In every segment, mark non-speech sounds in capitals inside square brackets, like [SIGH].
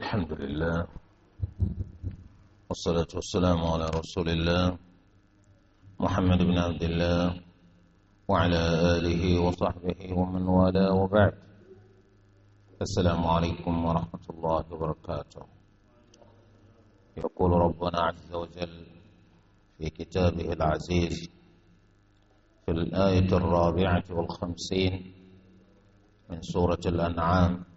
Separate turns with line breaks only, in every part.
الحمد لله
والصلاة والسلام على رسول الله محمد بن عبد الله وعلى آله وصحبه ومن والاه وبعد السلام عليكم ورحمة الله وبركاته يقول ربنا عز وجل في كتابه العزيز في الآية الرابعة والخمسين من سورة الأنعام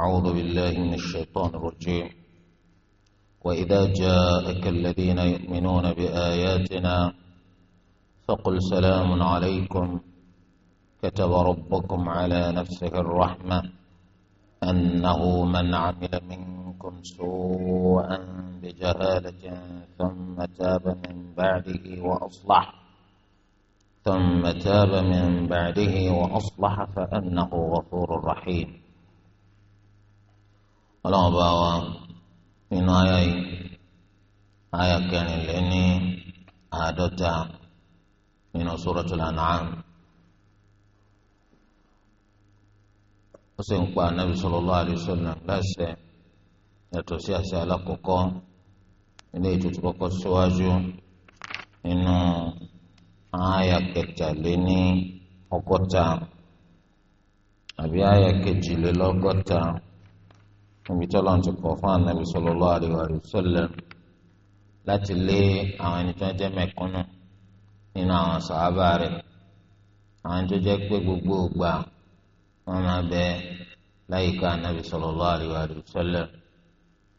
أعوذ بالله من الشيطان الرجيم وإذا جاءك الذين يؤمنون بآياتنا فقل سلام عليكم كتب ربكم على نفسه الرحمة أنه من عمل منكم سوءا بجهالة ثم تاب من بعده وأصلح ثم تاب من بعده وأصلح فأنه غفور رحيم ọlọ́run bá wa nínú àyà yìí àyà kẹrìnlélẹ́ní àádọ́ta nínú Suratul An'am. ó sì ń pa anabi sallallahu alaihi wasallam láṣẹ yàtọ̀ sí àṣẹ alákọ̀ọ́kọ́ ilé ìtutù kọ́kọ́ síwájú nínú ọgọ́ta àbí níbi tí ọlọ́run ti kọ̀ fún ànábì sallallahu alaihi wa sallam láti lé àwọn ẹni tó ń jẹ́ mẹ́kúnnù nínú àwọn sàhábà rẹ̀ àwọn tó jẹ́ pé gbogbo ògbà wọ́n máa bẹ láyìíká ànábì sallallahu alaihi wa sallam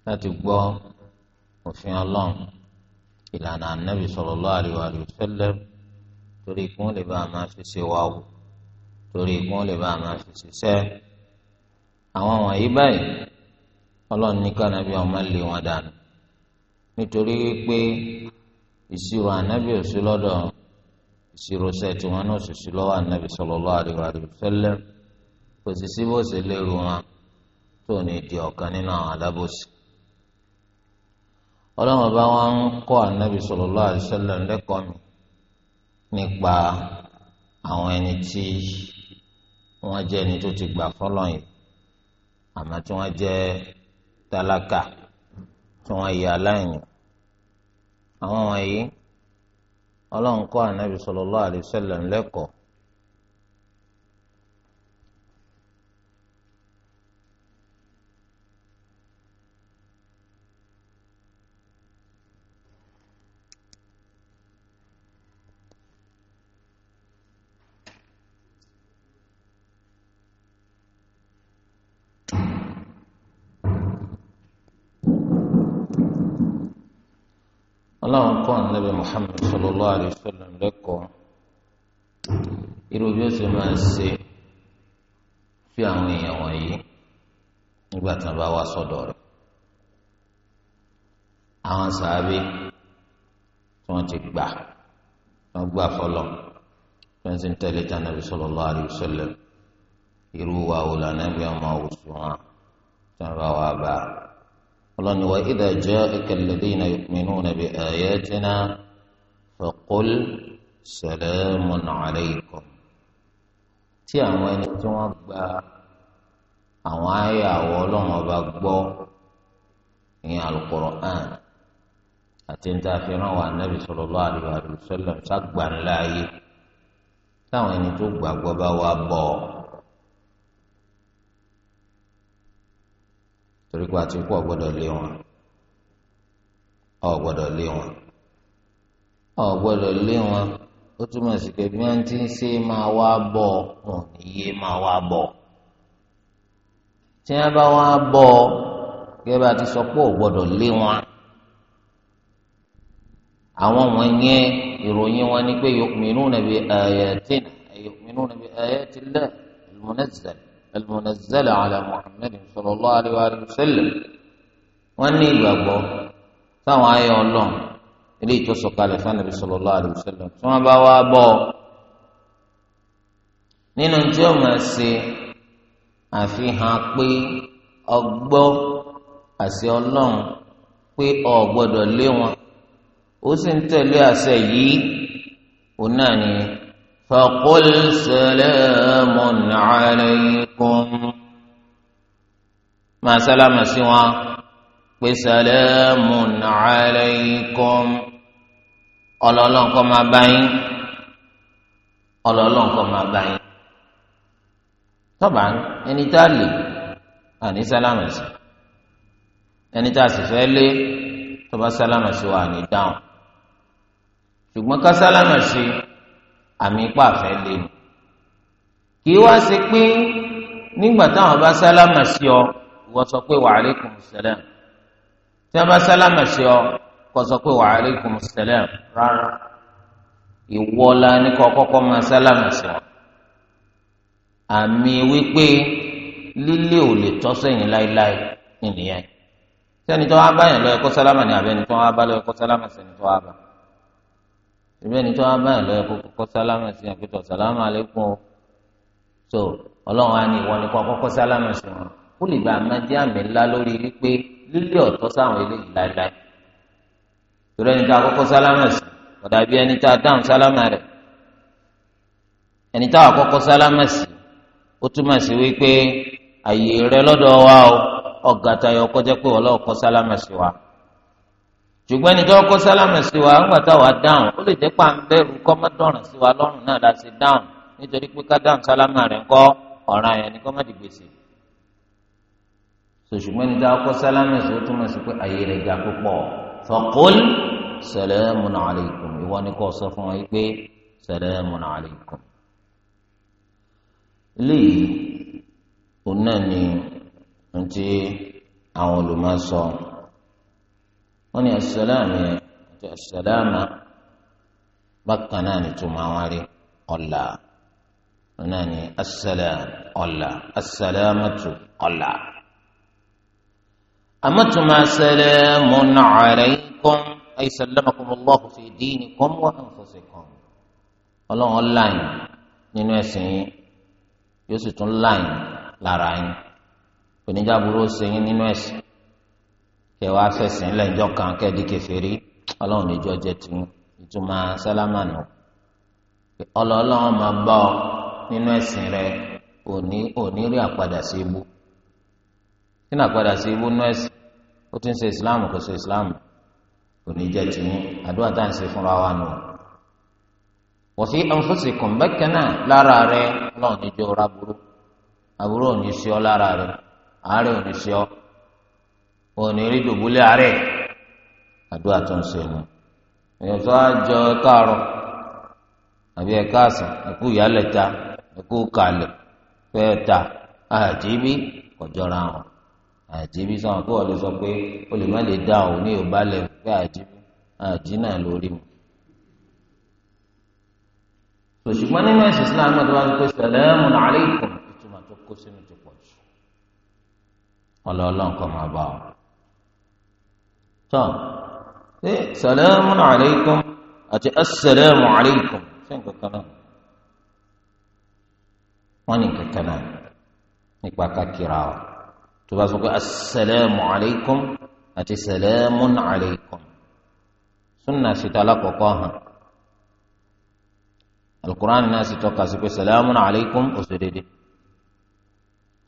láti gbọ́ òfin ọlọ́run ìlànà ànábì sallallahu alaihi wa sallam torí ikún lè bá a máa fi ṣe wá o torí ikún lè bá a máa fi ṣiṣẹ́ àwọn wọ̀nyí báyìí ọlọ́run ní ká nàbí ọmọ lé wọn dànù nítorí pé ìṣirò ànábì òsì lọ́dọ̀ ìṣirò sẹ́ẹ̀tì wọn náà ṣèṣì lọ́wọ́ ànábì sallallahu alaihi wa sallam kò sì sí bó ṣe lérò wọn tó ní di ọ̀kan nínú àwọn alábòsí. ọlọ́run bá wọn ń kọ́ ànábì sallallahu alaihi wa sallam lẹ́kọ̀ọ́ mi nípa àwọn ẹni tí wọ́n jẹ́ ẹni tó ti gbà fọ́lọ́yìn àmọ́ tí wọ́n jẹ́ tálákà tí wọ́n yẹ aláìní àwọn wọ̀nyí ọlọ́run kọ́ ànábì sallallahu alaihi ọlọ́run kọ́ ànábì Muhammad sallallahu alaihi wasallam lẹ́kọ̀ọ́ irú bí ó ṣe máa ń ṣe fi àwọn èèyàn wọ̀nyí nígbà tí wọ́n bá wá sọ́dọ̀ rẹ̀ àwọn sàábé tí wọ́n ti gbà wọ́n gbà fọlọ́ tí wọ́n ti ń tẹ̀lé tànàbí sallallahu alaihi wasallam irú wa wò lànà bí wọ́n tí wọ́n bá wà bá a ọlọ́ni wa idha ja'aka alladhina yu'minuna bi ayatina faqul salamun alaykum tí àwọn ẹni tí wọ́n gba àwọn àyà àwọn ọlọ́run ọba gbọ́ ìyẹn al-Qur'an àti ní tàfi ràn wá nàbì sallallahu alaihi wa sallam ṣàgbà ńlá ayé táwọn ẹni tó gbàgbọ́ bá wà bọ̀ ọ́. torí pé àti ikú ọ̀gbọ́dọ̀ lé wọn ọ̀gbọ́dọ̀ lé wọn ọ̀gbọ́dọ̀ lé wọn ó túmọ̀ sí pé bí wọ́n ti ń ṣe máa wá bọ̀ wọn iye máa wá bọ̀ tí wọ́n bá wá bọ̀ gẹ́gẹ́ bá ti sọ pé ọ̀gbọ́dọ̀ lé wọn àwọn wọn yẹn ìròyìn wọn ni pé yu'minuna bi ayatina yu'minuna bi ayatillah al-munazzal. المنزلة على محمد صلى الله عليه وآله وسلم wọ́n ní ìgbàgbọ́ sáwọn ayé ọlọ́run eléyìí tó sọ̀kalẹ̀ fánàbí sallallahu alaihi wasallam tí wọ́n bá lé wọn ó sì ń tẹ̀lé àṣẹ yìí òun náà nìyẹn. فقل سلام عليكم ما سلام سوى بسلام عليكم ọlọlọ́n kọ́ máa bá yín ọlọlọ́n kọ́ máa bá yín tọ́ba ẹni tá a lè àní sálámà sí ẹni tá a sì fẹ́ lé tọ́ba sálámà sí wa àní dáhùn ṣùgbọ́n ká sálámà sí i àmì ipá àfẹ́ lé ni kì í wá ṣe pé
nígbà táwọn bá sálámà sí ọ
ìwọ sọ pé wa alaikum salam tí wọn bá sálámà sí ọ kọ sọ pé wa alaikum salam rárá ìwọ la ní kọ kọ́kọ́ máa sálámà sí ọ àmì wípé lílé ò lè tọ́ sẹ́yìn láéláé nìyẹn sẹ́ni tó wá báyàn lọ ẹ̀kọ́ sálámà ní abẹ́ni tó wá bá lọ ẹ̀kọ́ sálámà sẹ́ni tó wá bá síbẹ̀ ní tí wọ́n bá lọ ẹ̀kọ́ kọ́kọ́ sálámà sí wọn pẹ̀tọ̀ sálámà alẹ́kùn o so ọlọ́run á ní ìwọ nìkan kọ́kọ́ sálámà sí wọn kó lè gba àmàdí àmì ńlá lórí wípé lílé ọ̀tọ́ sáwọn eléyìí láéláé torí ẹni tá a kọ́kọ́ sálámà sí ọ̀dà bíi ẹni tá a dáhùn sálámà rẹ̀ ẹni tá a kọ́kọ́ sálámà sí ó túmọ̀ sí wípé àyè rẹ lọ́dọ̀ wa o ọ̀gá kọjá pé ọlọ́ọ̀kọ́ sálámà sí wa ṣùgbọ́n ẹni tó kọ́ sálámù sí wa ńgbà táwa dáhùn ó lè jẹ́ pà ń bẹ̀rù kọ́mọ́dọ̀ràn sí wa lọ́rùn náà la ṣe dáhùn nítorí pé ká dáhùn sálámù rẹ̀ ńkọ́ ọ̀ràn yẹn ni kọ́mọ́dì gbèsè. ṣùgbọ́n ẹni tó kọ́ sálámù sí ó túmọ̀ sí pé ayé rẹ̀ ga púpọ̀ faqul salamun alaykum ìwọ ni kò sọ fún wa pé salamun alaykum. eléyìí òun náà ni wọ́n ní asàlámù yẹn àti asàlámù bákan náà ní tó máa wárí ọ̀la wọ́n náà ní asàlámù ọ̀la asàlámù tó ọ̀la. أمتما سلام عليكم أي سلمكم الله في دينكم وأنفسكم الله أونلاين nínú ẹ̀sìn yín yóò sì tún láàyìn lára yín kò ní jábúrò ṣe yín nínú ẹ̀sìn kẹ wá fẹsẹ̀ ńlẹ̀ kan kẹ́ẹ̀dí kẹfẹ́rí ọlọ́run níjọ jẹ ti ìtumọ̀ sálámà nù ọlọ́ọ̀lọ́wọ́n máa ọ nínú ẹ̀sìn rẹ òní òní rí àpadà sí ibú nínú àpadà sí ibú nínú ẹ̀sìn ó ti ń ṣe islam kò ṣe islam òní jẹ ti àdúrà tá à ń ṣe fúnra wa nù wọ́n fi náà lára rẹ ọlọ́run òní rí dùbúlẹ̀ àárẹ̀ àdúrà tó ń ṣe nu èèyàn tó á jọ káàárọ̀ àbí ẹ káàsán ẹkú ìyálẹ̀ ta ẹkú kàlẹ̀ fẹ́ ta àjíbí kọjọra hàn àjíbí sọ̀rọ̀ kó wọ́n lè sọ pé o lè má lè dá òun ní yorùbá lẹ̀ fẹ́ àjíbí àjí náà lórí mu. sòṣùgbọ́n nínú ẹ̀sìn Islam náà tó wá ń pè sàlẹ́mù alaykum ìtumọ̀ tó kó sínú ti pọ̀ jù ọlọ́ọ̀lọ́ nǹkan máa bá ọ.
إيه؟ سلام عليكم
اتي السلام عليكم فينك كلام وينك كلام نيبقى كيرا تبقى السلام عليكم اتي سلام عليكم سنة ستالك وقاها القرآن الناس يتوقع سيكون سلام عليكم أسددي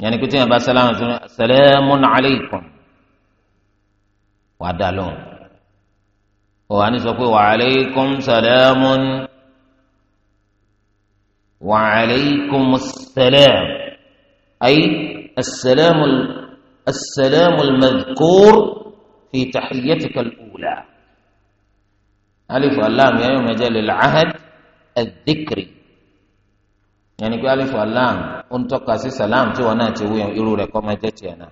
يعني كنت أبا سلام السلام عليكم wàá dá lóhùn òwò àní sọ pé wa salamun wa salam السلام السلام المذكور في تحيتك الأولى ألف اللام يا يوم مجال العهد الذكري يعني ألف اللام أنتقى سلام تو ناتي ويوم يرو لكم جتي أنا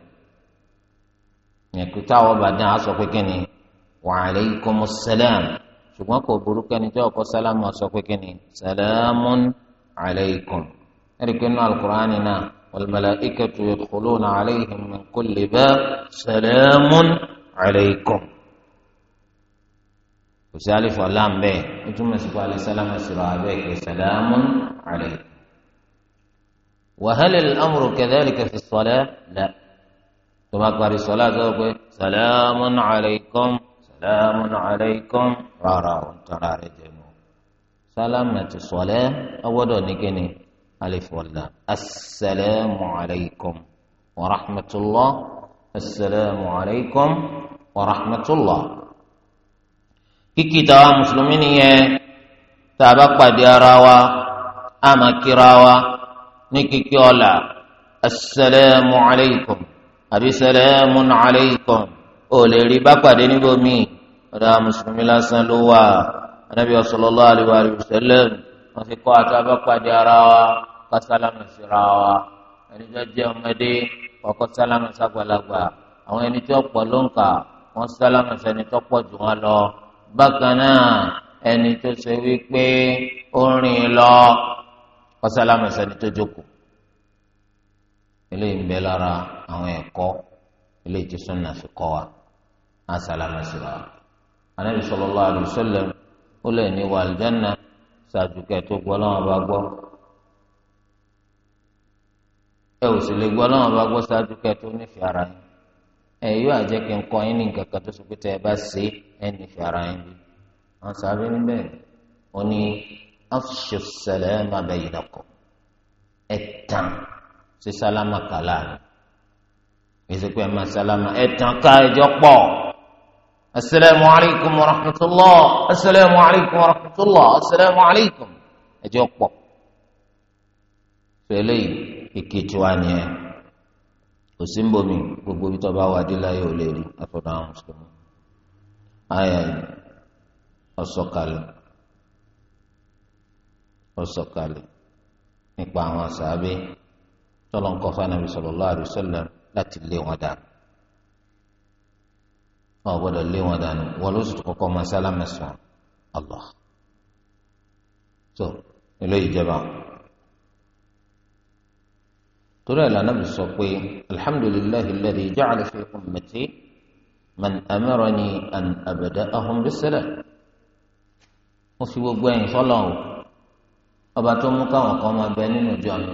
yẹn kí táwọn bá dán a sọ pé kíni wa alaykumus salam ṣùgbọ́n kò burúkú ẹni tí ọkọ sálámù aso pé kíni salamun alaykum ẹ̀rí pé nínú alukur'ani náà wal malaikatu yadkhuluna alayhim min kulli bab salamun alaykum kò sí alifu alam bẹ́ẹ̀ ó túmọ̀ sí pé alẹ́ sálámù sọ̀rọ̀ abẹ́ kẹ́ salamun alaykum wa hal al-amru kadhalika fi as-salah la. tó bá parí sọlá tó pé salamun alaykum salamun alaykum rárá o ń tọ́ra rẹ jẹnu sálámù ti sọlẹ ọwọ́dọ̀ nìkẹ́ni alifọ̀lá asalaamu alaykum wa rahmatulah asalaamu alaykum wa rahmatulah kíkì táwa mùsùlùmí nìyẹn tá a bá pàdé ara wa a kíra wa ní kíkì ọ̀la asalaamu alaykum àbí salamun alaykum ò lè rí bá pàdé níbo míì ọ̀dọ̀ mùsùlùmí lásán ló wà anábì sallallahu alaihi wa sallam wọ́n ti kọ́ àti abápàdé ara wa ká sálámù síra wa ẹni tó jẹ́ ọmọdé ọkọ̀ sálámù sàgbàlagbà àwọn ẹni tó pọ̀ ló ń kà wọ́n sálámù sẹ́ni tó pọ̀ jù wọ́n lọ bákan náà ẹni tó ṣe wípé ó rìn lọ ọ sálámù sẹ́ni tó jókòó. eléyìí ń bẹ lára àwọn ẹ̀kọ́ eléyìí tí sunna fi kọ́ wa asalaamu sira anabi sallallahu alaihi wasallam ó lè ní wà aljanna ṣáàjú gbọ́ lọ́wọ́ bá gbọ́
ẹ ò sì lè gbọ́ lọ́wọ́ bá gbọ́ ṣáàjú kẹ tó ara yín
ẹ yóò àjẹ́ kí n kọ́ ara yín bí wọn sábẹ́ níbẹ̀ ó ní ẹ̀ ṣe sálámà kàlá èsì pé ẹ máa sálámà ẹ tàn ká ẹjọ pọ̀ asalaamu alaykum wa rahmatulah asalaamu alaykum wa rahmatulah asalaamu alaykum ẹjọ pọ̀ fẹlẹ ìkejì wa nìyẹn kò gbogbo bí tọba wa dé láyé ò rí àfọdà àwọn mùsùlùmí ayé ọsọkalẹ̀ ọsọkalẹ̀ nípa àwọn sàábé tọ́lọ̀ ń kọ́ fanabi sallallahu alaihi wasallam láti lé wọn dànù wọn ò gbọ́dọ̀ lé wọn dànù wọn ló sì tún kọ́kọ́ máa sálámà sùn Allah tó ilé ìjẹba torí ẹ̀ lànà bí sọ pé alhamdulillahi alladhi ja'ala fi ummati man amarani an abda'ahum bis-salam fi gbogbo ẹ̀yìn fọlọ́ ọba tó mú káwọn kan máa bẹ nínú ìjọ mi.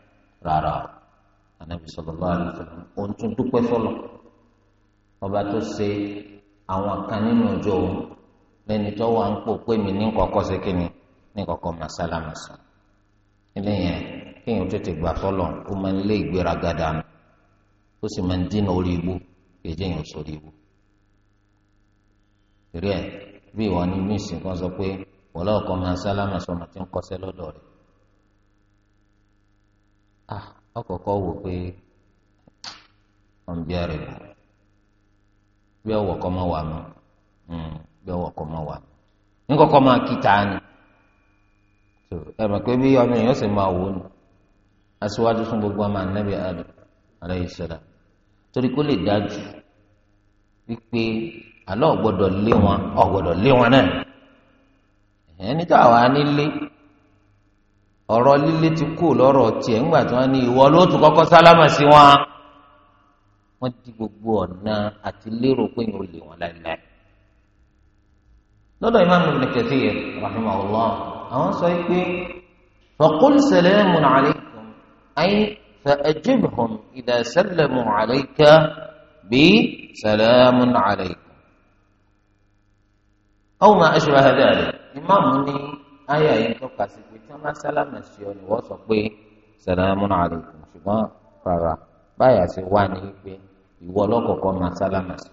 rárá anabi sallallahu alaihi òun tún dúpẹ́ fọlọ ọba tó ṣe àwọn kan nínú ọjọ́ òun lẹni tó wà ń pò pé mi ní kọ́kọ́ ṣe kíni ní kọ́kọ́ màsálàmàsà ilé yẹn fọlọ ó máa ń lé m dànù ó sì máa ń dínà orí ibú yẹn ò sórí ibú rí ẹ bí ni sọ pé wọlé ọkọ ọmọ Ah, ọkọkọ wò pé ọ̀nbí àrẹ̀ bí ọwọ́ kọ́ máa wà mọ́ hmm, bí ọwọ́ kọ́ máa wà mọ́ nkọ́kọ́ máa kí ta ẹ pé bí ọmọ èèyàn sì máa wò ni aṣíwájú fún gbogbo ọmọ anábì adam alayhi salam torí kó lè dájú wípé àlọ́ ọ̀gbọ́dọ̀ lé wọn ọ̀gbọ́dọ̀ lé wọn náà ẹni a ọ̀rọ̀ líle ti kú lọ́rọ̀ tiẹ̀ ńgbà tí wọ́n ní ìwọ ló tún kọ́kọ́ sálámà sí wọn wọ́n di gbogbo ọ̀nà àti lérò pé yóò lè wọn láìláì lọ́dọ̀ ìmáàmù Ibn Kathir rahimahullah
àwọn sọ pé faqul salamun alaykum
ay fa'ajibhum idha sallamu alayka bi salamun alaykum aw ma ashbaha dhalik ìmáàmù ní àyà yìí tọ́ka sí pé tí wọ́n bá sálámà sí ọ ni wọ́n sọ pé sàlámù alaykum ṣùgbọ́n rárá báyà sí wà ní wípé ìwọ lọ́kọ̀ọ̀kọ́ máa sálámà sí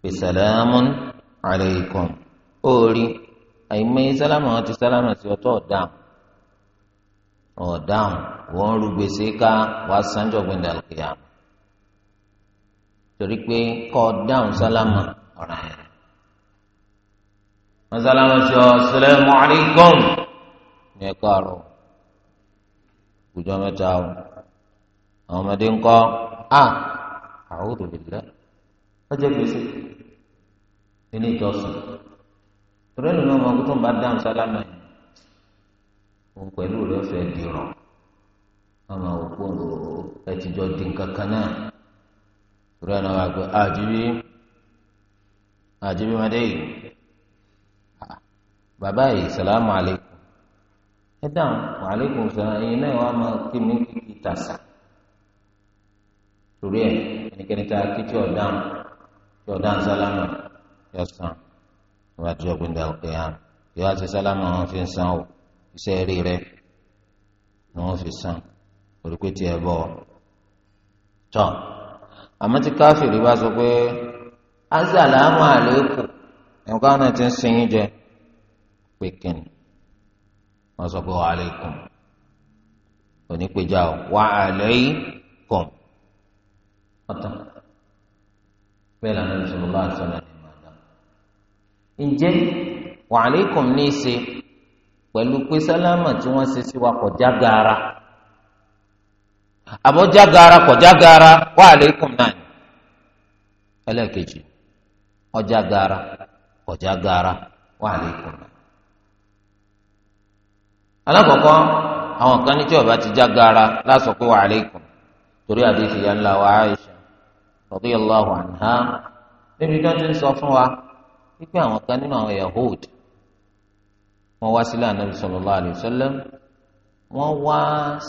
pé sàlámù alaykum ó rí àìmọye sálámà wọn ti sálámà sí ọtọ́ ọ̀dáhùn ọ̀dáhùn wọ́n rú gbèsè ká wàá sánjọ́ gbẹ̀dẹ̀ àlùkìyà torí pé kọ́ ọ̀dáhùn sálámà ọ̀ràn yẹn. masalasi assalamu alaikum ní ẹ̀ka àrò ìjọ mẹ́ta o àwọn ọmọdé a a'udhu billah ọjọ́ gbèsè nínú ìjọsìn torí ẹnu náà ọmọ tó ń bá dáhùn ụlọ yìí òun pẹ̀lú rẹ̀ ọ̀fẹ́ di bàbá yìí sàlámù alaykum ẹ dáhùn alaykum sàlámù ẹ̀yin náà wàá máa kí mi kìkì tàṣà torí ẹ ẹnikẹ́ni tá a kí tí tí sàlámù yọ sàn ti ọ̀gbìn dà ọ̀kẹ́ yà yọ àti sàlámù àwọn fi ń san o iṣẹ́ rí rẹ ni wọ́n fi san ẹ bọ̀ tọ́ àmọ́ tí káfíìrì bá sọ pé azàlámù ti ń sin yín pé kíni wọ́n sọ pé wa alaykum onípejá o wa alaykum ọ̀tàn lànà ìṣòro bá na ní màdá. ǹjẹ́ wa alaykum ní í ṣe pẹ̀lú pé sálámà tí wọ́n ṣe wa jágara
jágara kọ jágara wa alaykum
náà ni ẹlẹ́ẹ̀kejì ọjà gara ọjà wa náà. alákọ̀ọ́kọ́ àwọn kan ní tí ọba ti já gaara lásọ pé wa alaykum torí àdéhì ya ńlá wa Aisha radiyallahu anha níbi tí wọ́n ti ń sọ fún wa wípé àwọn kan nínú àwọn Yahud wọ́n wá sílẹ̀ ànábì sallallahu alayhi wa sallam wọ́n wá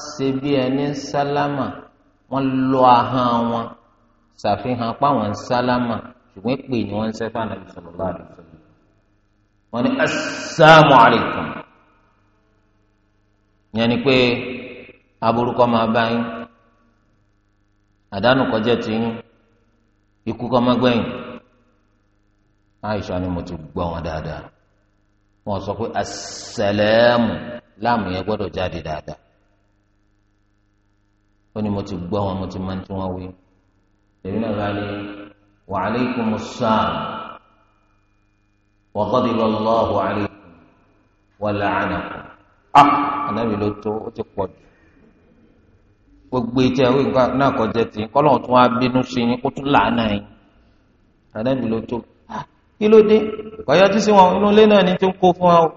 ṣe ẹni sálámà wọ́n lọ ahọ́n wọn ṣàfihàn páwọn ń sálámà ṣùgbọ́n pè ní wọ́n ń sẹ́fà ànábì sallallahu alayhi wa sallam wọ́n ní assalamu alaykum. yẹn ni pé aburú kó máa bá yín àdánù kó jẹ́ tiyín ikú kó máa gbẹ̀yìn Aisha ni mo ti gbọ́ wọn dáadáa wọn sọ pé asẹlẹmù láàmù yẹn gbọ́dọ̀ jáde dáadáa ó ní mo ti gbọ́ wọn mo ti máa ń tí wọ́n wí èmi náà bá ní wa alaikumus salaam wa ghadiba Allahu alaykum wa la'anakum. a ah. ànábì ló tó ó ti pọ̀ jù gbogbo etí ẹwé náà kọjá tì í kọ́lọ́ tún wá bínú sí yín kó tún làánà yín ànábì ló tó ah, kí ló dé kọ̀yọ́jú sí wọn inú ilé náà ní tí ń kó fún wa o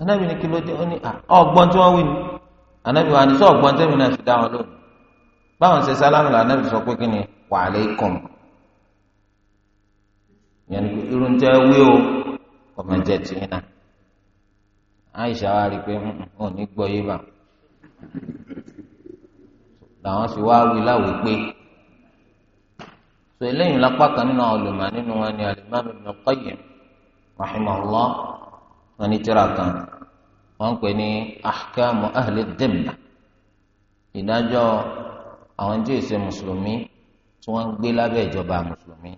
ànábì ní kí ló dé ó ní ah, ọgbọ́n tí wọ́n wí ni ànábì wa ní sọ ọgbọ́n tẹ́mi náà fi dá wọn lónìí báwọn ṣe sálámù là ànábì sọ pé kí ni wa alaikum yẹn irun tẹ́ wí o ọmọ tì í náà. Aisha wa rí i pé ò ní gbọ́ yé bà làwọn fi wá wí láwùí pé so eléyìí lápá kan nínú àwọn olùmọ̀ nínú wọn ni Al-Imam Ibn Qayyim rahimahullah wọn ní tírà kan wọn ń pè ní ahkamu ahli dhimma ìdájọ́ àwọn tí èsè mùsùlùmí tí wọn gbé lábẹ́ ìjọba mùsùlùmí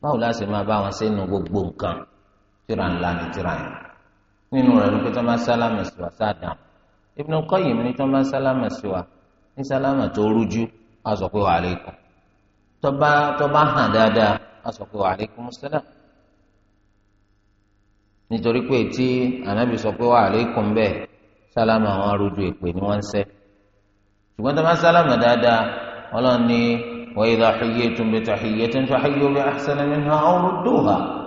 báwo la máa bá wọn ṣe nu gbogbo nǹkan tírà ńlá ni tírà yẹn nínú rẹ̀ ló pé tó máa sálámà sí wa sáàdàm Ibn Qayyim ní tó máa sálámà sí wa ní sálámà tó rújú a sọ pé wa alaykum tó bá tó bá hàn dáadáa a sọ pé wa alaykum salam nítorí pé tí Ànábì sọ pé wa alaykum bẹ́ẹ̀ sálámà àwọn arújú èpè ni wọ́n ń sẹ́ ṣùgbọ́n tó máa sálámà dáadáa Ọlọ́run ní wa idha huyyitum bi tahiyyatin fahayyu bi ahsana minha aw rudduha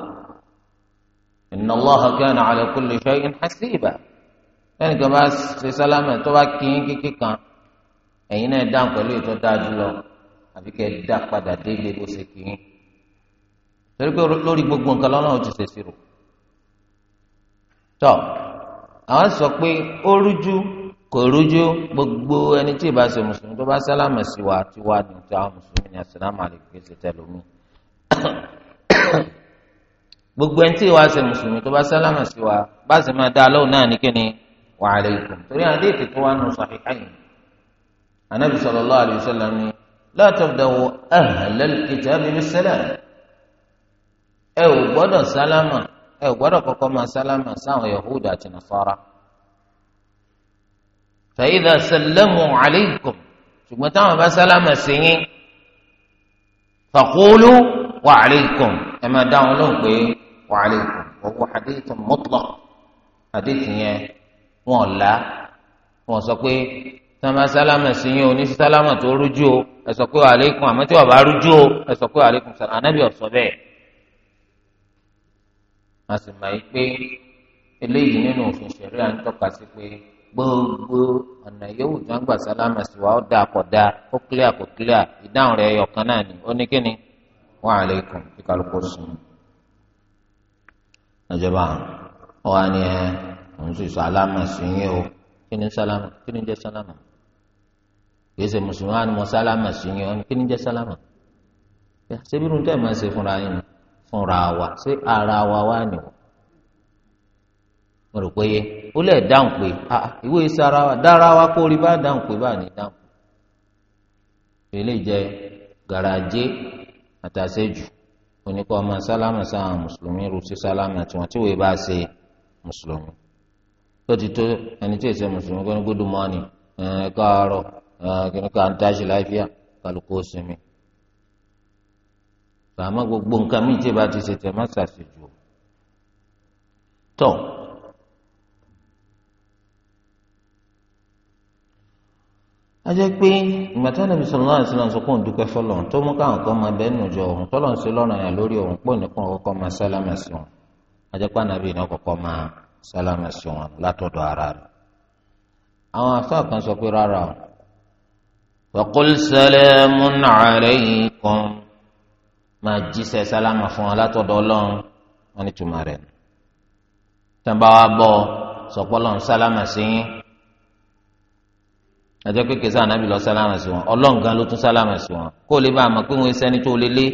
inna Allaha kana ala kulli shay'in hasiba lẹ́yìn kan bá ṣe sálámà tó bá kí yín kíkí kan ẹ̀yin náà dáhùn pẹ̀lú ètò dáa jùlọ àbí kẹ́ ẹ dá padà délé bó ṣe kí yín torí pé lórí gbogbo nǹkan lọ́nà òjì ṣèṣì rò tọ́ àwọn sọ pé ó rújú kò rújú gbogbo ẹni tí ìbá ṣe mùsùlùmí tó bá sálámà sí wa tí wàá dùn tí mùsùlùmí ní asàlámù àlèkùn kí ṣe [COUGHS] gbogbo ẹni tí wàá ṣe mùsùlùmí tó bá sálámà sí wa bá sì máa dá lóhùn náà ní kíni wa alaykum torí àdéhìí tó wà nù sahihayn anabi sallallahu alayhi wa sallam ni la tabda'u ahlal kitabi bis-salam ẹ ò gbọ́dọ̀ sálámà ẹ ò gbọ́dọ̀ kọ́kọ́ máa sálámà sáwọn yahudu àti nasara fa idha sallamu alaykum táwọn bá sálámà sí yín faqulu wa alaykum ẹ máa dá wọn lóhùn pé. وعليكم وهو حديث مطلق حديث yẹn wọn ò la wọn sọ pé sọmọ sálámà sí yín o ní sálámà tó rújú o ẹ sọ pé وعليكم àmọ́ tí wọ́n bá rújú o ẹ sọ pé وعليكم sọ̀rọ̀ anábì ọ̀sọ́ bẹ́ẹ̀. a sì máa yí pé eléyìí nínú òfin ṣẹ̀ríà ń tọ́ka sí pé gbogbo ọ̀nà yòówù tí wọ́n gbà sálámà sí wa ó dáa kò dáa ó clear kò clear ìdáhùn rẹ̀ ọ̀kan náà ni ó ní kíni وعليكم kí kálukú sùn ẹjọba àwọn ọwọ ni ẹ òun sì sọ aláma sí yín o kí ni sálámà kí ni jẹ sálámà kì í ṣe mùsùlùmí wa ni mo sálámà sí yín o kí ni jẹ sálámà ṣé bí irun tẹ́ ẹ̀ máa ṣe fúnra yín fúnra wa ṣé ara wa wá ni o mo rò pé ó lẹ̀ dáhùn pé ìwé sara wa dára wa kó rí bá dáhùn pé bá ní dáhùn pé lè jẹ garaje àtàṣejù oníkọ́ ọmọ sálámà sáwọn mùsùlùmí rú sí sálámà tiwọn tí wòye bá ṣe mùsùlùmí ó ti tó ẹni tí èsè mùsùlùmí kọ́ ní good morning ẹ káàárọ̀ kìnnì kan ń táṣì láìfíà kálukú ó sinmi bàmá gbogbo nǹkan míì tí ìbá ti ṣe tẹ̀ má ṣàṣejù tọ̀. ajẹ́ pé ìgbàtà nàbì sallallahu alaihi wasallam sọ pé òun dúpẹ́ fọlọ́run tó mú káwọn kan máa bẹ́ẹ̀ nùjọ òun tọ́lọ̀ ń ṣe lọ́rùn yà lórí òun pò nípò kọ́kọ́ máa sálámà sí wọn ajẹ́ pé ànàbì náà kọ́kọ́ máa sálámà sí wọn látọ̀dọ̀ ara rẹ̀. àwọn afáà kan sọ pé rárá o wa qul salamun alaykum máa jíṣẹ́ sálámà fún wọn látọ̀dọ̀ ọlọ́run wọn ní tùmọ̀ rẹ̀ tàbá àjọ pé kìsà ànábì lọ sálámà sí wọn ọlọ́run gan ló tún sálámà sí wọn kó lè bá a mọ̀ pé wọ́n sẹ́ni tó lélẹ̀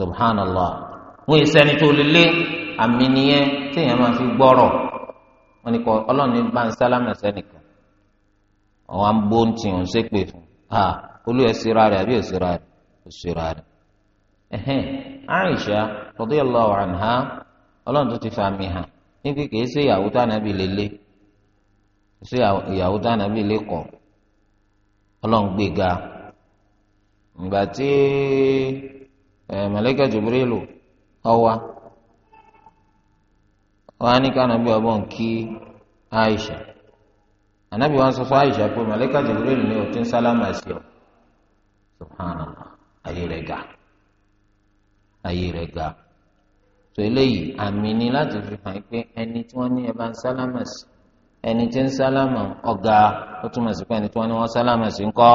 subhanallah wọ́n sẹ́ni tó lélẹ̀ àmì nìyẹn téèyàn máa fi gbọ́rọ̀ wọn ni kò ọlọ́run ní bá ń sálámà sẹ́nìkan àwọn à ń bó ń tì ń ṣépè fún ha olú ẹ̀ síra rẹ̀ àbí ẹ̀ síra rẹ̀ ò síra rẹ̀ ẹ̀hẹ́n Aisha radiyallahu anha ọlọ́run tó ti fa mi hàn ní pé kìí sí ìyàwó tánàbí lẹ́kọ̀ọ́ ọlọ́run gbé ga ìgbà tí màláíkà Jibrilu ọwa wọn á ní kánàbí ọbọ̀n kí Aisha ànábì wọn sọ fún Aisha pé ni òtún sálámà sí ọ ayé ga ayé ga tó eléyìí àmì ni láti fi hàn pé ẹni tí ẹni tí ń sálámà ọ̀gá ó túmọ̀ sí pé ẹni tí wọ́n ní wọ́n sálámà sí ń kọ́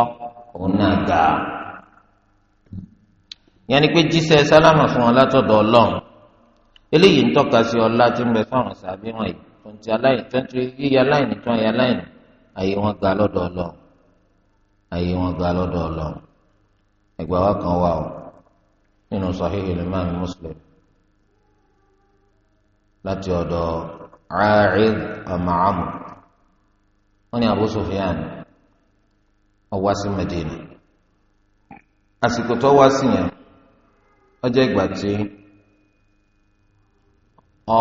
òun náà gà á. ni pé jíṣẹ́ sálámà fún wọn látọ̀dọ̀ ọlọ́run eléyìí ń tọ́ka sí ọlá tí ń bẹ fáwọn sàbí wọn yìí ya aláìní aye wọn ga lọ́dọ̀ ọlọ́run aye wọn ga lọ́dọ̀ ọlọ́run ẹgbàá kan wà ó nínú Sahih al-Imam Muslim láti ọ̀dọ̀ Aarid ọmọ Amr wọ́n ní Abu Sufyan Medina àsìkò ọ wá sí ọ ọjọ́ ìgbà ọ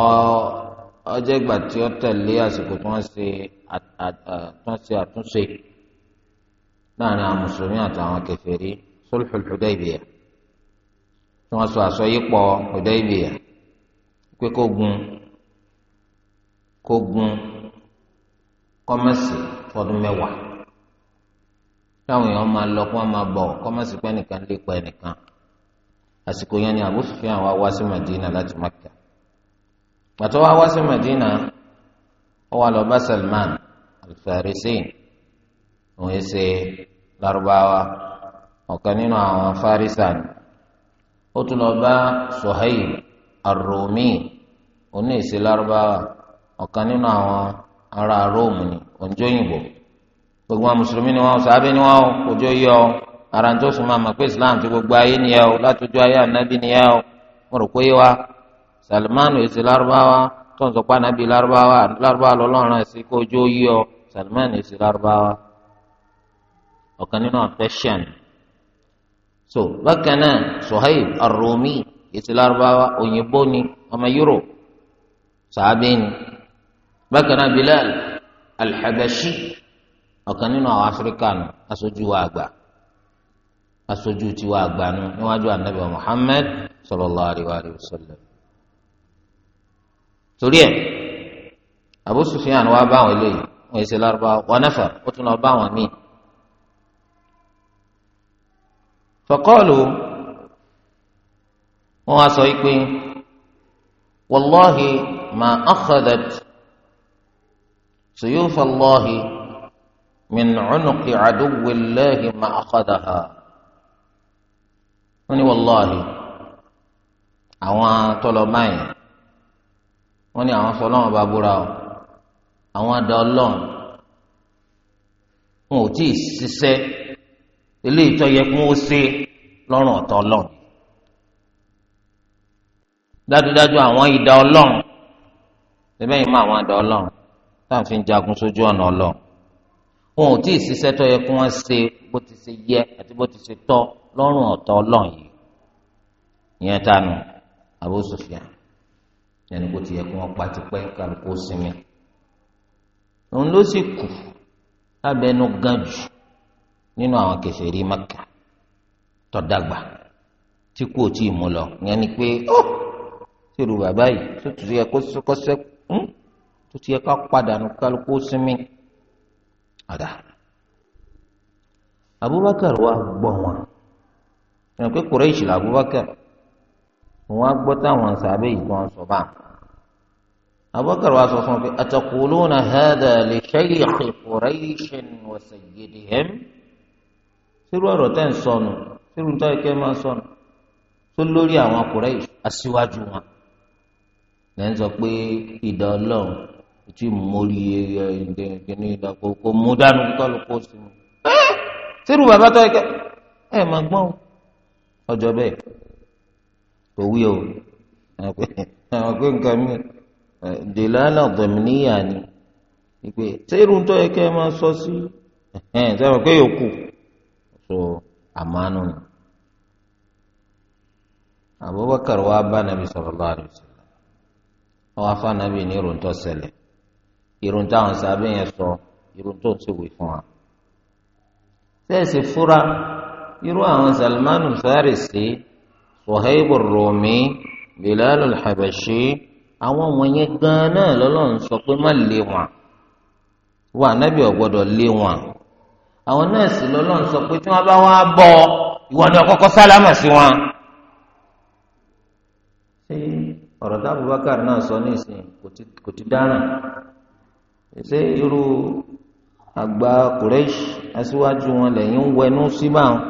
ọjọ́ ìgbà tí ó tẹ̀lé àsìkò tí wọ́n ṣe uh, àtúnṣe láàrin àwọn ibe ya Kogun gun kọ́mẹ́sì fọdún mẹ́wàá táwọn èèyàn máa lọ kó wọn máa bọ̀ kọ́mẹ́sì pẹ nìkan lépa ẹnìkan àsìkò yẹn ni Abu Sufyan wá sí Madina láti Makka gbàtọ́ wá wá sí Madina ó Salman al òun yìí ṣe Lárúbáwá ọ̀kan nínú àwọn Farisa ó tún lọ bá ọ̀kan nínú àwọn ará róòmù ni òǹjọ òyìnbó gbogbo àwọn mùsùlùmí ni wọn sàábé ni wọn kòjó yẹ ọ ara tó sùn máa mọ̀ pé islam ti gbogbo ayé nìyẹn o látọjú ayé ànábì nìyẹn o mo rò pé yé wa salimanu èsì lárúbáwá tó ń sọ lárúbáwá lárúbáwá lọ́lọ́run ẹ̀sìn kòjó yẹ ọ salimanu èsì lárúbáwá ọ̀kan nínú àfẹ́sẹ̀n so bákan náà suhaib arumi èsì lárúbáwá òyìnbó ni ọmọ yúrò sàábé ni bákan náà Bilal alḥabashi ọ̀kan nínú àwọn Áfíríkà nù aṣojú wa àgbà aṣojú tiwa àgbà nù níwájú anabi Muhammad sallallahu alayhi wa sallam torí ẹ Abu Sufyan wa bá àwọn eléyìí wọn èsì lárúbáwá wọn nafar ó tún lọ bá àwọn míì fọkọọlù wọn wá sọ yìí pé wàlláhi ma akhadat. سيوف الله من عنق عدو الله ما أخذها wọ́n والله wàláhì àwọn tọlọ́máyìn wọ́n ní àwọn sọlọ́wọ́n bá búra o àwọn adá ọlọ́run wọn ò tí ì ṣiṣẹ́ eléyìí tó yẹ kó o ṣe lọ́rùn ọ̀tọ̀ ọlọ́run dájúdájú àwọn ìdá ọlọ́run ṣẹbẹ́yìn mọ àwọn adá ọlọ́run táà fi ń jagun sójú ọ̀nà ọlọ́ wọn ò tí ì ṣiṣẹ́ tó yẹ kí wọ́n ṣe bó ti ṣe yẹ àti bó ti ṣe tọ́ lọ́rùn ọ̀tọ̀ ọlọ́run yìí ìyẹn tánu Abu Sufyan ẹni kò ti yẹ kí wọ́n pa tipẹ́ kálukú sinmi òun ló sì kù lábẹ́nu gan nínú àwọn kèfèrí Mẹ́kà tó dàgbà tí kò tí ì mú lọ ìyẹn ni pé ó ṣèrú bàbá yìí tó tún yẹ kó sẹ́kù. ó ti yẹ ká padà nù kálukú Abubakar wa gbọ́ wọn ẹnì pé la Abubakar wọn gbọ́ táwọn sábẹ́ yìí kan Abubakar wa sọ fún mi ataquluna hadha li shaykh Quraish wa sayyidihim sírú ọ̀rọ̀ tẹ́ ń sọnù sírú tọ́ ike máa sọnù tó lórí àwọn Quraish aṣíwájú wọn lẹ́yìn sọ pé ìdá ọlọ́run tí mórí ẹni ìdàgbò kò mú dánú kálukú sí mi. sírù bàbá tó yẹ kẹ ẹ máa gbọ́n ọjọ́ bẹ́ẹ̀ kò wí o àwọn pé nǹkan mi dèlànà dọ̀mìníyà ni ìpè sírù tó yẹ kẹ máa sọ sí sẹ́wọ̀n pé yòókù so àmánu ni. Abubakar wa bá Nabi sallallahu alaihi wasallam wọn Nabi ní ìròntọ́ ṣẹlẹ̀ irun táwọn sábẹ́ yẹn sọ irun tó ti wí fún wa. sẹ́ẹ̀sì fúra irú àwọn Salmanu Farisi Suhaibu Rumi Bilalul Habashi àwọn wọ̀nyẹn gan-an lọ́lọ́run sọ pé má lé wọn wà nábì ọ̀gbọ́dọ̀ lé wọn àwọn nọ́ọ̀sì lọ́lọ́run sọ pé tí wọ́n bá wá bọ́
ìwọ ni ọkọ́kọ́ sálámà sí wọn.
ṣé ọ̀rọ̀ táwọn Abubakar náà sọ ní ìsìn kò ti dáràn ṣé irú àgbà Quraysh aṣíwájú wọn lẹ́yìn ń wẹnu sí báwọn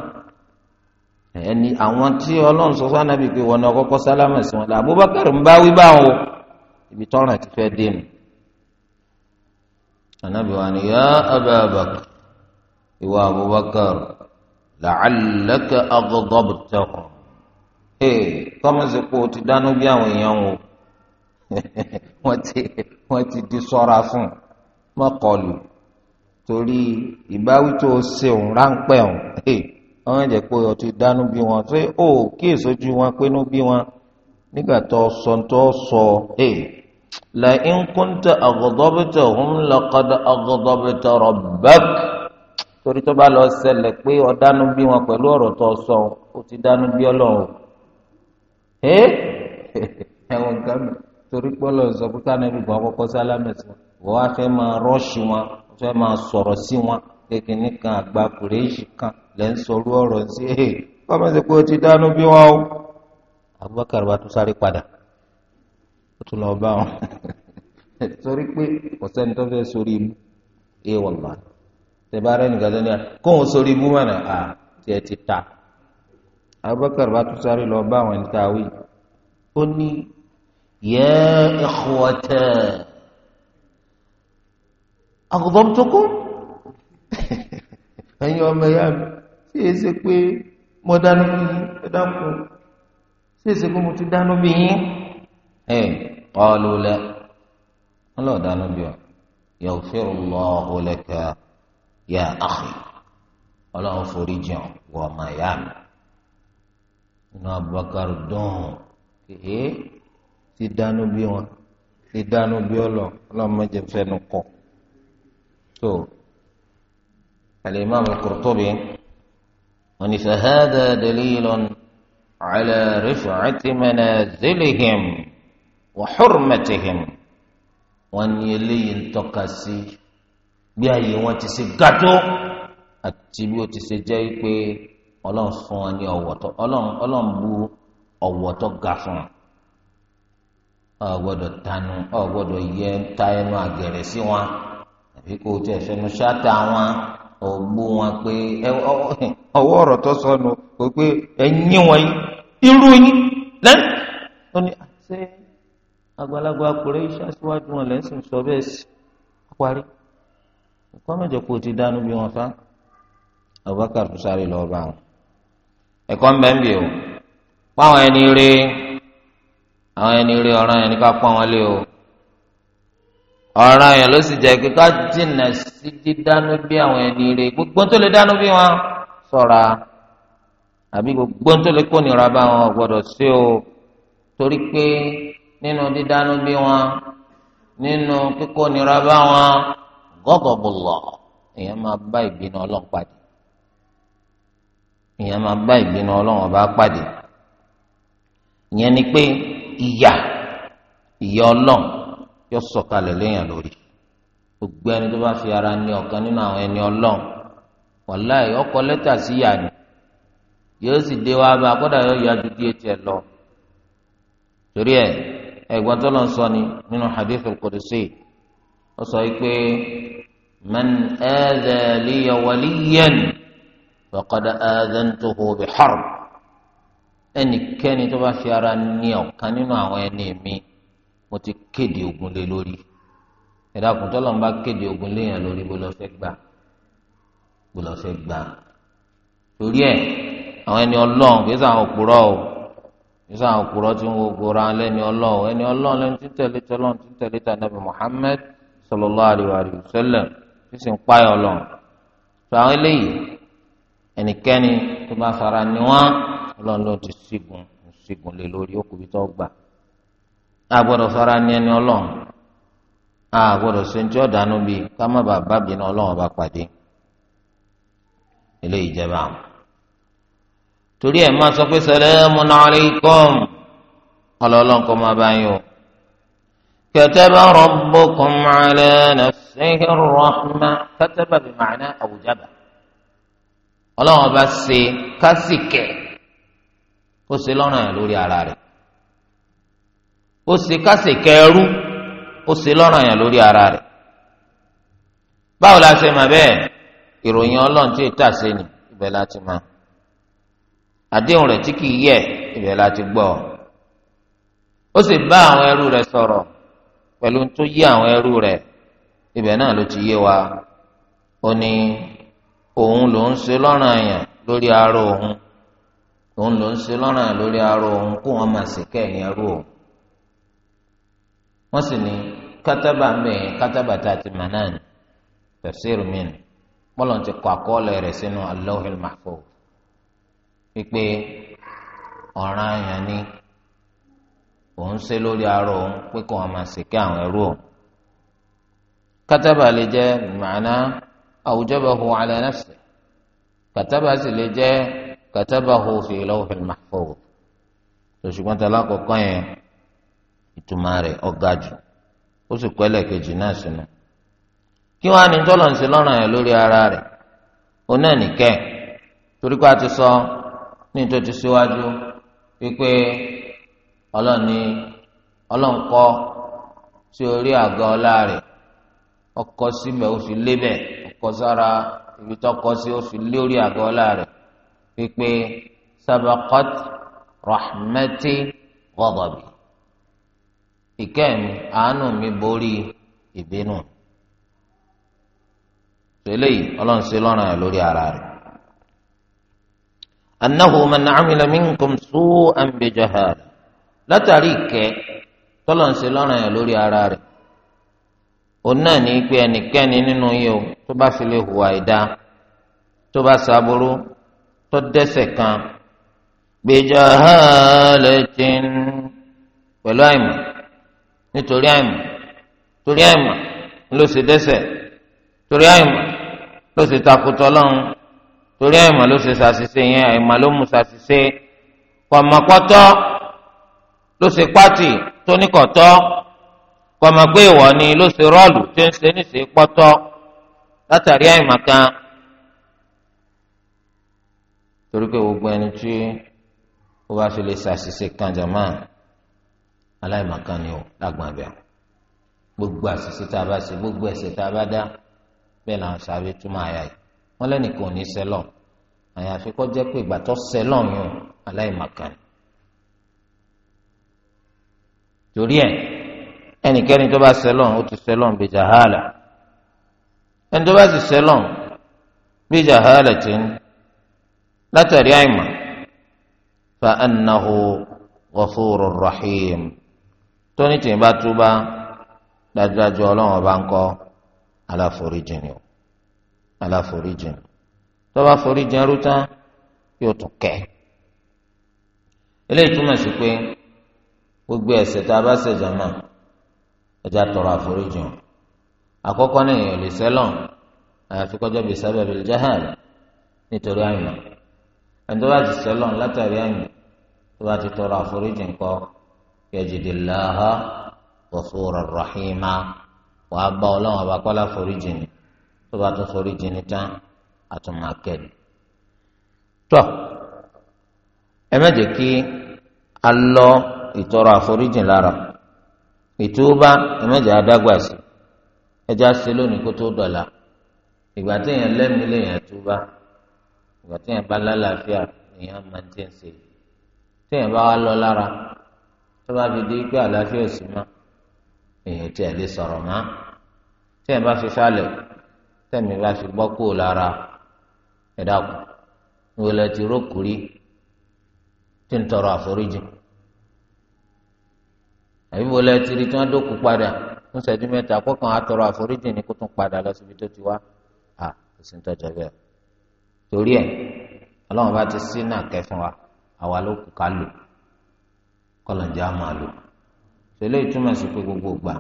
ẹni àwọn tí Ọlọ́run sọ fún anábì pé wọn ni ọkọ́kọ́ sálámà sí wọn là Abubakar ń bá wí báwọn o ibi tọ́ràn ti fẹ́ dé nu anábì wa ni yá Abubakar ìwà Abubakar làálẹ́kẹ̀ agọ́gọ́bùtẹ́kọ̀ ee kọ́mọ̀sí kó o ti dáná bí àwọn èèyàn o [LAUGHS] wọ́n ti wọ́n ti di sọ́ra fún mọ́kọlù torí ìbáwí tó o ṣe òun ráńpẹ́ òun wọ́n jẹ́ pé o ti dánú bí wọn ṣé o kí èsojú wọn pinnu bí wọn nígbà tó o sọ tó o sọ la in kunta aghdabtahum laqad aghdabta rabbak torí tó bá lọ ṣẹlẹ̀ pé o dánú bí wọn pẹ̀lú ọ̀rọ̀ tó o sọ o ti dánú bí ọlọ́run [LAUGHS] ẹ̀wọ̀n gàmì torí pé ọlọ́run sọ pé ká nàbí gbọ́ kọ́kọ́ sálámẹ̀sán wọ́n á fẹ́ máa rọ́ọ̀ṣì wọn wọ́n fẹ́ máa sọ̀rọ̀ sí wọn kékeré nìkan àgbà kùrẹ́ẹ̀ṣì kan lẹ́ ń sọrú ọ̀rọ̀ sí ẹ̀ kọ́mọ̀ sí pé o ti dánú bí wọ́n o. Abubakar wa tún sáré padà ó tún lọ bá wọn sórí [LAUGHS] pé kò sẹ́ni tó fẹ́ sórí ibú ẹ wọ̀lá tẹ̀bárẹ́ nìkan tó ní à kóhùn sórí ibú mọ̀ à tiẹ̀ ti ta. Abubakar wa tún sáré lọ bá àwọn ẹni wí ó ní yẹ́ ẹ̀kọ́ tẹ̀ àgùbọ̀mùtòkún [LAUGHS] ẹ̀yin ọmọ ẹ̀yà mi ṣé é ṣe pé mo dáná bí yín ẹ dákun ṣé é ṣe pé mo ti dáná bí yín ẹ ọlù lẹ wọn lọ dáná bí ọ yaghfiru Allahu laka ya akhi ọlọ́run forí jìn wọ ọmọ ẹ̀yà mi inú Abubakar dùn kéé ti dáná bí wọn ti dáná bí ọlọ ọlọ́run mẹjẹ fẹnu kọ. so alimami Qurtubi wọn ni fahadà dalilun ala rifacati manazilihim wa xurmatihim wọn ni eléyìí ń tọ́ka sí bí ayé wọn ti ṣe gàtó àti bí ó ti ṣe jẹ́ pé ọlọ́run fún ikú tí ẹ fẹnu ṣáta wọn ògbó wọn pé ọwọ́ ọ̀rọ̀ tó sọnù kò pé ẹ̀yìn wọn yìí irú yín lẹ́yìn ó ní ṣé àgbàlagbà akùrẹ́ iṣẹ́ aṣíwájú wọn lẹ́sìn sọ bẹ́ẹ̀ sí parí ẹ̀kọ́ mẹ́jọ kó o ti dánú bí wọn fa Abubakar tó sáré lọ́ọ́ bá wọn ẹ̀kọ́ ń bẹ́ ń bì ó pàwọn ẹni rí àwọn ẹni rí ọ̀ràn ẹni ká pọ́n wọn lé o ọ̀ràn yẹn ló sì jẹ́ pé ká jìnnà sí dídánú bí àwọn ẹni rè gbogbo tó lè dánú bí wọn ṣọ́ra àbí gbogbo tó lè kó nira bá wọn gbọ́dọ̀ sí o torí pé nínú dídánú bí wọn nínú kíkó nira bá wọn gọ́gọ̀bùlọ̀ èèyàn máa bá ìgbìnà ọlọ́run pàdé èèyàn máa bá ìgbìnà ọlọ́run ọba pàdé ìyẹn ni pé ìyà ìyà ọlọ́run yọ sọ̀kalẹ̀ léèyàn lórí gbogbo ẹni tó bá fi ara ní ọ̀kan nínú àwọn ẹni Ọlọ́run wàláì ọkọ lẹ́tà sí yà ni yóò sì dé wá bá kódà yóò yá ju díẹ̀ tiẹ̀ lọ torí ẹ ẹ̀gbọ́n tó lọ sọ ni nínú hadith al ó sọ yìí pé man aadha liya waliyan faqad aadhantuhu bi harb ẹnikẹ́ni tó bá fi ara ní ọ̀kan nínú àwọn ẹni mi mo ti kéde ogun lé lórí ẹ̀dá kùn tọ́lọ̀ ń bá kéde ogun léèyàn lórí bó lọ fẹ́ gbà bó lọ fẹ́ gbà torí ẹ̀ àwọn ẹni ọlọ́run kì í sàn òpùrọ́ o kì í sàn òpùrọ́ tí wọ́n gbóra lẹ́ni ọlọ́run ẹni ọlọ́run lẹ́ni tí ń tẹ̀lé tọ́lọ́run tí ń tẹ̀lé tà nàbì Muhammad sallallahu alaihi wa sallam tí sì ń páyọ̀ ọlọ́run tó àwọn eléyìí ẹnikẹ́ni tó bá fara ni wọ́n ọlọ́run ló ti sígun sígun lé lórí ó kù bí tó gbà agbọ́dọ̀ sọra ní ẹni Ọlọ́run agbọ́dọ̀ sentí ọdánù bíi kámá bàbá bínú Ọlọ́run ọba pàdé eléyìí jẹba torí ẹ máa sọ pé salamun alaykum ọlọlọrun kọ máa bá yín o kataba rabbukum ala nafsihi rahma kataba bi ma'na awjaba Ọlọ́run ọba ṣe kásìkẹ kó ṣe lọ́rùn ẹ lórí ara rẹ̀ ó ṣe kásẹ̀ kẹrú ó ṣe lọ́ràn yàn lórí ara rẹ̀ báwo la ṣe mà bẹ́ẹ̀ ìròyìn ọlọ́run tí ètò àṣẹ ni ibẹ̀ la ti mọ̀ àdéhùn rẹ̀ tí kì í yẹ ibẹ̀ la ti gbọ́ ó sì bá àwọn ẹrú rẹ̀ sọ̀rọ̀ pẹ̀lú tó yí àwọn ẹrú rẹ̀ ibẹ̀ náà ló ti yé wa ó ní òun ló ń ṣe lọ́ràn yàn lórí ara òun òun ló ń ṣe lọ́ràn yàn lórí ara òun kó wọn máa ṣèkẹ́ ẹ̀yìn ẹrú òun wọ́n sì ní kátàbà ń bẹ̀ yẹn kátàbà tá a ti mà náà ní tafsir min bọ́lọ̀ ti kọ àkọọ́lẹ̀ rẹ̀ sínú Allahul Mahfuz pípé ọ̀ràn àyàn ni òun ṣe lórí arọ òun pé kò wọn máa ṣèké àwọn ẹrú òun kátàbà lè jẹ́ màánà awjabahu ala nafsi kátàbà sì lè jẹ́ katabahu fi lawhil mahfuz tó ṣùgbọ́n tàlá kọ̀ọ̀kan yẹn. ìtumọ̀ rẹ ọ̀gá jù ó sì pẹ́lẹ̀ kejì náà sínú. kí wọ́n á ní tọ́lọ̀ ń ṣe lọ́ràn yẹn lórí ara rẹ òun náà nìkẹ́ torí pé a ti sọ ní tó ti síwájú wípé ọlọ́run ní ọlọ́run kọ́ sí orí àga ọlá rẹ̀ ọkọ síbẹ̀ ó fi lébẹ̀ ọkọ sára ibi tọkọ sí ó fi lé orí àga ọlá rẹ̀ wípé sabaqat rahmati ghadabi. ìkẹ́ mi àánú mi borí ìbínú tẹ́lẹ̀ yìí ọlọ́run ṣe lọ́rùn ẹ̀ lórí ara rẹ̀. annahu man amila minkum su'an bi jahala látàrí ìkẹ́ tọ́lọ̀ ń ṣe lọ́rùn ẹ̀ lórí ara rẹ̀. òun náà ní pé ẹnikẹ́ni nínú yìí o tó bá fi lè hùwà ìdá tó bá ṣàbúrú tó dẹ́ṣẹ̀ kan bi jahalatin pẹ̀lú àìmọ̀ nítorí àìmọ̀ torí àìmọ̀ ló ṣe dẹ́ṣẹ̀ torí àìmọ̀ ló ṣe takùtọ Ọlọ́run torí àìmọ̀ ló ṣe ṣàṣìṣe yẹn àìmọ̀ ló mú ṣàṣìṣe kọmọkọtọ ló ṣe pátì tó ní kọtọ kọmọgbé ìwọ ni ló ṣe rọọlù tó ń ṣe níṣe pọtọ látàrí àìmọ̀ kan torí pé gbogbo ẹni tí ó bá fi lè ṣàṣìṣe kan jẹ máa aláìmọ̀kan ni ó lágbọ̀n abẹ́ gbogbo àṣìṣe tá a bá ṣe gbogbo ẹ̀ṣẹ̀ tá a bá dá bẹ́ẹ̀ làwọn sáré túmọ̀ àyà yìí wọ́n lẹ́nìkan ò ní sẹ́lọ̀ àyàfi kọ́ jẹ́ pé ìgbà tó sẹ́lọ̀ yìí aláìmọ̀kan ni torí ẹ̀ ẹnikẹ́ni tó bá sẹ́lọ̀ ó ti sẹ́lọ̀ bí jahala ẹni tó bá sì sẹ́lọ̀ bí jahala ti ń látàrí àìmọ̀ fa annahu ghafurur rahim tóní tìǹ bá túbá dájúdájú ọlọ́run ọba ń kọ́ aláforíjìn ni o aláforíjìn tọ́ba foríjìn ẹrú tán yóò tún kẹ́ eléyìí túmọ̀ sí pé gbogbo ẹ̀ṣẹ̀ tá a bá ṣẹ̀ jàmá ẹja tọrọ àforíjìn àkọ́kọ́ ní èèyàn sẹ́lọ̀n àyàfi kọjá bíi sábẹ́ bíi jahal nítorí àyàn ẹni tó bá ti sẹ́lọ̀n látàrí àyàn tó bá ti tọrọ àforíjìn kọ́ yajidillaha ghafuran rahima wàá bá ọlọ́run ọba kọ́lá tó bá tún foríjì ni tán àtúmọ̀kẹ́ni. tọ́ ẹ má jẹ́ kí a lọ ìtọrọ àforíjì lára ìtúbà ẹ má jẹ́ lónìí kó tó dọ̀la ìgbà téèyàn ìgbà tó bá fi di pé àlàáfíà ò sí mọ́ èèyàn tí ẹ lè sọ̀rọ̀ mọ́ tí ẹ bá fi falẹ̀ tẹ̀mí bá fi gbọ́ kúrò lára ẹ dákun ìwé lẹ ti rókùrí tí ń tọrọ àforíjì àbí wo lẹ ti rí tí wọ́n dókú padà fún ṣẹ́jú mẹ́ta kọ́kàn á tọrọ àforíjì ní kó tún padà lọ síbi tó ti wá à kò sí ń tọ́jọ́ bẹ́ẹ̀ torí ẹ̀ ọlọ́run bá ti sínú àkẹ́fún wa àwa ló kù ká lò. kọlọ̀njẹ́ á máa lò ṣẹlẹ̀ ìtumọ̀ sí pé gbogbo gbà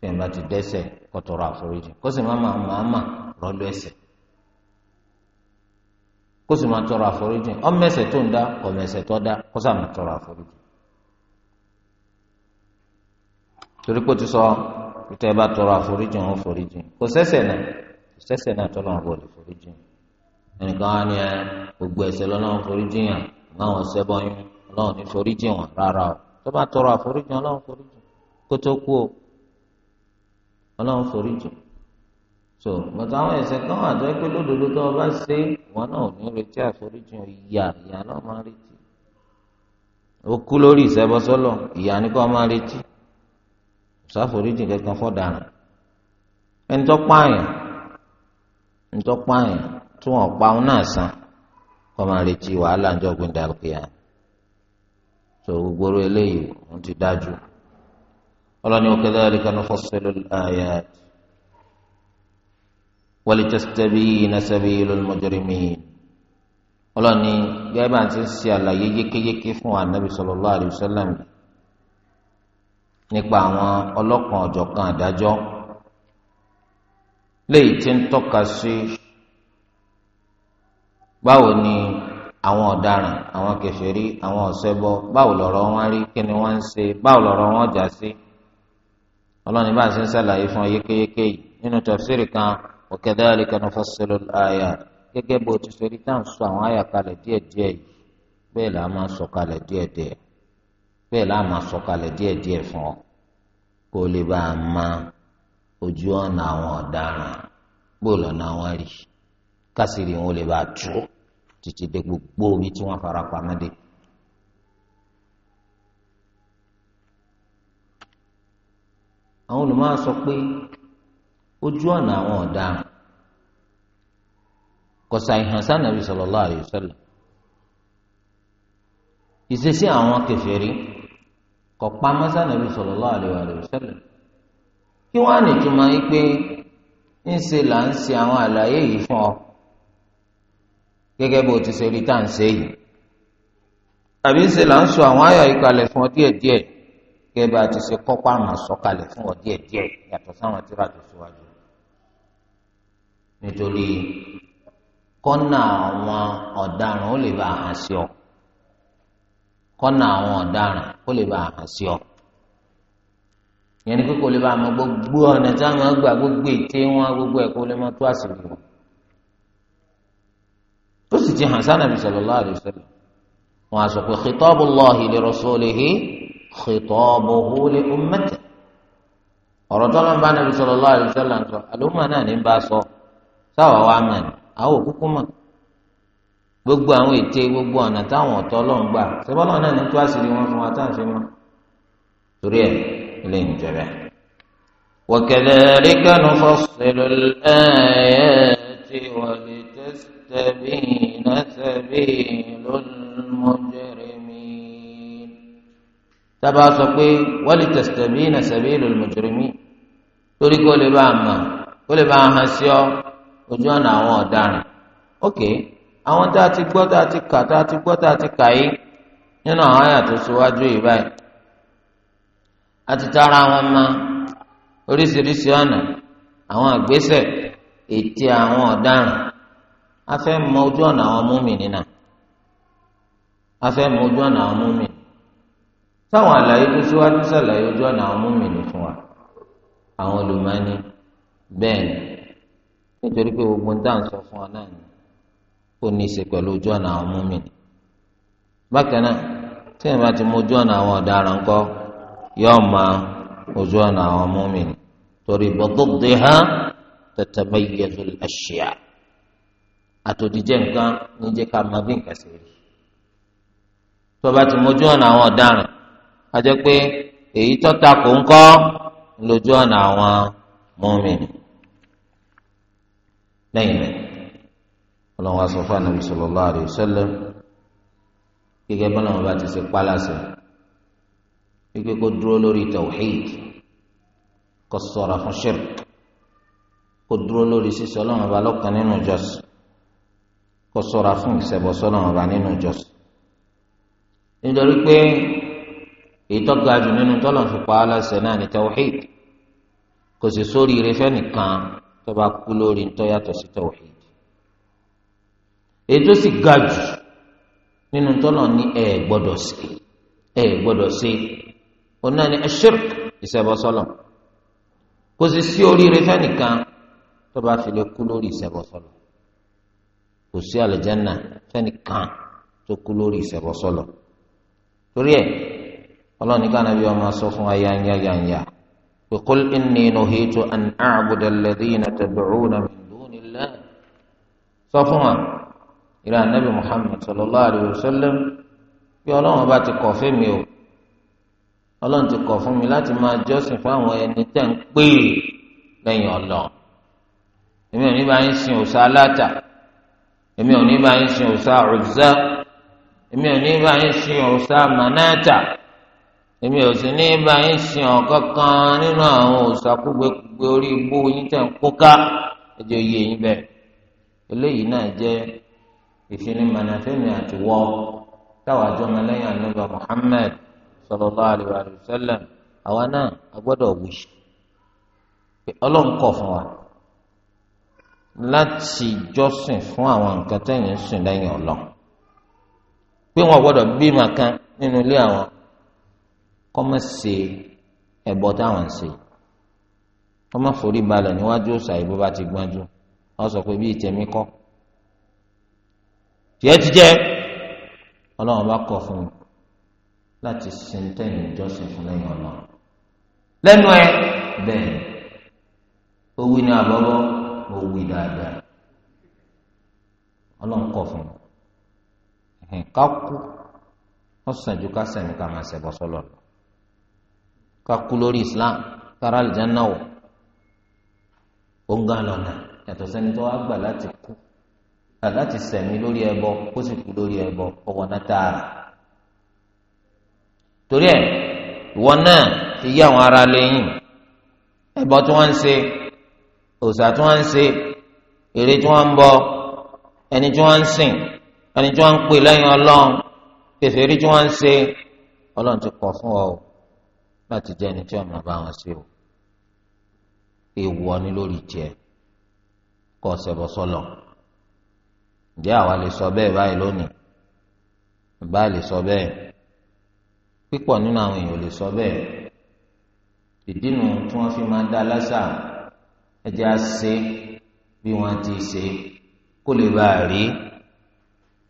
tẹ̀ ti dẹ́sẹ̀ kó àforíjì kó sì má máa má rọ́lú ẹ̀ṣẹ̀ kó sì tọrọ àforíjì ọmọ ẹ̀ṣẹ̀ tó ń dá ọmọ ẹ̀ṣẹ̀ tó dá kó sì tọrọ àforíjì torí pé o ti sọ ìtọ́ bá tọrọ àforíjì gbogbo lọ́nà foríjì Ọlọ́run ní foríjì wọn rárá o tó bá tọrọ àforíjì Ọlọ́run foríjì kó tó kú o Ọlọ́run foríjì so bàtà àwọn ẹ̀ṣẹ̀ kan wà tó pé lódodo tó o bá ṣe wọn náà ò ní retí àforíjì ìyá ìyá náà máa retí ó kú lórí ìṣẹbọsọlọ ìyá ni kò máa retí ṣàforíjì kankan fọ̀daràn ẹni pààyàn ẹni pààyàn tí wọn pa òun náà san kó máa retí wàhálà ń jọ so gbogbo eléyìí wọn ti dájú ọlọ́ni wa kadhalika nufassilu al-ayat wa litastabina sabilu al-mujrimin ọlọ́ni gẹ́gẹ́ bá ti ń ṣe àlàyé yékéyéké fún anabi sallallahu alayhi wa sallam nípa àwọn ọlọ́kan ọ̀jọ̀kan àdájọ́ léyìí tí ń tọ́ka sí báwo ni. àwọn ọ̀daràn àwọn kèfèrí àwọn ọ̀ṣẹbọ báwo lọ̀rọ̀ wọn rí kí ni wọ́n ń ṣe báwo lọ̀rọ̀ wọn jà sí. ọlọ́ni bá a ṣe ń ṣàlàyé fún yékéyéké yìí nínú tafsiri kan wa kadhalika nufassilu al gẹ́gẹ́ bó ti ṣe rí tá à ń sọ àwọn àyà kalẹ̀ díẹ̀díẹ̀ yìí bẹ́ẹ̀ là á máa sọ kalẹ̀ díẹ̀díẹ̀ bẹ́ẹ̀ là á máa sọ kalẹ̀ díẹ̀díẹ̀ fún ọ kó lè lè bá a títí de gbogbo omi tí wọ́n fara pamọ́ dé. àwọn olùmọ̀ sọ pé ojú ọ̀nà àwọn ọ̀daràn kọ̀sà ìhànsá nàbì sallallahu alaihi wasallam ìṣesí àwọn kèfèrí kọ̀ pamọ́ sànàbì sallallahu alaihi wasallam kí wọ́n á nìtúmọ̀ yìí pé ńṣe là ń ṣe àwọn àlàyé yìí fún ọ. gẹ́gẹ́ bó ti ṣe rí tá à ń ṣe yìí àbí ń àwọn fún ọ díẹ̀díẹ̀ bá a ti ṣe kọ́pá àmà sọ̀kalẹ̀ fún ọ díẹ̀díẹ̀ yàtọ̀ sáwọn tíra tó ṣíwájú nítorí kọ́nà àwọn ọ̀daràn ó lè bá sí ọ àwọn ọ̀daràn ó lè bá ọ gbogbo ọ̀nà tí àwọn gbà gbogbo ète wọn gbogbo ẹ̀kọ́ lè mọ ti hàn sànàbí sallallahu alaihi wasallam wọn a sọ pé khitabullahi li rasulihi khitabuhu li ummatihi ọ̀rọ̀ tó lọ́nà bá nàbí sallallahu alaihi wasallam sọ àlùmọ́ náà ní bá sọ sáwà wà mà ní àwọn òkúkú mà gbogbo àwọn ète gbogbo ọ̀nà táwọn ọ̀tọ́ lọ́n gbà sẹ́fọ́lọ́ náà ní tó àṣírí wọn fún wa tá à ń ولتستبين سبيل المجرمين تبا سقي ولتستبين سبيل المجرمين torí kó lè bá a mọ kó lè bá a hàn sí ọ ojú ọ̀nà àwọn ọ̀daràn ok àwọn tá a ti gbọ́ tá a ti kà tá a ti gbọ́ tá a ti kà yìí nínú àwọn àyà tó ṣíwájú yìí báyìí a ti tara wọn mọ oríṣiríṣi ọ̀nà àwọn àgbésẹ̀ ètè àwọn ọ̀daràn a fẹ́ mọ ojú ọ̀nà àwọn múmìnì náà a fẹ́ mọ ojú ọ̀nà àwọn múmìnì táwọn àlàyé tó síwájú sàlàyé ojú ọ̀nà àwọn múmìnì fún wa àwọn olùmọ́ni bẹ́ẹ̀ ni nítorí pé gbogbo ń dáhùn sọ fún ọ náà ni ó ní í ṣe pẹ̀lú ojú ọ̀nà àwọn múmìnì bákan náà tí èèyàn bá ti mọ ojú ọ̀nà àwọn ọ̀daràn yóò mọ ojú ọ̀nà àwọn tatamayyazu al-ashya àtòdìjẹ́ nǹkan ní jẹ́ ká máa bí nǹkan ṣe rí tó bá ti mójú ọ̀nà àwọn ọ̀daràn a jẹ́ pé èyí tó takò ń kọ́ lójú ọ̀nà àwọn mọ́mìnì lẹ́yìn rẹ̀ ọlọ́run aṣọ fún ànábì sallallahu alaihi wasallam gẹ́gẹ́ bọ́lá wọn bá ti ṣe pálásẹ̀ wípé kó dúró lórí tawhid kó sọ̀rọ̀ fún shirk kó dúró lórí sísọ ọlọ́run ọba lọ́kàn nínú ìjọsìn kó sọ́ra fún ìṣẹbọ sọ́lọ́run ọba nínú ìjọsìn nítorí pé èyí tó ga jù nínú tọ́lọ̀ fi pa náà ní tawhid kò sì sórí irefẹ́ nìkan tó bá kú lórí ntọ́yàtọ̀ sí tawhid èyí tó sì ga jù nínú tọ́lọ̀ ní ẹ̀ gbọ́dọ̀ sí ẹ̀ gbọ́dọ̀ sí ọ̀nà ni ẹ̀ṣirk ìṣẹbọ sọ́lọ̀ kò sì sí oríire fẹ́ nìkan tó bá fi lè kú lórí ìṣẹ̀bọ̀sọ̀lọ̀ kò sí àlùjánnà fẹ́nìkan tó kú lórí ìṣẹ̀bọ̀sọ̀lọ̀ torí ẹ̀ ọlọ́run ní kánábí ọmọ sọ fún wa yányá yányá pé qul inni nuhitu an a'buda alladhina tad'una min dunillah sọ fún wa ìlà nàbì Muhammad sallallahu alayhi wa sallam bí ọlọ́run bá ti kọ̀ fún mi o ọlọ́run ti kọ̀ fún mi láti máa jọ́sìn fún àwọn ẹni tẹ́ ń pè lẹ́yìn ọlọ́run. èmi ò ní bá yín sin òòṣà aláta èmi ò ní bá yín sin òòṣà Uzza èmi ò ní bá yín sin òòṣà manata èmi ò sì ní bá yín sin ọ̀kankan nínú àwọn òòṣà kúgbekúgbe orí igbó yín tẹ̀ ń kó ẹjọ́ yé yín bẹ́ẹ̀ eléyìí náà jẹ́ àtiwọ́ Muhammad àwa náà a ọlọ́run láti jọ́sìn fún àwọn nǹkan tẹ̀yìn ń sìn lẹ́yìn ọ̀lọ́ pé wọn gbọ́dọ̀ bímọ kan nínú ilé àwọn kọ́ mọ̀ ṣe ẹ̀bọ táwọn ń ṣe kọ́ mọ̀ forí balẹ̀ níwájú òòṣà ìbò bá ti gbọ́njú wọ́n sọ pé bí ìtẹ̀mí kọ́ tiẹ́ ti jẹ́ ọlọ́run bá kọ̀ fún un láti sin tẹ̀yìn jọ́sìn fún lẹ́yìn ọ̀lọ́ lẹ́nu ẹ bẹ́ẹ̀ owó ni àbọ̀bọ̀. ó wí dáadáa ọlọ́run fún un ká kú ó sàn ká sẹ̀mí ká máa ṣẹ̀bọ̀ sọ́lọ̀ ká kú lórí Islam tara àlùjáná wọ̀ ó láti kú láti ẹbọ sì ẹbọ tààrà torí ìwọ náà ti àwọn ará ẹbọ òòṣà tí wọ́n ń ṣe ère tí wọ́n ń bọ ẹni tí wọ́n ń sìn ẹni tí wọ́n ń pè lẹ́yìn ọlọ́run kèfèrí tí wọ́n ń ṣe ọlọ́run ti kọ̀ fún ọ o láti jẹ́ ẹni tí wọ́n máa bá wọn ṣe o èèwọ̀ ni lórí tiẹ̀ kọ́ ṣẹbọ sọ́lọ̀ ǹjẹ́ àwa lè sọ bẹ́ẹ̀ báyìí lónìí báyìí lè sọ bẹ́ẹ̀ pípọ̀ nínú àwọn èèyàn lè sọ bẹ́ẹ̀ ìdí nu tí wọ́n fi máa dá lásà ẹjẹ́ á ṣe bí wọ́n ti ṣe kó lè bá a rí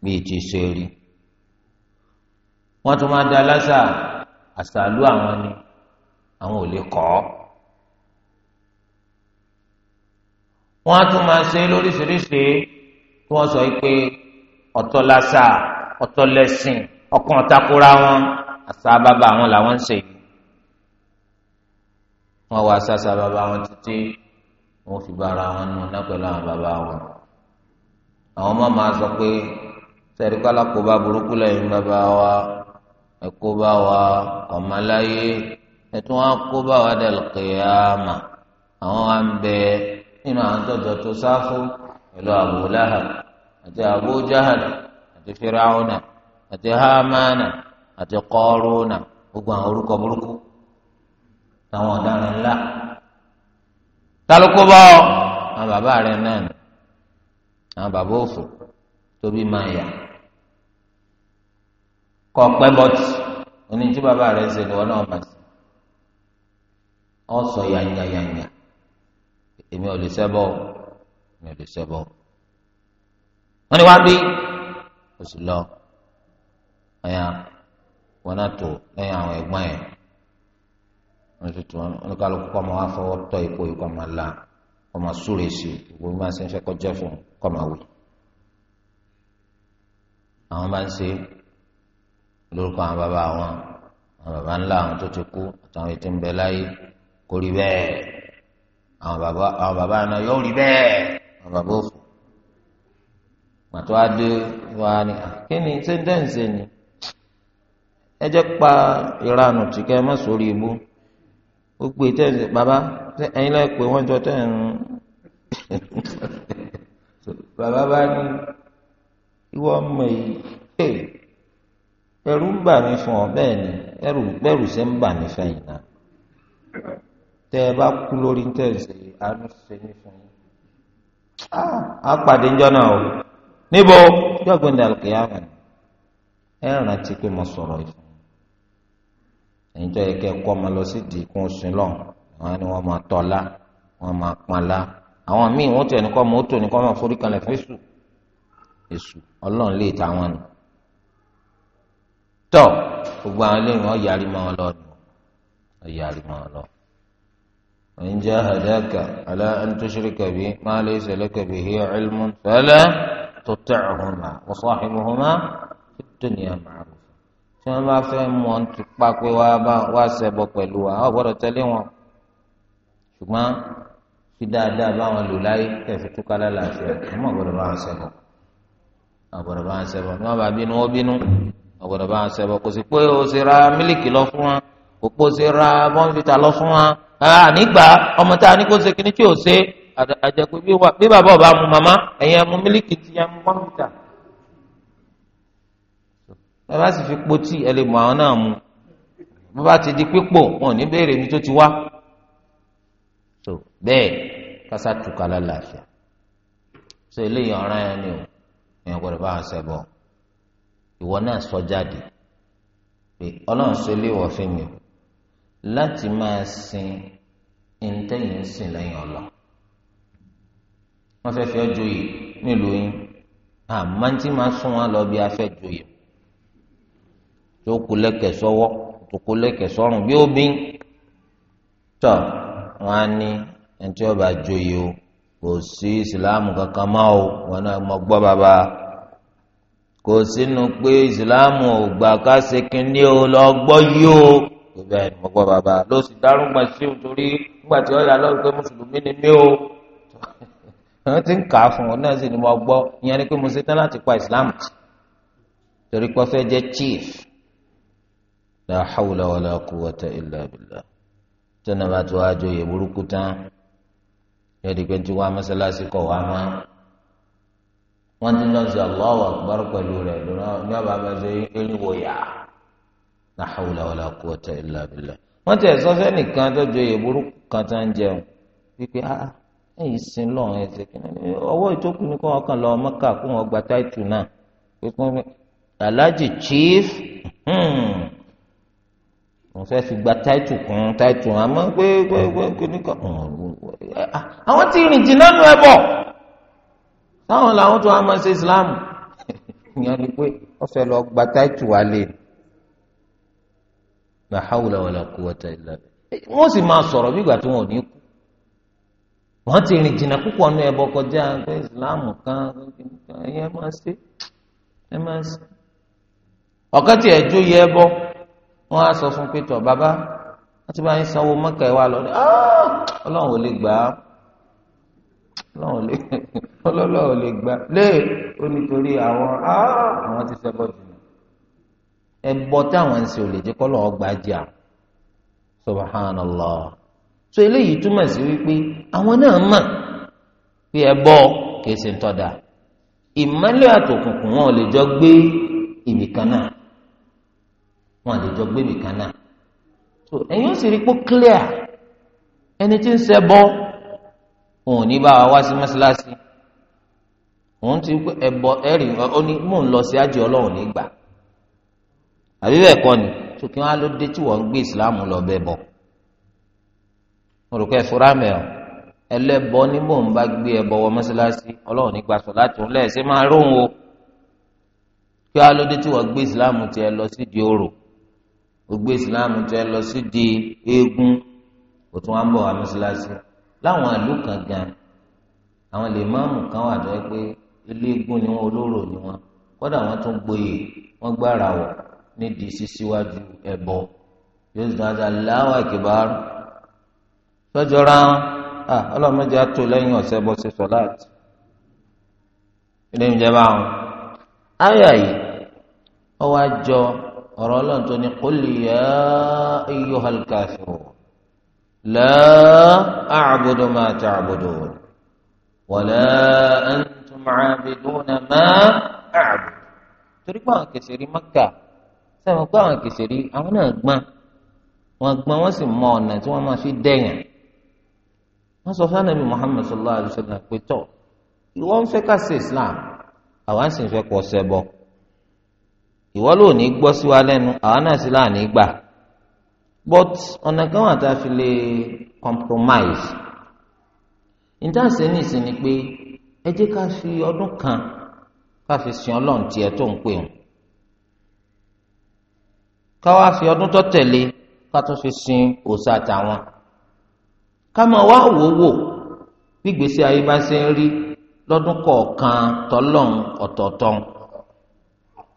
bí ti ṣe rí. wọ́n tún máa da lásà àṣàlú àwọn ni àwọn ò lè kọ́ ọ́.
wọ́n á tún máa ṣe
lóríṣiríṣi tí wọ́n sọ pé ọ̀tọ̀ lásà ọ̀tọ̀ lẹ́sìn ọkàn takora wọn àṣà bàbá wọn làwọn ń ṣe yìí. wọ́n wá àṣà bàbá wọn títí. wọn fi bára wọn nù ná pẹ̀lú àwọn bàbá wọn àwọn ọmọ máa sọ pé sẹ́ẹ̀rí kọ́lá kó bá burúkú lẹ́yìn bàbá wa ẹ̀kó bá wa ọ̀mọláyé ẹ̀tún wọn kó bá wa dẹ̀ lùkìyàmà àwọn wa ń bẹ nínú Abu àti Abu àti Firauna àti Hamana àti Qaruna gbogbo àwọn orúkọ burúkú táwọn ńlá. tálókó bọ́ àwọn bàbá rẹ̀ náà nù àwọn bàbá òfò tóbi máa yà kọ pẹ́ bọ́tì oní tí bàbá rẹ̀ ṣe lọ́wọ́ náà mà ọ sọ yanyanyanya èmi ò lè ṣẹbọ èmi ò lè wọn ni wọn ti tún wọn kálukú kọ́ máa fọwọ́ tọ́ ipò yìí kọ́ máa la kọ́ máa súre sí i gbogbo bí wọ́n ṣe ń fẹ́ kọjá fún kọ́ máa wí. àwọn bá ń ṣe lórúkọ àwọn bàbá wọn àwọn bàbá ńlá àwọn tó ti kú àtàwọn ètò ń bẹ láyé kò rí bẹ́ẹ̀ àwọn bàbá àwọn bàbá náà yóò rí bẹ́ẹ̀ àwọn bàbá òfò màtó adé wa ni kíni ṣé ń dẹ́ǹsẹ̀ ni ẹ jẹ́ pa ìranù tìkẹ́ mọ́ ibú ó pè tẹ́lẹ̀ bàbá ẹ̀yin lọ́ọ́ pé wọ́n jọ tẹ́lẹ̀ ń [LAUGHS]
bàbá bá ní
ìwọ ọmọ yìí pé eh, ẹrù ń bà mí fún ọ bẹ́ẹ̀ ni ẹrù bẹ́ẹ̀rù ṣe ń bà mí fẹ́yìn náà tẹ́ ẹ bá kú lórí tẹ̀sí àánú ṣe ní fún yín
á ah, pàdé ńjọ́ náà o
níbo yọ̀gbìn dàlùkì yá mẹ́rin ẹ rántí pé mo sọ̀rọ̀ ìfún. ẹ̀yin tó yẹ kẹ́ kọ́ ọmọ lọ sí di lọ ni wọn máa tọ́lá wọn máa panlá àwọn míì wọn tẹ̀ ní kọ́ mọ́ tó ní kọ́ máa forí kalẹ̀ fésù èṣù ọlọ́run lè ta wọn nù tọ́ gbogbo àwọn eléyìí wọ́n yarí mọ́ wọn lọ mọ́ wọn lọ. على تشرك ما ليس tí wọ́n bá fẹ́ mọ̀ ń tipa pé wá bá wá ṣẹbọ pẹ̀lú wa ọ̀ gbọ́dọ̀ tẹ̀lé wọn ṣùgbọ́n fi dáadáa báwọn lò láyé kẹfì túká lálàáfíà ọmọ gbọ́dọ̀ bá wọn ṣẹbọ ọgbọ́dọ̀ bá wọn ṣẹbọ ní wọ́n bá bínú ó bínú ọgbọ́dọ̀ bá wọn ṣẹbọ kò sí pé o ṣe ra mílìkì lọ fún wọn kò pé o ṣe ra bọ́ǹfìtà lọ fún wọn ànígbà ọmọ tá a ní kó ṣe kíní tí ò ṣe àjẹpé bí bàbá ọba mu màmá ẹ̀yin ẹ̀ mu mílìkì ti ẹ̀ mu bọ́ǹfìtà bàbá sì fi pọtì ẹ lè mọ àwọn náà mu bàbá ti di pípò wọn ò ní béèrè ibi tó ti wá so bẹ́ẹ̀ kásá túká lálàáfíà so eléyìí ọ̀ràn yẹn ni o èèyàn gbọ́dọ̀ bá wọn ṣẹbọ ìwọ náà sọ jáde pé Ọlọ́run ṣe lé ìwọ fún mi o láti máa sin ìntẹyìn sìn lẹ́yìn ọlọ wọn fẹ́ẹ́ fi ọjọ́ yìí nílùú yín àmọ́ tí máa sún wọn lọ bí afẹ́jọ́ yìí yóò kó lẹ́kẹ̀ sọ́wọ́ tó kó lẹ́kẹ̀ sọ́rùn bí ó bí tọ wọn á ní ẹni tí wọn bá joyè o kò sí ìsìláàmù kankan mọ́ o wọn náà mọ gbọ́ bàbá kò sínú pé ìsìláàmù ò gbà ká ṣe kínní o lọ gbọ́ yìí o ìbẹ̀ ni mo gbọ́ bàbá ló sì dárúgbà sí o torí nígbà tí wọ́n yà pé mùsùlùmí ni mí o [LAUGHS] wọ́n ti ń kà á fún un náà sì ni mo gbọ́ ìyẹn ni pé mo ṣetán láti pa ìsìláàmù torí pé ó fẹ́ jẹ́ chief. la hawla wala la quwwata illa billah tẹ́nà bá tó wá jọ yẹ burúkú di pé tí wọ́n á mọ́sálásí kọ̀ wá ti lọ sí Allahu akbar pẹ̀lú rẹ̀ ní ọba abẹ́sẹ̀ eríwo yá hawla quwwata illa billah wọ́n nìkan tó jẹun ah, ah sin ni kó wọn kàn lọ Mẹ́kà kó wọn gba táìtù náà pé kó mo fẹ́ fi gba táìtù kún táìtù àmọ́ pé pé pé kíníkan
àwọn tí rìn jìnnà nù ẹ bọ̀
táwọn làwọn tó wá máa ṣe islam [LAUGHS] ìyẹn ni pé wọ́n fẹ́ lọ gba táìtù wa lé la hawla wala quwwata illa wọ́n sì máa sọ̀rọ̀ bí ìgbà tí wọ́n ò ní kú wọ́n ti rìn jìnnà púpọ̀ nù ẹ bọ̀ kọjá pé islam kan ẹ máa ṣe ẹ máa ṣe
ọ̀kan tí ẹ̀ jó yẹ ẹ bọ́
wọ́n á sọ fún pétọ bàbá wọ́n ti bá yín sanwó mọkà ẹ wà lọ ní Ọlọ́run ò lè gbà á Ọlọ́run ò lè gbà á lé ó nítorí àwọn àwọn ti fẹ́ bọ́ jùlọ ẹbọ táwọn ń ṣe ò lè jẹ́ kọ́ lọ́ọ́ gba jà subhanallah so eléyìí túmọ̀ sí wípé
àwọn náà mọ̀
pé ẹbọ kìí ṣe ń tọ́ da ìmọ́lẹ̀ àtòkùnkùn wọn ò lè jọ gbé ibì náà wọn àlejò gbébì kan náà so ẹ̀yin ó sì rí pé clear ẹni tí ń ṣe bọ́ òun ní bá wa wá sí mọ́ṣáláṣí òun ti pé ẹ̀bọ ẹ̀rì ó ní mò ń lọ sí àjọ ọlọ́run nígbà àbí bẹ́ẹ̀ kọ́ ni tó kí wọ́n á ló dé tí wọ́n ń gbé ìsìláàmù lọ bẹ́ẹ̀ bọ̀ mo rò pé ẹ̀fọ́rá mẹ́rin ẹlẹ́bọ ní mò ń bá gbé ẹbọ wọ mọ́ṣáláṣí ọlọ́run nígbà sọ láti òun lẹ́ẹ̀ṣẹ́ máa róhùn o kí wọ́n á ló dé tí wọ́n gbé ìsìláàmù tiẹ̀ lọ sídìí òrò gbogbo ìsìláàmù jẹ lọ sí di eégún kò tún wá ń bọ̀ wá mọ́ṣáláṣí láwọn ìlú kan gan àwọn lè máàmù kan wà jọ pé ilé ni wọn olóró ni wọn kódà wọn tún gboyè wọn gbára wọ nídìí sísíwájú ẹbọ yóò dùn àti aláwọ ìkìbárù sọjọra wọn ah, ọlọmọdé àtò lẹ́yìn ọ̀sẹ̀ bọ ṣe sọláàtì ilé ìjẹba wọn. ayọ̀ yìí ọwọ́ àjọ ọ̀rọ̀ ọlọ́run tó ní qul ya ayyuhal kafirun la a'budu ma ta'budun wa la antum 'abiduna ma a'budu torí pé àwọn kèsèrí Mẹ́kà sẹ́wọ̀n pé àwọn kèsèrí àwọn náà gbọ́n wọn gbọ́n wọ́n sì mọ ọ̀nà tí wọ́n máa fi dẹ̀yàn wọ́n sọ fún anabi Muhammad sallallahu alayhi wa sallam pé tọ́ ìwọ́n fẹ́ ká sí Islam àwọn sì fẹ́ kọ́ sẹ́bọ̀ọ́ ìwọ ló ní gbọ́ sí wa lẹ́nu àwa náà sì láà gbà but ọ̀nà kan wà tá a fi lè compromise ìtàsí nìsín ni pé ẹ jẹ́ ká fi ọdún kan ká fi sin ọlọ́run tiẹ̀ tó ń pè wọn ká wá fi ọdún tó tẹ̀lé ká tún fi sin òòṣà tàwọn ká máa wá wò wò ayé bá ṣe ń rí lọ́dún kọ̀ọ̀kan tọ́lọ́run ọ̀tọ̀ọ̀tọ̀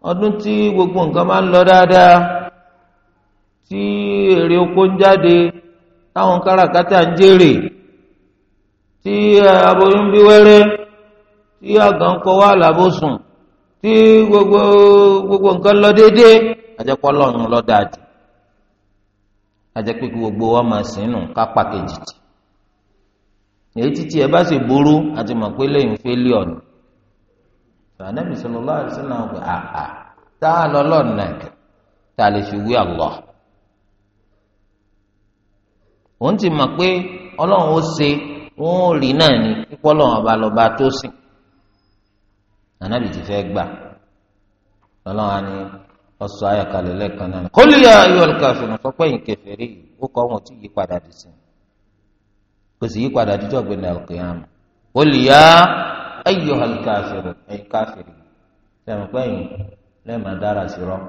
ọdún tí gbogbo nǹkan máa ń lọ dáadáa tí èrè oko ń jáde táwọn káràkátà ń jèrè tí eh, aboyún bí wẹ́rẹ́ tí àgàn kọ wá làbòsùn tí gbogbo gbogbo nǹkan lọ déédéé àjẹpọ̀ lọ́run ló dáa jù àjẹpẹ́ kí gbogbo wa máa sínú ká pàkejì tì èyí títí ẹ bá sì burú àti mọ̀ pé lẹ́yìn fẹ́lẹ́ ọ̀nà anabi sallallahu alaihi wasallam gbé si na a lọ lọ́nà tá a fi wí Allah òun ti ma pé ọlọ́run ó ṣe
wọn ò rí náà ní
pípọ́ lọ́wọ́n ọba lọ́ba tó sìn anabi ti fẹ́ gbà ọlọ́run á ọsọ ayọ̀kalẹ̀ lẹ́ẹ̀kan náà kó lè yá ayọ̀ kàfìrún sọ yìí ó kọ́ wọn tí yí dì sí kò sì ayyuhal káfíìrì ẹ̀yin káfíìrì sẹ́mi pẹ́yìn lẹ́ẹ̀ma dára sí rọ́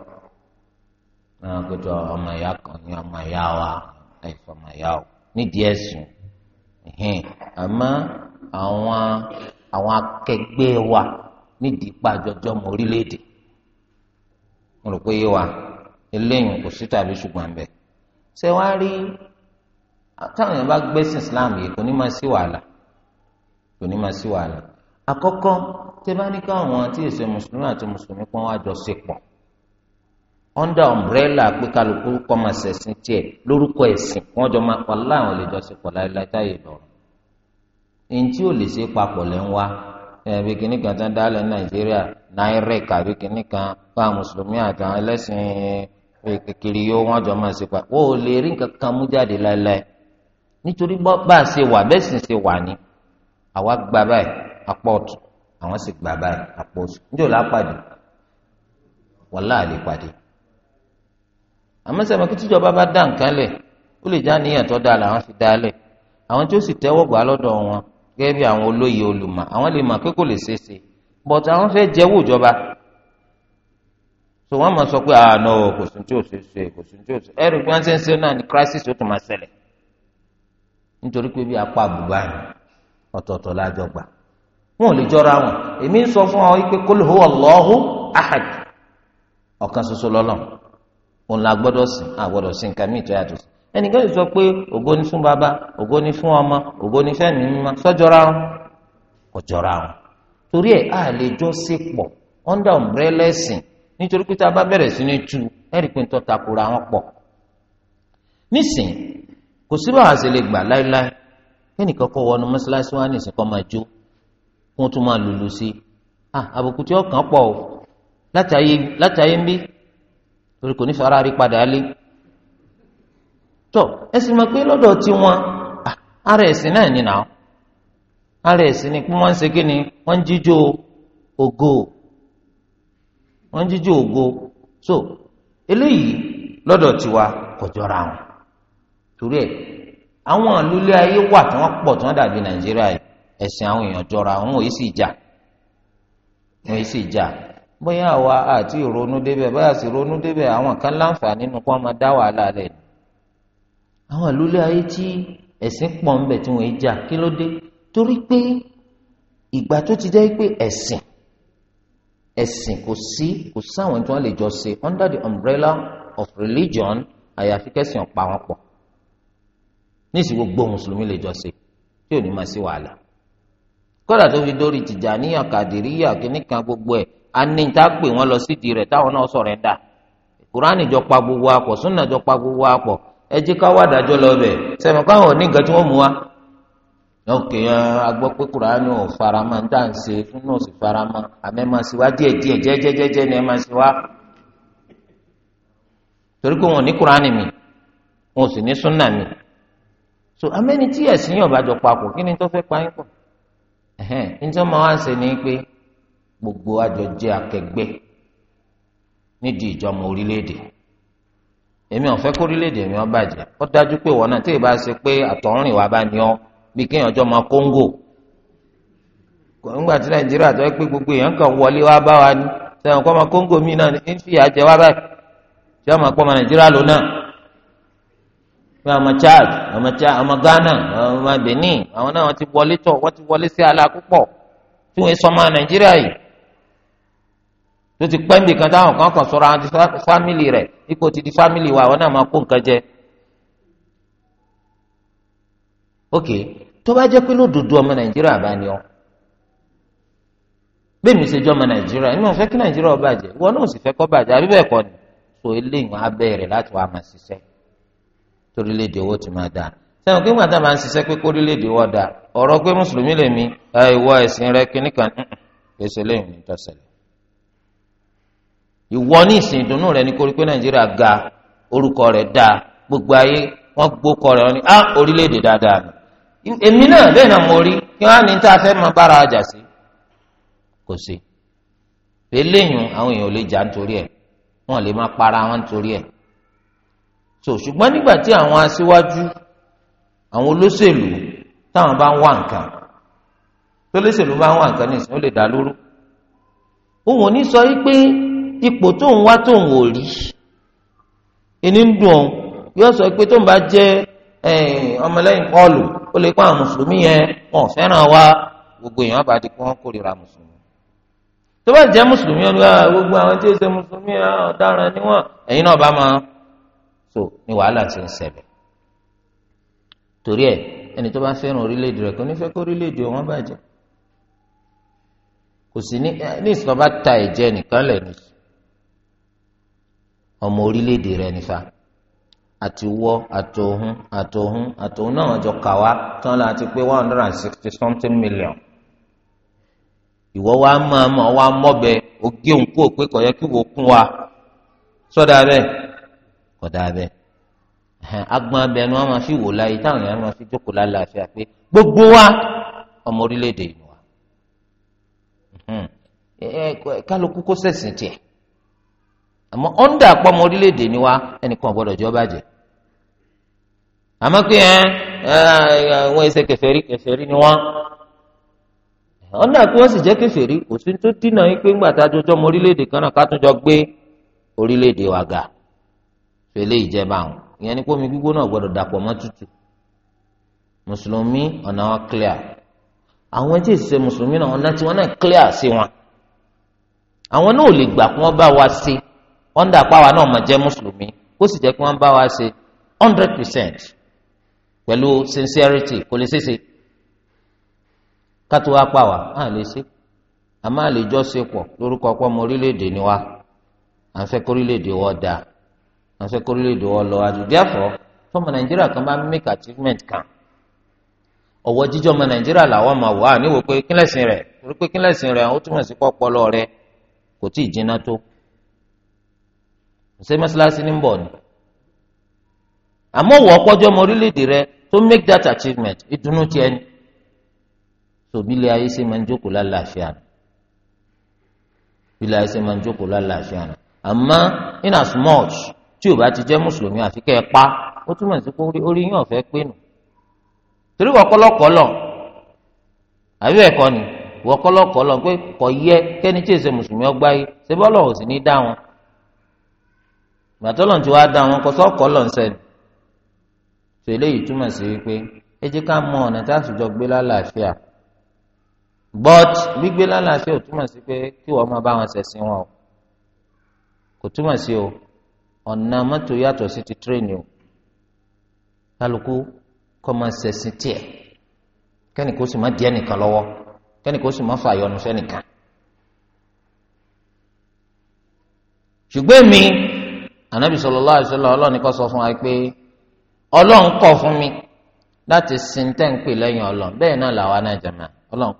náà kótó ọmọ ìyá kan ní ọmọ ya wa ẹ̀fọ́ ọmọ ya o nídìí ẹ̀sùn àwọn àwọn wa nídìí mọ mo rò pé yé wa kò sí tàbí ṣé rí táwọn bá Islam yìí kò ní máa sí wàhálà àkọ́kọ́ tẹ́ bá ní káwọn àti èsè mùsùlùmí àti mùsùlùmí pọ́n wá jọ sí pọ̀ under umbrella pé kálukú kọ́ máa ṣẹ̀sìn tiẹ̀ lórúkọ ẹ̀sìn wọ́n jọ máa pa láwọn lè jọ sí pọ̀ láéláé táyé lọ́rùn ẹni tí ò lè ṣe papọ̀ lẹ́ ń wá ẹbí kìíní kan tán dálẹ̀ nàìjíríà náírẹ̀ kàbí kìíní kan fún àwọn mùsùlùmí àtàwọn ẹlẹ́sìn kékeré yóò wọ́n jọ máa ṣe pa ò lè rí nǹkan kan mú jáde láéláé nítorí bá a ṣe wà bẹ́ẹ̀ sì ṣe wà ní àwa gba báyìí apá àwọn sì gbà báyìí apá ọ̀tún níjọ́ lápàdé wàhálà pàdé àmọ́ sẹ́mi kí tíjọba bá dá nǹkan lẹ̀ ó lè já níyàn tó dáa làwọn fi dáa àwọn tí ó sì tẹ́wọ́ gbà lọ́dọ̀ wọn gẹ́gẹ́ bí àwọn olóyè olùmọ̀ àwọn lè mọ̀ but àwọn fẹ́ jẹ́wọ́ ìjọba wọ́n sọ pé ah, kò tí ò ṣe kò tí ò ṣe ẹ̀rù bí wọ́n ṣe ń ṣe náà ni crisis ó tún wọn ò lè jọra wọn èmi ń sọ fún ọ wípé kul huwa ahad ọ̀kan lọ́lọ́ òun la gbọ́dọ̀ a gbọ́dọ̀ sìn yàtọ̀ sí ẹnìkan sọ pé ògo ni fún bàbá ògo ni fún ọmọ ògo ni fẹ́mi mímọ́ sọ́jọ́ra wọn ọ̀jọ́ra. wọn torí ẹ̀ a lè jọ sí pọ̀ under umbrella ẹ̀sìn nítorí pé tá a bá bẹ̀rẹ̀ sí ní tu kó tún máa lùlù sí i ah àbùkù tí ọkàn pọ̀ o látàyé ń bí torí kò ní fara rí padà lé tọ ẹ sì máa pé lọ́dọ̀ tiwọn ah, ara ẹ̀sìn náà nìyà ó ara ni pé wọ́n ń ṣe kí ni wọn ń jíjó ògo ń jíjó ògo so eléyìí lọdọ tiwa kò jọra wọn torí àwọn àlùlé ayé wà tí ẹ̀sìn àwọn èèyàn jọra àwọn òye sì jà àwọn òye sì jà bóyá àwa àti ìrònú débẹ̀ bóyá sì ìrònú débẹ̀ àwọn kan láǹfààní nínú kó máa dá wàhálà lẹ̀ ni àwọn àlùlẹ̀ ayé tí ẹ̀sìn pọ̀ ń bẹ̀ tí wọ́n jà kí ló dé torí pé ìgbà tó ti jẹ́ pé ẹ̀sìn ẹ̀sìn kò sí kò sáwọn tí wọ́n lè jọ ṣe under the umbrella of religion àyàfi kẹ́sìn ọ̀pá wọn pọ̀ ní ìsìn gbogbo mùsùlùmí lè jọ ṣe tí ò ní máa sí wàhálà. kódà tó fi dórí Tìjàníyà ya kìnnìkan gbogbo ẹ̀ anìta pè wọ́n lọ sídìí rẹ̀ táwọn náà sọ̀rọ̀ ẹ̀ dà kùránì jọ pa gbogbo apọ súnà jọ pa gbogbo apọ. ẹ jẹ́ ká lọ bẹ̀ sẹ́mi káwọn ò tí wọ́n mú wa. ok a pé kùránì ò fara mọ́ níta ń ṣe súnà sì fara ni ẹ máa so tí nítorí ọmọ wa ń gbogbo àjọ jẹ́ akẹgbẹ́ nídìí ìjọmọ orílẹ̀-èdè èmi ò fẹ́ kó orílẹ̀ mi ọba bàjẹ́ ó dájú pé wọn náà tí ìbá ṣe pé àtọ̀rìn wa bá ní ọ bí kéèyàn jọmọ Kóńgò nígbà tí Nàìjíríà tó pé gbogbo èèyàn kan wọlé wá bá wa ní sẹ́wọ̀n kọ́ mi náà wá báyìí tí pọ́ Nàìjíríà náà. pé àwọn Chad àwọn Chad àwọn Ghana àwọn Benin àwọn náà wọ́n ti wọlé tọ̀ wọ́n ti wọlé sí ala púpọ̀ tí wọ́n sọmọ Nàìjíríà yìí tó ti pẹ́ nbìkan táwọn kan kàn sọ̀rọ̀ àwọn ti fámìlì rẹ̀ ipò ti di fámìlì wa àwọn náà máa kó nǹkan jẹ. ok tó bá jẹ́ pé lódodo ọmọ Nàìjíríà bá ní ọ bẹ́ẹ̀ mi ṣe jọ́ ọmọ Nàìjíríà inú ọ̀fẹ́ kí Nàìjíríà ó bàjẹ́ ìwọ náà sì fẹ́ kó bàjẹ́ àbí bẹ́ẹ̀ kọ́ ni so eléyìí wọn á bẹ̀rẹ̀ láti wàá máa ṣiṣẹ́ torílẹ̀-èdè owó ti máa dà sẹ́wọ̀n pé gbàtà máa ń ṣiṣẹ́ pé kórílẹ̀-èdè wọ́n dà ọ̀rọ̀ pé mùsùlùmí lè mi ìwọ ẹ̀sìn rẹ kíní kan mm, mm, èsè lẹ́yìn ní tọ́sẹ̀lẹ̀ ìwọ ní ìsìn ìdùnnú rẹ ní kórí nàìjíríà ga orúkọ rẹ dà gbogbo ayé wọn gbókọ rẹ wọn ni á ah, orílẹ̀-èdè dáadáa
ni èmi náà bẹ́ẹ̀ náà mo rí kí wọ́n á ní
tá a fẹ́ máa bára ajá sí kò sí eléyìn àwọn èèyàn ò lè jà nítorí ẹ̀ wọn lè má para wọn nítorí ẹ̀ so ṣùgbọ́n nígbà tí àwọn aṣíwájú àwọn olóṣèlú táwọn bá ń wá nǹkan tó lóṣèlú bá ń wá nǹkan nìsín ó lè dá lóró òun ò ní sọ pé ipò tó ń wá tó ń wò rí ẹni ń dùn òun yóò sọ pé tó ń bá jẹ ọmọlẹ́yìn kọlù ó lè kó mùsùlùmí yẹn wọn fẹ́ràn wa gbogbo èèyàn bá di kó wọn kórìíra mùsùlùmí tó bá jẹ́ mùsùlùmí ọ̀nà gbogbo àwọn tí ó ṣe mùsùlùmí ọ̀daràn ni ẹ̀yin náà bá máa so ni wàhálà ti ń ṣẹlẹ̀ torí ẹ ẹni tó bá fẹ́ràn orílẹ̀-èdè rẹ̀ kò ní fẹ́ kó orílẹ̀-èdè wọn bàjẹ́ kò sí ní ní ìsìn ọba ta ẹ̀jẹ̀ nìkan lẹ́nu ọmọ orílẹ̀-èdè rẹ̀ nífa àti wọ́ àtòhún àtòhún àtòhún náà jọ kà wá tán la ti pé one hundred and sixty something million ìwọ wa máa mọ̀ wá mọ́bẹ̀ ogé òǹkó pé kò yẹ kí wò kún wa sọ́dà bẹ́ẹ̀ kọ̀dà abẹ agbọn abẹ ni wọn máa fi wò láyé táwọn èèyàn máa fi jókòó lálàáfíà pé gbogbo wa ọmọ orílẹ̀-èdè yìí wà kálukú kó sẹ̀sìn tiẹ̀ àmọ́ ọ̀ndà àpọ̀ ọmọ orílẹ̀-èdè ni wa ẹnìkan gbọ́dọ̀ jọ bàjẹ́ àmọ́ pé wọ́n ẹsẹ̀ kèfèrí kèfèrí ni wọ́n ọ̀nà kí wọ́n sì jẹ́ kèfèrí òsín tó dínà yín pé ńgbà tá a jọjọ́ mọ orílẹ̀-èdè kan náà ká tún jọ gbé orílẹ̀-èdè wa ga fẹlẹ ìjẹba àwọn ìyẹn ni pómi gbígbóná gbọ́dọ̀ dàpọ̀ mọ́ tútù mùsùlùmí ọ̀nà wọn clear àwọn tí ìṣe mùsùlùmí náà ọ̀nà tí wọn náà clear sí wọn àwọn náà ò lè gbà kí wọ́n bá wa ṣe ọ̀ndà pàwà náà mà jẹ́ mùsùlùmí kó sì jẹ́ kí wọ́n bá wa ṣe hundred percent pẹ̀lú sincerity kò lè ṣeéṣe kátó wá pàwà á lè ṣe àmọ́ àlejò ṣe pọ̀ lórúkọ pọ́ mọ orílẹ̀-èdè ni wa à ń fẹ́ kórílẹ̀-èdè wọ́n dáa afẹ́ kórìlédè wọn lọ àdùdíàfọ́ fọmọ nàìjíríà kan bá make achievement kan ọ̀wọ́ jíjọ́ ọmọ nàìjíríà làwọn máa wà níwò pé kílẹ̀sìn rẹ̀ torí pé kílẹ̀sìn rẹ̀ ó túmọ̀ sí pọ́pọ́lọ́ rẹ̀ kò tí ì jiná tó ṣé mọ́ṣáláṣí ní bọ̀ ni àmọ́ wọ́ ọkọ́jọ́ ọmọ orílẹ̀-èdè rẹ tó make that achievement ìdùnnú tiẹ̀ ni tòbílẹ̀ ayé ṣe máa ń jókòó lálàáfíà nù bílẹ̀ ayé ṣe máa ń jókòó lálàáfíà nù àmọ́ in as much tí ò bá ti jẹ́ mùsùlùmí àfi kẹ́ ẹ pa ó túmọ̀ sí pé orí yín ọ̀fẹ́ pé nù torí wọ́kọ́lọ́kọ́lọ́ àbí ni wọ́kọ́lọ́kọ́lọ́ pé kò yẹ kẹ́ni tí èsè mùsùlùmí ọgbà yìí ṣé bọ́lọ̀ ò sì ní dá wọn gbàtọ́lọ̀ tí wàá dá wọn kọ́ sọ́kọ́lọ́ ńsẹ̀ni tó eléyìí túmọ̀ sí wípé ẹ jẹ́ ká mọ ọ̀nà a sì but gbígbé lálàáfíà ò túmọ̀ sí pé ọ̀nà mọ́tò yàtọ̀ sí ti tírèènì o kálukú kọ́ máa ṣẹ̀sìn tiẹ̀ kẹ́ni kó sì má di ẹnìkan lọ́wọ́ kẹ́ni kó sì má fà yọnu sẹ́nìkan. ṣùgbọ́n mi ànábì sallallahu alaihi ọlọ́ọ̀ni kọ́ sọ fún wa pé ọlọ́run kọ̀ fún mi láti sin tẹ́ǹpì lẹ́yìn ọlọ́run bẹ́ẹ̀ náà làwa náà jẹ̀mọ́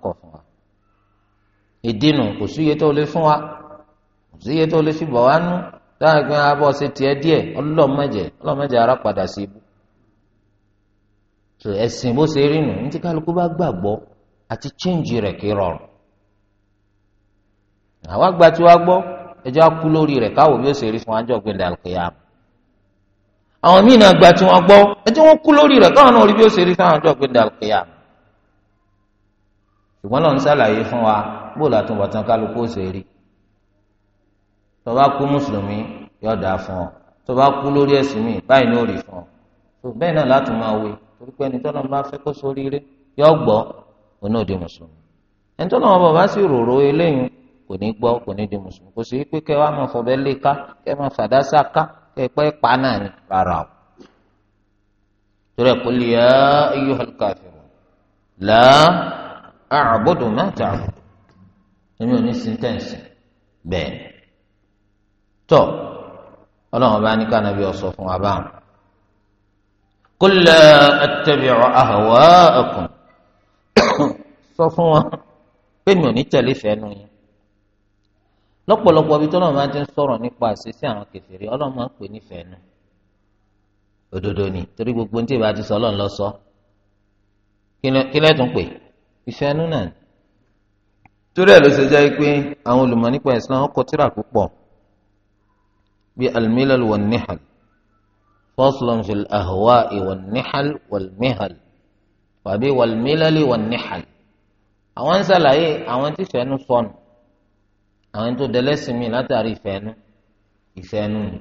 kọ̀ fún wa. kò síye tó wa kò síye tó fi bọ̀ táwọn ẹgbẹ́ abọ́ ṣe tiẹ̀ díẹ̀ ọlọ́mọdé ọlọ́mọdé ara padà sí ibú ẹ̀sìn bó ṣe rí nù ní ti kálukú bá gbàgbọ́ àti chíǹjì rẹ̀ kì í rọrùn àwa gba tí wàá gbọ́ ẹjọ́ á kú lórí rẹ̀ káwọ́ bí ó ṣe rí fún àlùkìyà àwọn míì náà gba tí wọ́n gbọ́ ẹjọ́ wọn kú lórí rẹ̀ káwọn náà rí bí ó ṣe rí fún àlùkìyà ṣùgbọ́n fún wa bóòlù kálukú ó ṣe tó bá kú mùsùlùmí yóò dáa fún ọ tó bá kú lórí ẹ̀sìn mi báyìí ni ó rí fún ọ tó bẹ́ẹ̀ náà láti máa wé torí pé ẹni tó náà bá fẹ́ kó sórí rẹ yóò gbọ́ òun náà di mùsùlùmí ẹni tó náà bàbá sì rorò eléyìí kò ní gbọ́ kò ní di mùsùlùmí kò sí pé kẹ́ wàá máa fọ̀bẹ́ lé ká kẹ́ máa fàdásá ká kẹ́ pẹ́ pa náà ní rárá o torí ẹ̀ kò lè yá ayyuhal kafirun la a'budu ma ta'budu èmi ò ní sin tẹ́ǹsì bẹ́ẹ̀ tọ Ọlọ́run bá ní kánàbí ọsọ fún wa báwọn qul la attabi'u ahwa'akum sọ fún wọn pé mi ò ní tẹ̀lé fẹ́nu yín lọ́pọ̀lọpọ̀ ibi tí Ọlọ́run máa ti ń sọ̀rọ̀ nípa àṣìṣe àwọn kẹfìrí Ọlọ́run máa ń pè ní fẹ́nu òdodo ni torí gbogbo ní tí ti sọ Ọlọ́run lọ sọ kí lẹ́tùn pè ìfẹ́nu náà torí ẹ̀ ló ṣe jẹ́ pé àwọn olùmọ̀ nípa ìsìlámù bí almilal wal nihal faslun fil ahwa'i wal nihal wal mihal tàbí wal milali wal nihal àwọn ń ṣàlàyé àwọn tí fẹ́nu sọnù àwọn tó dẹlẹ́sìn mi látàrí ìfẹ́nu ìfẹ́nu ni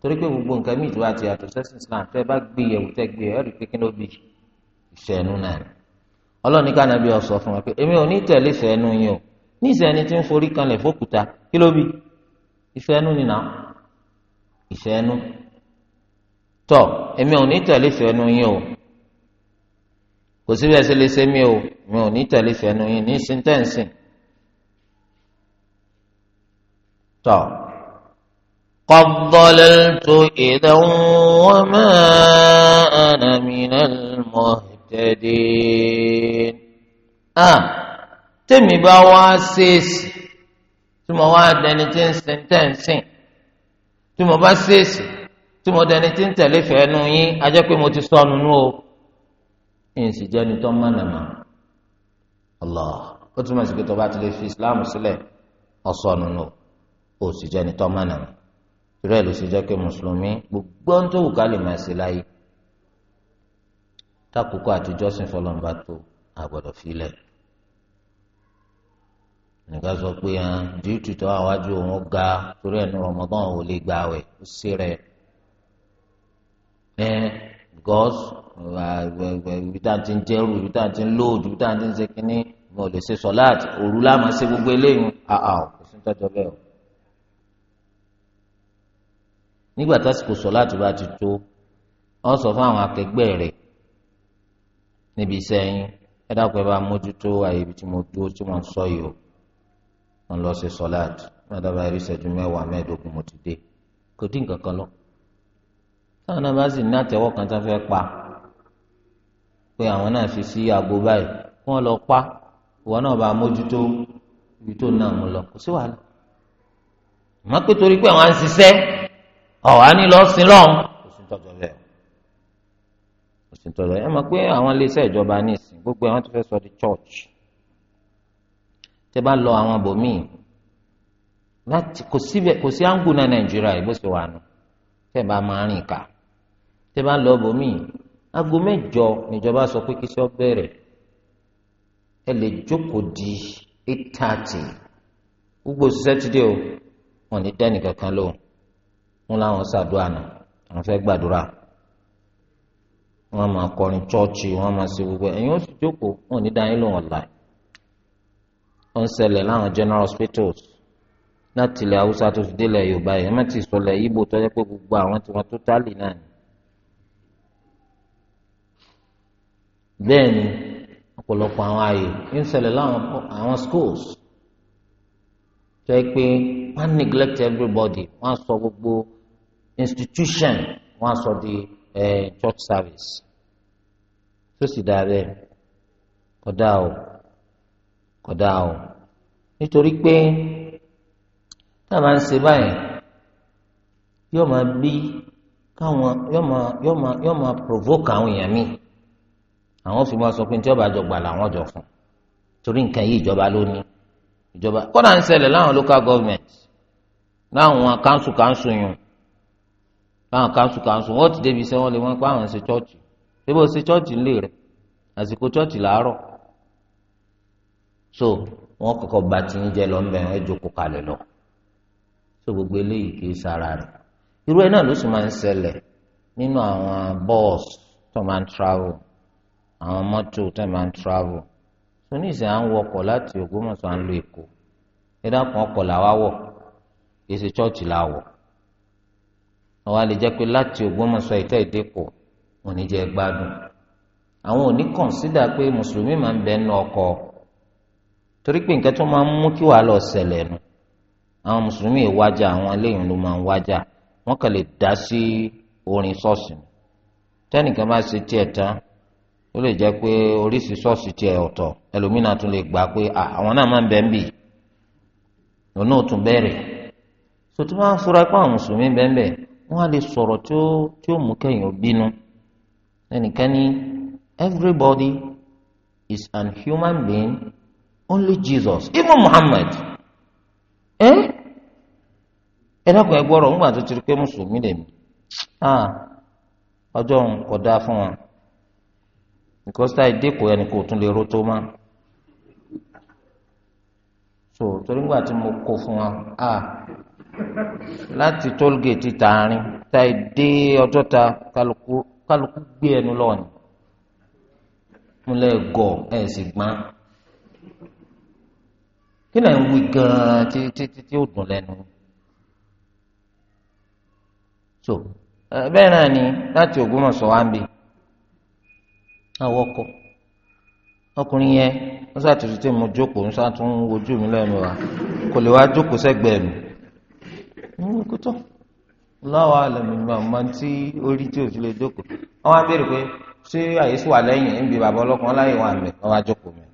torí pé gbogbo nǹkan mi ìtura ti yàtọ̀ sẹ́sìn Islam tẹ́ bá gbé yẹ̀wò tẹ́ gbé yẹ̀wò rí pé kí ló náà ọlọ́ọ̀ni ká nàbí ọ̀sọ̀ fún wa pé èmi ò ní tẹ̀lé ìfẹ́nu yín o ní ìsẹ́ni tí ń forí kanlẹ̀ fókùtà kí ló bí ìfẹ́nu ni ìfẹ́ ẹnu tọ èmi ò ní tẹ̀lé ìfẹ́ ẹnu yín o kò síbi ẹsẹ̀ lè ṣe mí o mi ò ní tẹ̀lé ìfẹ́ yín ní síntẹ́ǹsì tọ qad dalaltu idhan wa ma ana minal tèmi bá wá ṣèèṣì tí mo wá dẹni tí ń sin tẹ́ǹsìn tí mo bá ṣèèṣì tí mo dẹni tí ń tẹ̀lé fẹ́ẹ́nu yín a pé mo ti sọnù nú o ìyìnsì jẹ́ni tó mọ̀nàmọ́ Allah ó túmọ̀ sí pé tó bá ti lè fi Islam sílẹ̀ ọ̀sọ̀nù nù o sì jẹ́ni tó mọ̀nàmọ́ ìrẹ́ ló ṣe jẹ́ pé mùsùlùmí gbogbo ń tó wù ká lè máa ṣe láyé tákùkọ àtijọ́ fọlọ́nba tó àgbọ̀dọ̀ fílẹ̀ nìkan sọ pé hàn díìtì tó àwájú òun ga torí ẹnu Ramadan ò lè gbà wẹ̀ ó sí rẹ̀ ẹ gọ́s ibi tá à ń ti ń jẹ́rù ibi tá à ń ti ń lóòdù ibi tá à ń ti ń ṣe kínní mi ò lè ṣe sọ́láàtì òru láàmú ṣe gbogbo eléyìí àà kò sí tọ́jọ́ bẹ́ẹ̀ o. nígbà tásìkò sọ́láàtì bá ti tó wọ́n sọ fún àwọn akẹgbẹ́ rẹ̀ níbi iṣẹ́ yín ẹ dákun ẹ bá mójútó àyè ibi tí mo dúró tí mo ń sọ yìí o wọn lọ ṣe sọláàtì wọn dábàá rí ìṣẹ́jú mẹ́wàá mẹ́ẹ̀ẹ́dógún mo ti dé kò dín nǹkan kan lọ táwọn náà bá sì ní àtẹ́wọ́ kan tó fẹ́ pa pé àwọn náà fi sí àgbo báyìí wọn lọ pa ìwọ náà bá mójútó ibi tó náà mú lọ kò sí wàhálà àmọ́ pé torí pé àwọn á ń ṣiṣẹ́
ọ̀hún á ní lọ sí lọ́hùn kò
sí tọ́jú bẹ́ẹ̀ kò sí tọ́jú ẹ mọ̀ pé àwọn iléeṣẹ́ ìjọba ní ìsìn gbogbo àwọn tó fẹ́ sọ di church tẹ lọ àwọn abòmíì láti kò síbẹ̀ kò sí áńgù náà nàìjíríà yìí bó ṣe wà nù tẹ máa rìn kà lọ abòmíì aago mẹ́jọ níjọba sọ sọ bẹ̀rẹ̀ ẹ lè jókòó di eight thirty gbogbo sátidé o wọn ní dání kankan lóhùn wọn làwọn ṣàdúrà náà àwọn fẹẹ gbàdúrà wọn máa kọrin chọọchì máa ṣe gbogbo ẹ̀yin ó ń ṣẹlẹ̀ láwọn general hospitals láti ilẹ̀ haúsá tó fi délẹ̀ yorùbá yìí ẹ̀mẹ́tì sọlẹ̀ ibo tó yẹ pé gbogbo àwọn tí wọ́n tó tálì náà ni. bẹ́ẹ̀ ni ọ̀pọ̀lọpọ̀ àwọn ààyè ń ṣẹlẹ̀ láwọn àwọn schools tó yẹ pé wọ́n neglect everybody wọ́n sọ gbogbo institution wọ́n sọ di eh, church service tó sì dáa bẹ́ẹ̀ kódà o kódà o nítorí pé tá a máa ń ṣe báyìí yóò máa bí káwọn yóò máa yóò máa yóò máa provoke àwọn èèyàn míì àwọn fi máa sọ pé níjọba àjọgbà làwọn jọ fún torí nǹkan yìí ìjọba ló ìjọba kódà ń ṣẹlẹ̀ láwọn local government láwọn kanṣu kanṣu yùn láwọn kanṣu kanṣu wọn ti débi iṣẹ́ wọn lè wọn pé àwọn ṣe chọ́ọ̀chì bí wọ́n ṣe chọ́ọ̀chì ńlẹ̀ rẹ̀ àsìkò chọ́ọ̀chì làárọ̀ so wọn kọ́kọ́ ba tiyín jẹ lọ mbẹ ẹ jókòó kalẹ̀ lọ so gbogbo eléyìí kì í sara rẹ irú ẹ náà ló sì máa ń ṣẹlẹ̀ nínú àwọn bọ́ọ̀s tó máa ń travel àwọn mọ́tò tó máa ń travel so ní ìsìn à ń wọkọ̀ láti Ògbómọ̀ṣọ́ à ń lọ Èkó ẹ̀dá kan ọkọ̀ làwa wọ̀ kì í ṣe chọ́ọ̀chì la wọ̀ àwa lè jẹ́ pé láti Ògbómọ̀ṣọ́ ìtẹ́ ìdẹ́kọ̀ wọn ní gbádùn àwọn ò ní kọ̀ǹsídà pé mùsùlùmí máa ń bẹ́ẹ̀ nú ọkọ̀ ọ̀ torí pé nǹkan tó máa ń mú kí wàhálà lọ ṣẹlẹ̀ nu àwọn mùsùlùmí ìwájà àwọn eléyìí ló máa ń wájà wọn kàn lè dá sí orin sọ́ọ̀sì ni tẹ́nìkan bá ṣe tiẹ̀ tán ó lè jẹ́ pé oríṣi sọ́ọ̀sì tiẹ̀ ọ̀tọ̀ ẹlòmínà tún lè gbà pé àwọn náà máa ń bẹ́ẹ̀ ń bì òun náà tún bẹ̀rẹ̀ sòtún máa ń fura pé àwọn mùsùlùmí bẹ́ẹ̀ bẹ́ẹ̀ wọ́n á lè sọ̀rọ̀ tí ó mú kẹ́yìn bínú ẹnìkan ní everybody is an human being only Jesus even Muhammad ẹ eh? ẹ dákun ẹ gbọ́rọ̀ ńgbà tó ti rí pé mùsùlùmí lèmi ah ọjọ́ òun kò dáa fún wa because táyì dẹ́kọ̀ ẹni kò tún lè ro tó má so torí ńgbà tí mo kó fún wa ah láti tollgate tààrin táyì dé ọjọ́ ta kálukú gbé ẹnu lọ́ọ̀ni mo lè gọ̀ ẹ̀ sì gbọ́n kí lẹ̀ ń wí gan-an tí tí tí tí ó dùn lẹ́nu. so bẹ́ẹ̀ náà ni láti Ògbómọ̀ṣọ́ wa ń bi àwọn ọkọ ọkùnrin yẹn wọ́n ṣàtúntò tí mo jókòó ń ṣàtún wojú mi lẹ́nu wa kò lè wá jókòó sẹ́gbẹ̀ẹ́ mi ń kú tán láwa lẹ́nu mi àmọ́ tí orí tí òfin lè jókòó wọ́n á béèrè pé ṣé àyè sì wà lẹ́yìn ń bi bàbá ọlọ́kùnrin láyè wà mí wọ́n á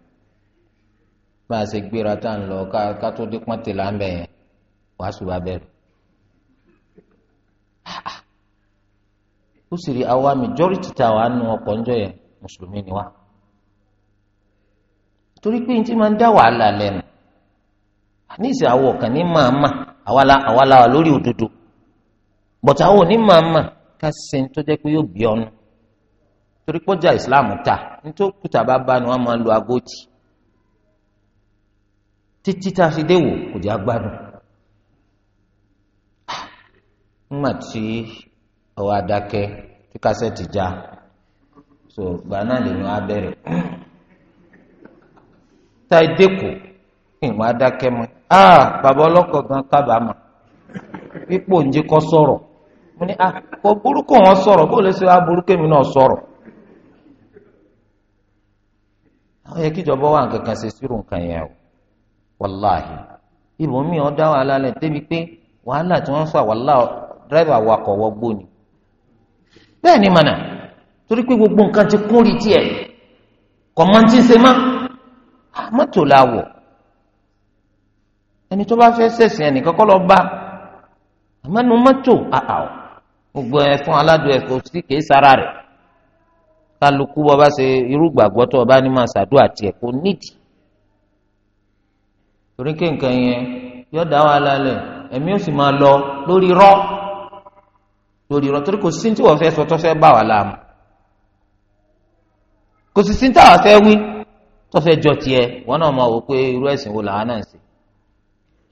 máa ṣe gbéra tá à ń lọ ká tó dé pọ́ńtì láńbẹ̀ yẹn wàásù wa bẹ̀rẹ̀. Ah, ah. ó sì rí àwa majority tá a wà nù ọkọ̀ ńjọ yẹn mùsùlùmí ni wá. torí pé n ti máa ń dá wàhálà lẹ́nu àníṣe àwọ̀ kan ní màmá àwa la wà lórí òdodo bọ̀tà àwọn ní màmá ká ṣe tó jẹ́ pé yóò gbé ọ̀nà torí pọ́jà ìsìláàmù ta nítorí kùtà bá bá ni wọ́n máa ń lo agóòtì títí tá a fi déwò kò jẹ́ agbádùn ah, nígbà tí ọwọ́ adákẹ́ tí kásẹ̀tì já so gbà náà lèmi wá bẹ̀rẹ̀ tá a dẹ́kọ̀ ìwọ adákẹ́ mọ́ a ah, bàbá ọlọ́kọ̀ gan kábàámọ̀ pípò ń jẹ́ kọ́ sọ̀rọ̀ mo ní a ah, kò burúkú wọn sọ̀rọ̀ bó lè ṣe wá burúkú èmi náà sọ̀rọ̀ àwọn yẹ kíjọba wà nǹkan kan ṣe sírù nǹkan yẹn o wàláhì ibòmíì ọ̀dá wàhálà lẹ̀ débi pé wàhálà tí wọ́n ń fà wàhálà dírẹ́bà wakọ̀ wọgbó ni bẹ́ẹ̀ ni mànà torí pé gbogbo nǹkan ti kún rí tiẹ̀ kọ̀mọ́ntì ṣe má ah, mọ́tò la wọ̀ ẹni tó bá fẹ́ ṣẹ̀sìn ẹnìkan kọ́ lọ bá àmọ́nu mọ́tò àà gbogbo ẹ fún aládùn ẹ kò sí kìí sára rẹ̀ kálukú bọ́ bá ṣe irú tó o bá ní máa ṣàdúrà tiẹ̀ kò nídìí torí kéńkàn yẹn yóò dá wa lálẹ́ ẹ̀mí ó sì máa lọ lórí rọ́ lórí rọ́ torí kò sí tí wọ́n fẹ́ sọ tó fẹ́ bá wa láàmú kò sí tí táwa fẹ́ wí tó jọ wọn náà máa wò pé irú wo làwọn náà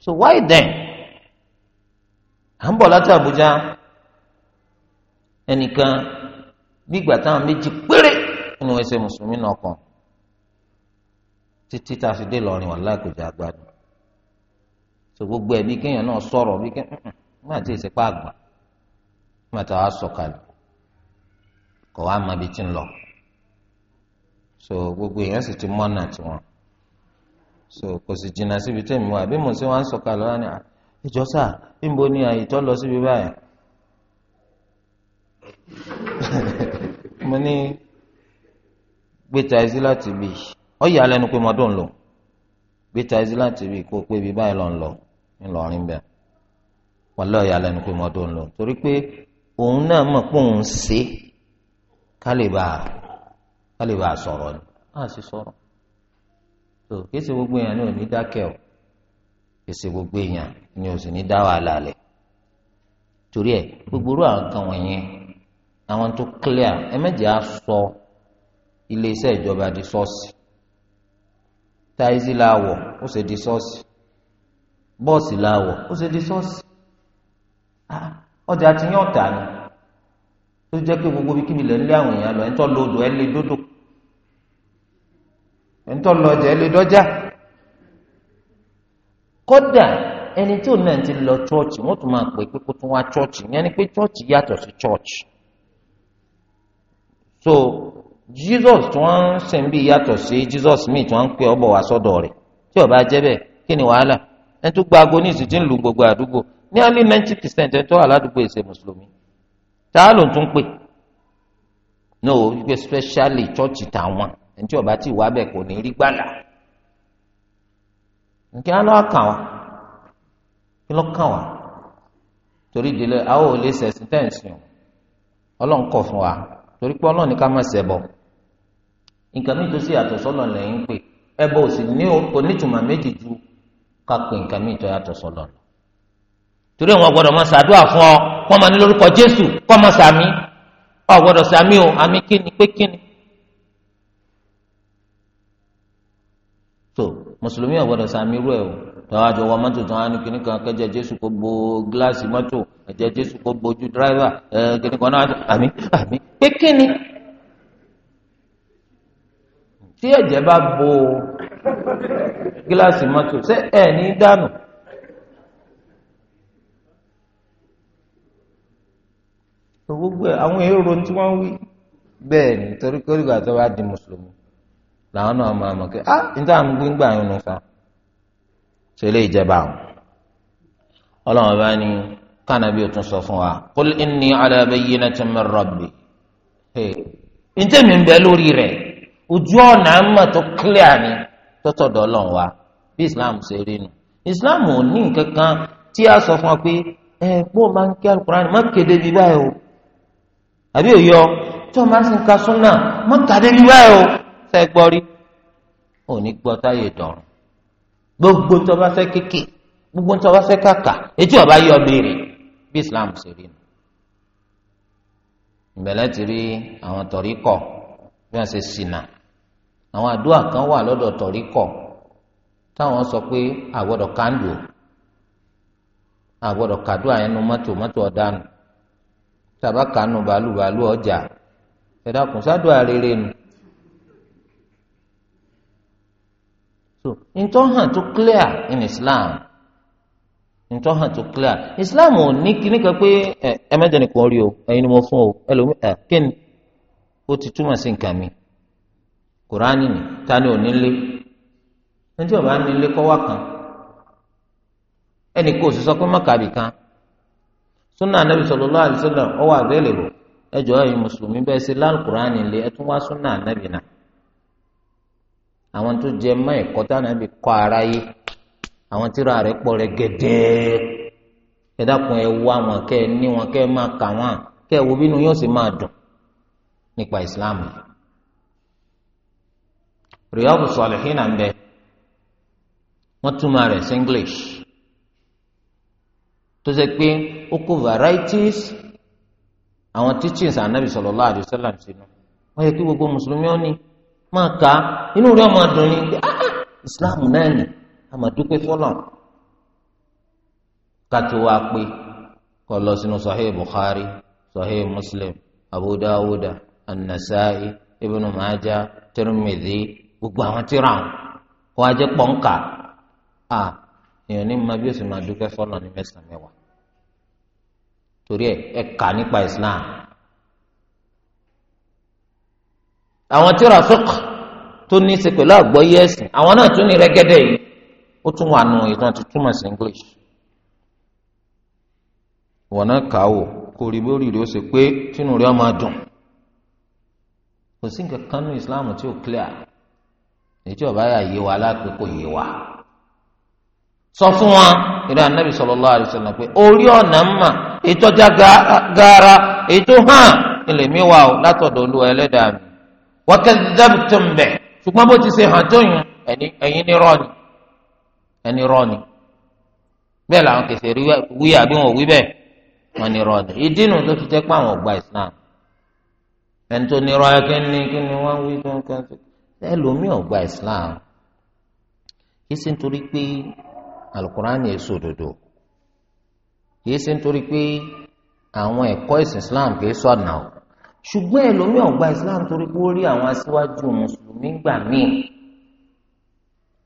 so why then à ń bọ̀ láti abuja ẹnìkan bí ìgbà táwọn méjì péré nínú ẹsẹ̀ mùsùlùmí náà kàn títí tá a fi dé so gbogbo ẹ̀ bí kéèyàn náà sọ̀rọ̀ bí kéèyàn má ti ṣe pàgbà má ta wá sọ̀kalẹ̀ wá má bi ti so gbogbo èèyàn sì ti mọ́nà tiwọn so kò sì jìnnà síbi tẹ̀mí wa bí mo ṣe wá ń sọ̀kalẹ̀ wá ní ìjọ ah, sáà níbo ni àyètọ́ lọ síbi báyìí [LAUGHS] mo ní gbẹta ẹsí láti ọ yà á lẹ́nu pé mo dùn lò gbẹta ẹsí láti bì kó pé bí báyìí lọ ń lọ ńlọrin bẹ́ẹ̀ wọn lọ́ọ́ yà lẹ́nu pé mo tó ń lọ torí pé òun náà mọ̀ pé òun ṣe kálíbà kálíbà sọ̀rọ̀ ni á sì sọ̀rọ̀ tó kìí ṣe gbogbo èèyàn ní òní dákẹ́ o kìí ṣe gbogbo èèyàn ní òsì ní dá wàhálà lẹ̀ torí ẹ gbogbo irú àwọn kan wọ̀nyẹn àwọn tó clear ẹ mẹ́jẹ̀ á sọ iléeṣẹ́ ìjọba di ṣọ́ọ̀ṣì táìsì la wọ̀ ó ṣe di ṣọ́ọ̀ṣì bọ́ọ̀sì láwọ̀ ó ṣe di ṣọ́ọ̀ṣì ah, ọjà tí yàn tà ní tó jẹ́ pé gbogbo bíkíbi lẹ̀ ń lé àwọn èèyàn lọ ẹ̀ ń tọ́ lọ odò ẹ̀ lé dódò ẹ̀ ń tọ́ lọ ọjà ẹ̀ lé dọ́jà kódà ẹni tí òun náà ti lọ chọ́ọ̀chì wọ́n tún máa pè pé kó tún wá chọ́ọ̀chì yẹn ni pé chọ́ọ̀chì yàtọ̀ sí chọ́ọ̀chì so Jesus tí wọ́n ń sìn bí yàtọ̀ sí Jesus míì tí wọ́n ń pè ọ́ bọ̀ wá sọ́dọ̀ rẹ̀ tí ó jẹ́ bẹ́ẹ̀ kí ni wàhálà ẹni tó gba aago ìsìtì lu gbogbo àdúgbò ní alẹ́ ninety percent ẹni tó wà ládùúgbò èsè mùsùlùmí tá a ń tún pè no wípé specially church ọba ti wà bẹ́ẹ̀ kò ní rí gbàlà nkí á kàn wá kí kàn wá torí àwọn ò lè sẹ̀sìn o ọlọ́run kọ̀ fún wa torí pé ọlọ́run ní ká má ṣẹbọ nǹkan mi tó sì yàtọ̀ lẹ́yìn pé ká pè nǹkan mí ìtọ́ yàtọ̀ sọ̀lọ̀ lọ. torí àwọn gbọ́dọ̀ máa ṣàdúrà fún ọ kọ́ máa ní lórúkọ jésù kọ́ máa sàmí ọ gbọ́dọ̀ sàmí o àmì kíni pé kíni. tó mùsùlùmí ọ̀gbọ́dọ̀ sàmí rú ẹ̀ o tọ́wọ́ àjọ wọn mọ́tò tán á ní kíní kan kẹ́jẹ́ jésù kó bo gíláàsì mọ́tò ẹ̀jẹ̀ jésù kó bojú dírẹ́fà ẹ̀ kíní kan náà àmì àmì pé kíni. tí ẹ̀jẹ̀ bá bo gíláàsì mọ́tò ṣé ẹ ní dànù. gbogbo àwọn èrò tí wọ́n wí bẹ́ẹ̀ ni torí pé orígbà tó bá di mùsùlùmí làwọn náà máa mọ̀ pé ah níta ń gbé ńgbà yín fa ṣe lè jẹba àwọn. ọlọ́run bá ní ò tún sọ fún wa ǹjẹ́ lórí rẹ̀ ojú ọ̀nà àmọ́ tó kílíà ni. tọ́tọ̀dọ̀ ọlọ́run wa bí islam ṣe rí nu islam ò ní nǹkan kan tí a sọ fún wa pé ẹ bó o máa ń kí alukurani má kéde bí báyìí o àbí òye ọ tí wọn máa ń ka súnà má kàdé bí báyìí o fẹ́ gbọ́ rí ò ní gbọ́ táyé dọ̀rùn gbogbo tó bá fẹ́ kéèké gbogbo tó bá fẹ́ kàkà etí ọba yọ béèrè bí islam ṣe rí nu ìbẹ̀lẹ̀ ti rí àwọn tọ̀rí kọ̀ bí wọ́n ṣe ṣìnà àwọn àdúrà kan wà lọ́dọ̀ tọ̀ríkọ̀ táwọn sọ pé àgbọ̀dọ̀ kándò àgbọ̀dọ̀ kàdó àyẹnu mọ́tò mọ́tò ọ̀dánù tàbá kànú bàálù bàálù ọjà ẹ̀dá kùn sádùá rere nu. so ntọ́hàn tó clear in Islam ntọ́hàn tó clear Islam ò ní kíní kan pé ẹ ẹ mẹ́jọ nìkan rí o ẹ̀yin ni mo fún o ẹ lómi ẹ kí ni ó ti túmọ̀ sí nǹkan mi. kùránì ni tani ò nílé ẹni tí ò bá nílé kọ́ wá kan ẹnì kò sì sọ pé má kan súnà anabi sallallahu alaihi wasallam ọwọ àbẹ́lẹ̀ rò ẹjọ́ ẹ̀yin mùsùlùmí bẹ́ẹ̀ ṣe lálùkùránì lé ẹ tún wá súnà anabi náà àwọn tó jẹ mọ́ ẹ̀kọ́ kọ́ àwọn tíra rẹ̀ pọ̀ rẹ̀ gẹ́dẹ́ ẹ wá wọn kẹ́ ní wọn wọn kẹ́ wo bínú yóò sì máa dùn Riyadu Salihin náà ń bẹ wọ́n túmọ̀ rẹ̀ sí English tó ṣe pé ó kó varieties àwọn teachings anabi sallallahu alaihi wasallam sínú wọ́n yẹ kí gbogbo mùsùlùmí ó ní máa ka inú rẹ̀ máa dùn ní pé ah, ah Islam náà ni àmàdúpẹ́ fọlọ́ kátó wá pé kọ́ lọ sínú Sahih Bukhari Sahih Muslim Abu Dawuda An-Nasa'i Ibn gbogbo àwọn tí ra àwọn kó a jẹ pọ́ńkà a èèyàn ní ma bí o sì máa dúpẹ́ fọ́nà ní mẹ́sàn-án mẹ́wàá torí ẹ ẹ kà nípa Islam àwọn tí ra fiqh tó ní í ṣe pẹ̀lú àgbọ́yé ẹ̀sìn àwọn náà tún ní rẹ́gẹ́dẹ́ yìí ó tún wà nù ìtàn ti túmọ̀ sí English wọn náà kà á wò kó rí bórí rí ó ṣe pé tínú rẹ ọmọ dùn kò sí nǹkan kan ní Islam tí ó clear. ètò ọba yà yé wa aláàpẹ kò yé wa sọ fún wa ìlú anabi sallallahu alaihi wasallam pé orí ọ̀nà mà ètò ọjà gaara ètò hàn ìlèmí wa o látọ̀dọ̀ olúwa ẹlẹ́dàá mi wa kadhabtum bih ṣùgbọ́n bó ti ṣe hàn ẹni rọ́ọ̀nì bẹ́ẹ̀ làwọn kẹsẹ̀ wí àbí wọn wí bẹ́ẹ̀ wọn rọ́ọ̀nì ìdí nu tó pé àwọn ẹni tó ni ẹlòmíì ò gba islam kìí ṣe nítorí pé alukurani èso òdodo kìí ṣe nítorí pé àwọn ẹ̀kọ́ ìsìn islam kìí sọ̀nà o ṣùgbọ́n ẹlòmíì ò islam torí pé ó rí àwọn aṣíwájú mùsùlùmí gbà míì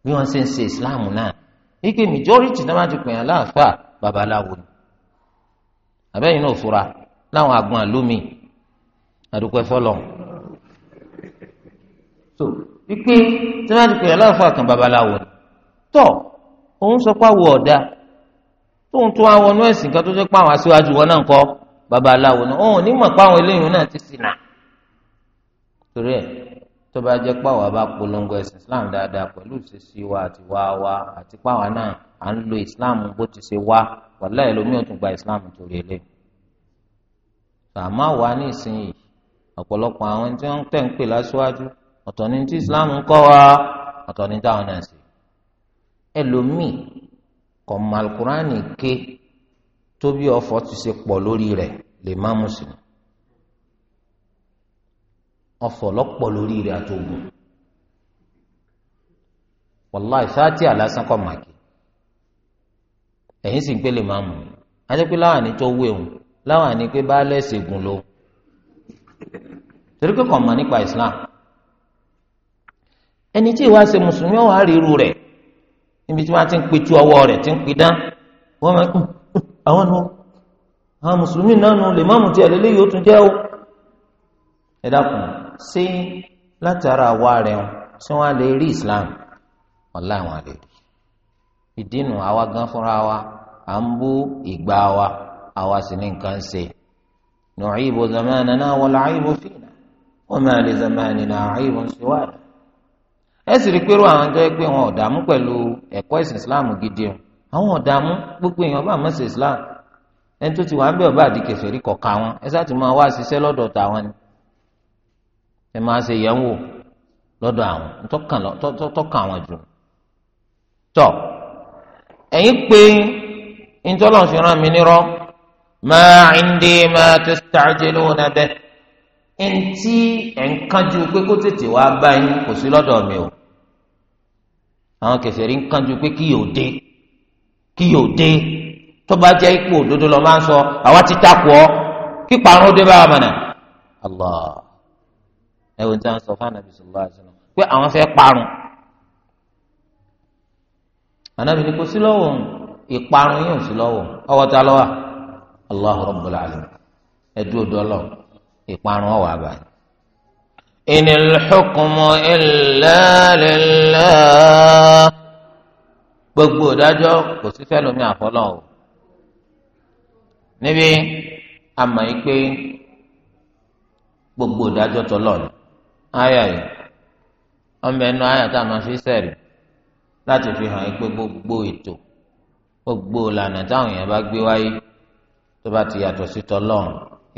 bí wọ́n ṣe ń ṣe islam náà ike majority náà má ti pèyàn láàfà babaláwo ni àbẹ́yìn náà fura láwọn agbọn àlómi àdúpẹ́ fọlọ́n so
wípé tí wọ́n ti pè é láǹfà
kan babaláwo tọ̀ òun sọ pé àwọ̀ ọ̀dà tóun tún àwọn ọ̀nà ẹ̀sìn kan tó jẹ́ pé àwọn aṣíwájú wọn náà ń kọ́ babaláwo náà òun ní mọ̀ pé àwọn eléyìí náà ti ṣìnà torí ẹ̀ tó bá jẹ́ pàwọ́ bá polongo ẹ̀sìn Islam dáadáa pẹ̀lú ìṣesí wa àti wá wa àti pàwọ́ náà à ń lo Islam bó ti ṣe wá wàlá ẹlòmíràn tún gba Islam torí eléyìí àmọ́ àwa ní ìsinyìí ọ̀pọ̀lọpọ̀ àwọn tí wọ́n tẹ̀ ń pè láṣíwájú Ọtọni tí islam ń kọ́ wa ọ̀tọ̀ táwọn náà ṣe ẹlòmíì ké tóbi ọfọ ti ṣe pọ lórí rẹ lè má mùsùlùmí ọ̀fọ̀ lọ́pọ̀ lórí rẹ̀ àtògùn wàláì sáàtì àlásán kọ̀ màkì ẹ̀yìn sì ń pélé máa mú un adékú láwọn àní tó wé òun láwọn àní pé bá lẹ́sẹ̀ gùn Islam. ẹni tí ìwà ṣe mùsùlùmí ọ̀hún àríru rẹ níbi tí ti ń pitú ọwọ́ ti ń pidán wọ́n máa ń àwọn nu àwọn mùsùlùmí náà nu lè mọ́mù tí ẹ̀lẹ́lẹ́ yóò tún jẹ́ o. ẹ dákun ṣé látara àwa lè rí Islam ọ̀la àwọn àlè ìdínú àwa gan fúnra wa à ń bú ìgbà wa àwa sì ma esiri sì rí pẹ̀lú àwọn tó yẹ pé wọn ò dààmú pẹ̀lú ẹ̀kọ́ ẹ̀sìn islam gidi o àwọn ọ̀dààmú gbogbo èèyàn bá islam ẹni tó ti wà ń bẹ̀ ọba àdìkẹ̀ fẹ̀rí kọ̀ọ̀ka wọn ẹ ti máa wá ṣiṣẹ́ lọ́dọ̀ tàwọn ni ẹ máa ṣe yẹn wò lọ́dọ̀ àwọn tọ́kàn àwọn jù tọ́ ẹ̀yin pé ìtọ́lọ̀ fi ràn mí nírọ́ máa ń dé máa tó ṣàjẹ́ lóhùn náà tí ẹ̀ ń pé kó tètè wá báyìí àwọn kèfèrí ń kánjú pé kí yóò dé kí yóò dé tó bá jẹ́ ipò òdodo lọ máa ń sọ àwa ti takò ọ kí parun ó dé bá wa mọ̀nà. allah ẹ wo ní ń sọ fún anabi sallallahu alaihi pé àwọn fẹ́ parun anabi ni kò sí lọ́wọ́ ìparun yóò sí lọ́wọ́ ọwọ́ ta lọ́wọ́ allahu rabbul alamin ẹ dúró dọ́lọ́ ìparun ọ̀wọ́ àbáyé. إن الحكم إلا لله gbogbo ìdájọ́ kò sí fẹ́lómi àfọlọ́ o níbi àmọ́ yìí pé gbogbo ìdájọ́ tó lọ ni àyà yìí ọmọ ẹnu àyà tá a máa fi sẹ́rì láti fi hàn yìí pé gbogbo ètò gbogbo ìlànà táwọn èèyàn bá gbé wáyé tó bá ti yàtọ̀ sí tọ́lọ́run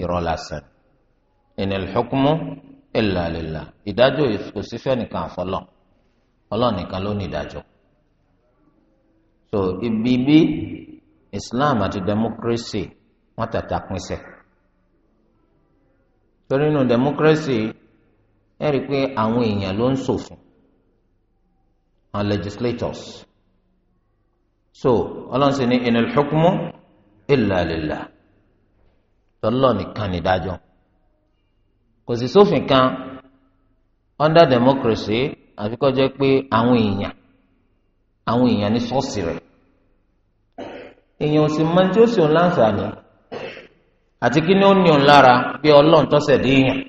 irọ́ lásán ìnìlẹ̀ xukumu illa lillah ìdájọ́ kò sí fẹ́nìkan àfọlọ́ Ọlọ́run nìkan ló ní ìdájọ́ so ibi bí Islam àti democracy wọ́n tàtà pinsẹ̀ torí nínú democracy ẹ rí i pé àwọn èèyàn ló ń ṣòfin àwọn legislators so Ọlọ́run sì ní inil hukmu illa lillah tọ́lọ́ nìkan nìdájọ́ kò sì sófin kan under democracy àfi kó jẹ́ pé àwọn èèyàn àwọn èèyàn ní sọ́ọ̀sì rẹ̀ èèyàn ò sì máa ń tí ó sì ń láǹfààní àti kí ni ó ní òun lára bí ọlọ́run tọ́sẹ̀ dé èèyàn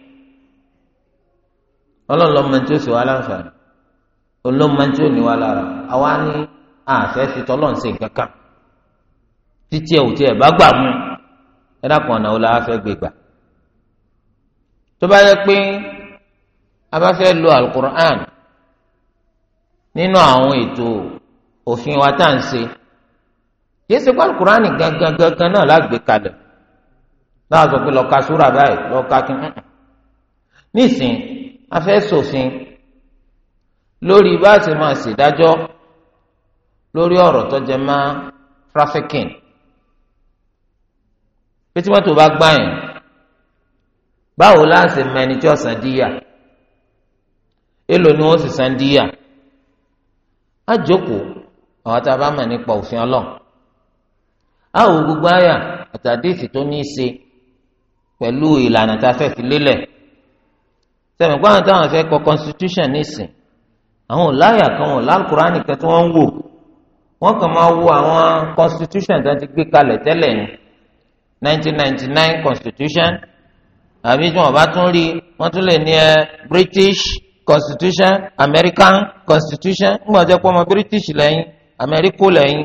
ọlọ́run lọ́mọ tí ó sì wá láǹfààní olóńgbà tí ò ní wá lára àwa ní àfẹ́ fi tọ́lọ́run sí nǹkan kan títí ẹ̀ ò tí ẹ̀ bá gbà mú ẹ dákun ọ̀nà wo la fẹ́ gbé gbà tó bá yẹ pé a bá fẹ́ lo alukur'an nínú àwọn ètò òfin wa tá à ń ṣe yìí ṣe pé alukur'an gangan gangan náà lágbè kalẹ̀ náà sọ pé lọ́ka súra báyìí lọ́ka kí n nísìn a fẹ́ lórí bá a ṣe máa ṣèdájọ́ lórí ọ̀rọ̀ tó jẹ mọ́ trafficking bí tí mọ́tò bá gbá yẹn báwo la ṣe mọ ẹni tí ó san díyà èló ni wọ́n sì san díyà á jókòó àwọn tá a bá mọ̀ nípa òfin ọlọ́run á wò gbogbo àyà àtàdéèsì tó ní í ṣe pẹ̀lú ìlànà tá a fẹ́ fi lélẹ̀ sẹ́mi àwọn táwọn fẹ́ kọ constitution nísìn àwọn ọ̀láyà kan wọn lálùkùránì kan tí wọ́n ń wò wọ́n kàn máa wo àwọn constitution tó ti gbé kalẹ̀ tẹ́lẹ̀ ní nineteen ninety nine constitution àbí tí wọn bá tún rí wọn tún lè ní ẹ British constitution American constitution ńgbà jẹ́ pé ọmọ British lẹ́yìn Amẹ́ríkò lẹ́yìn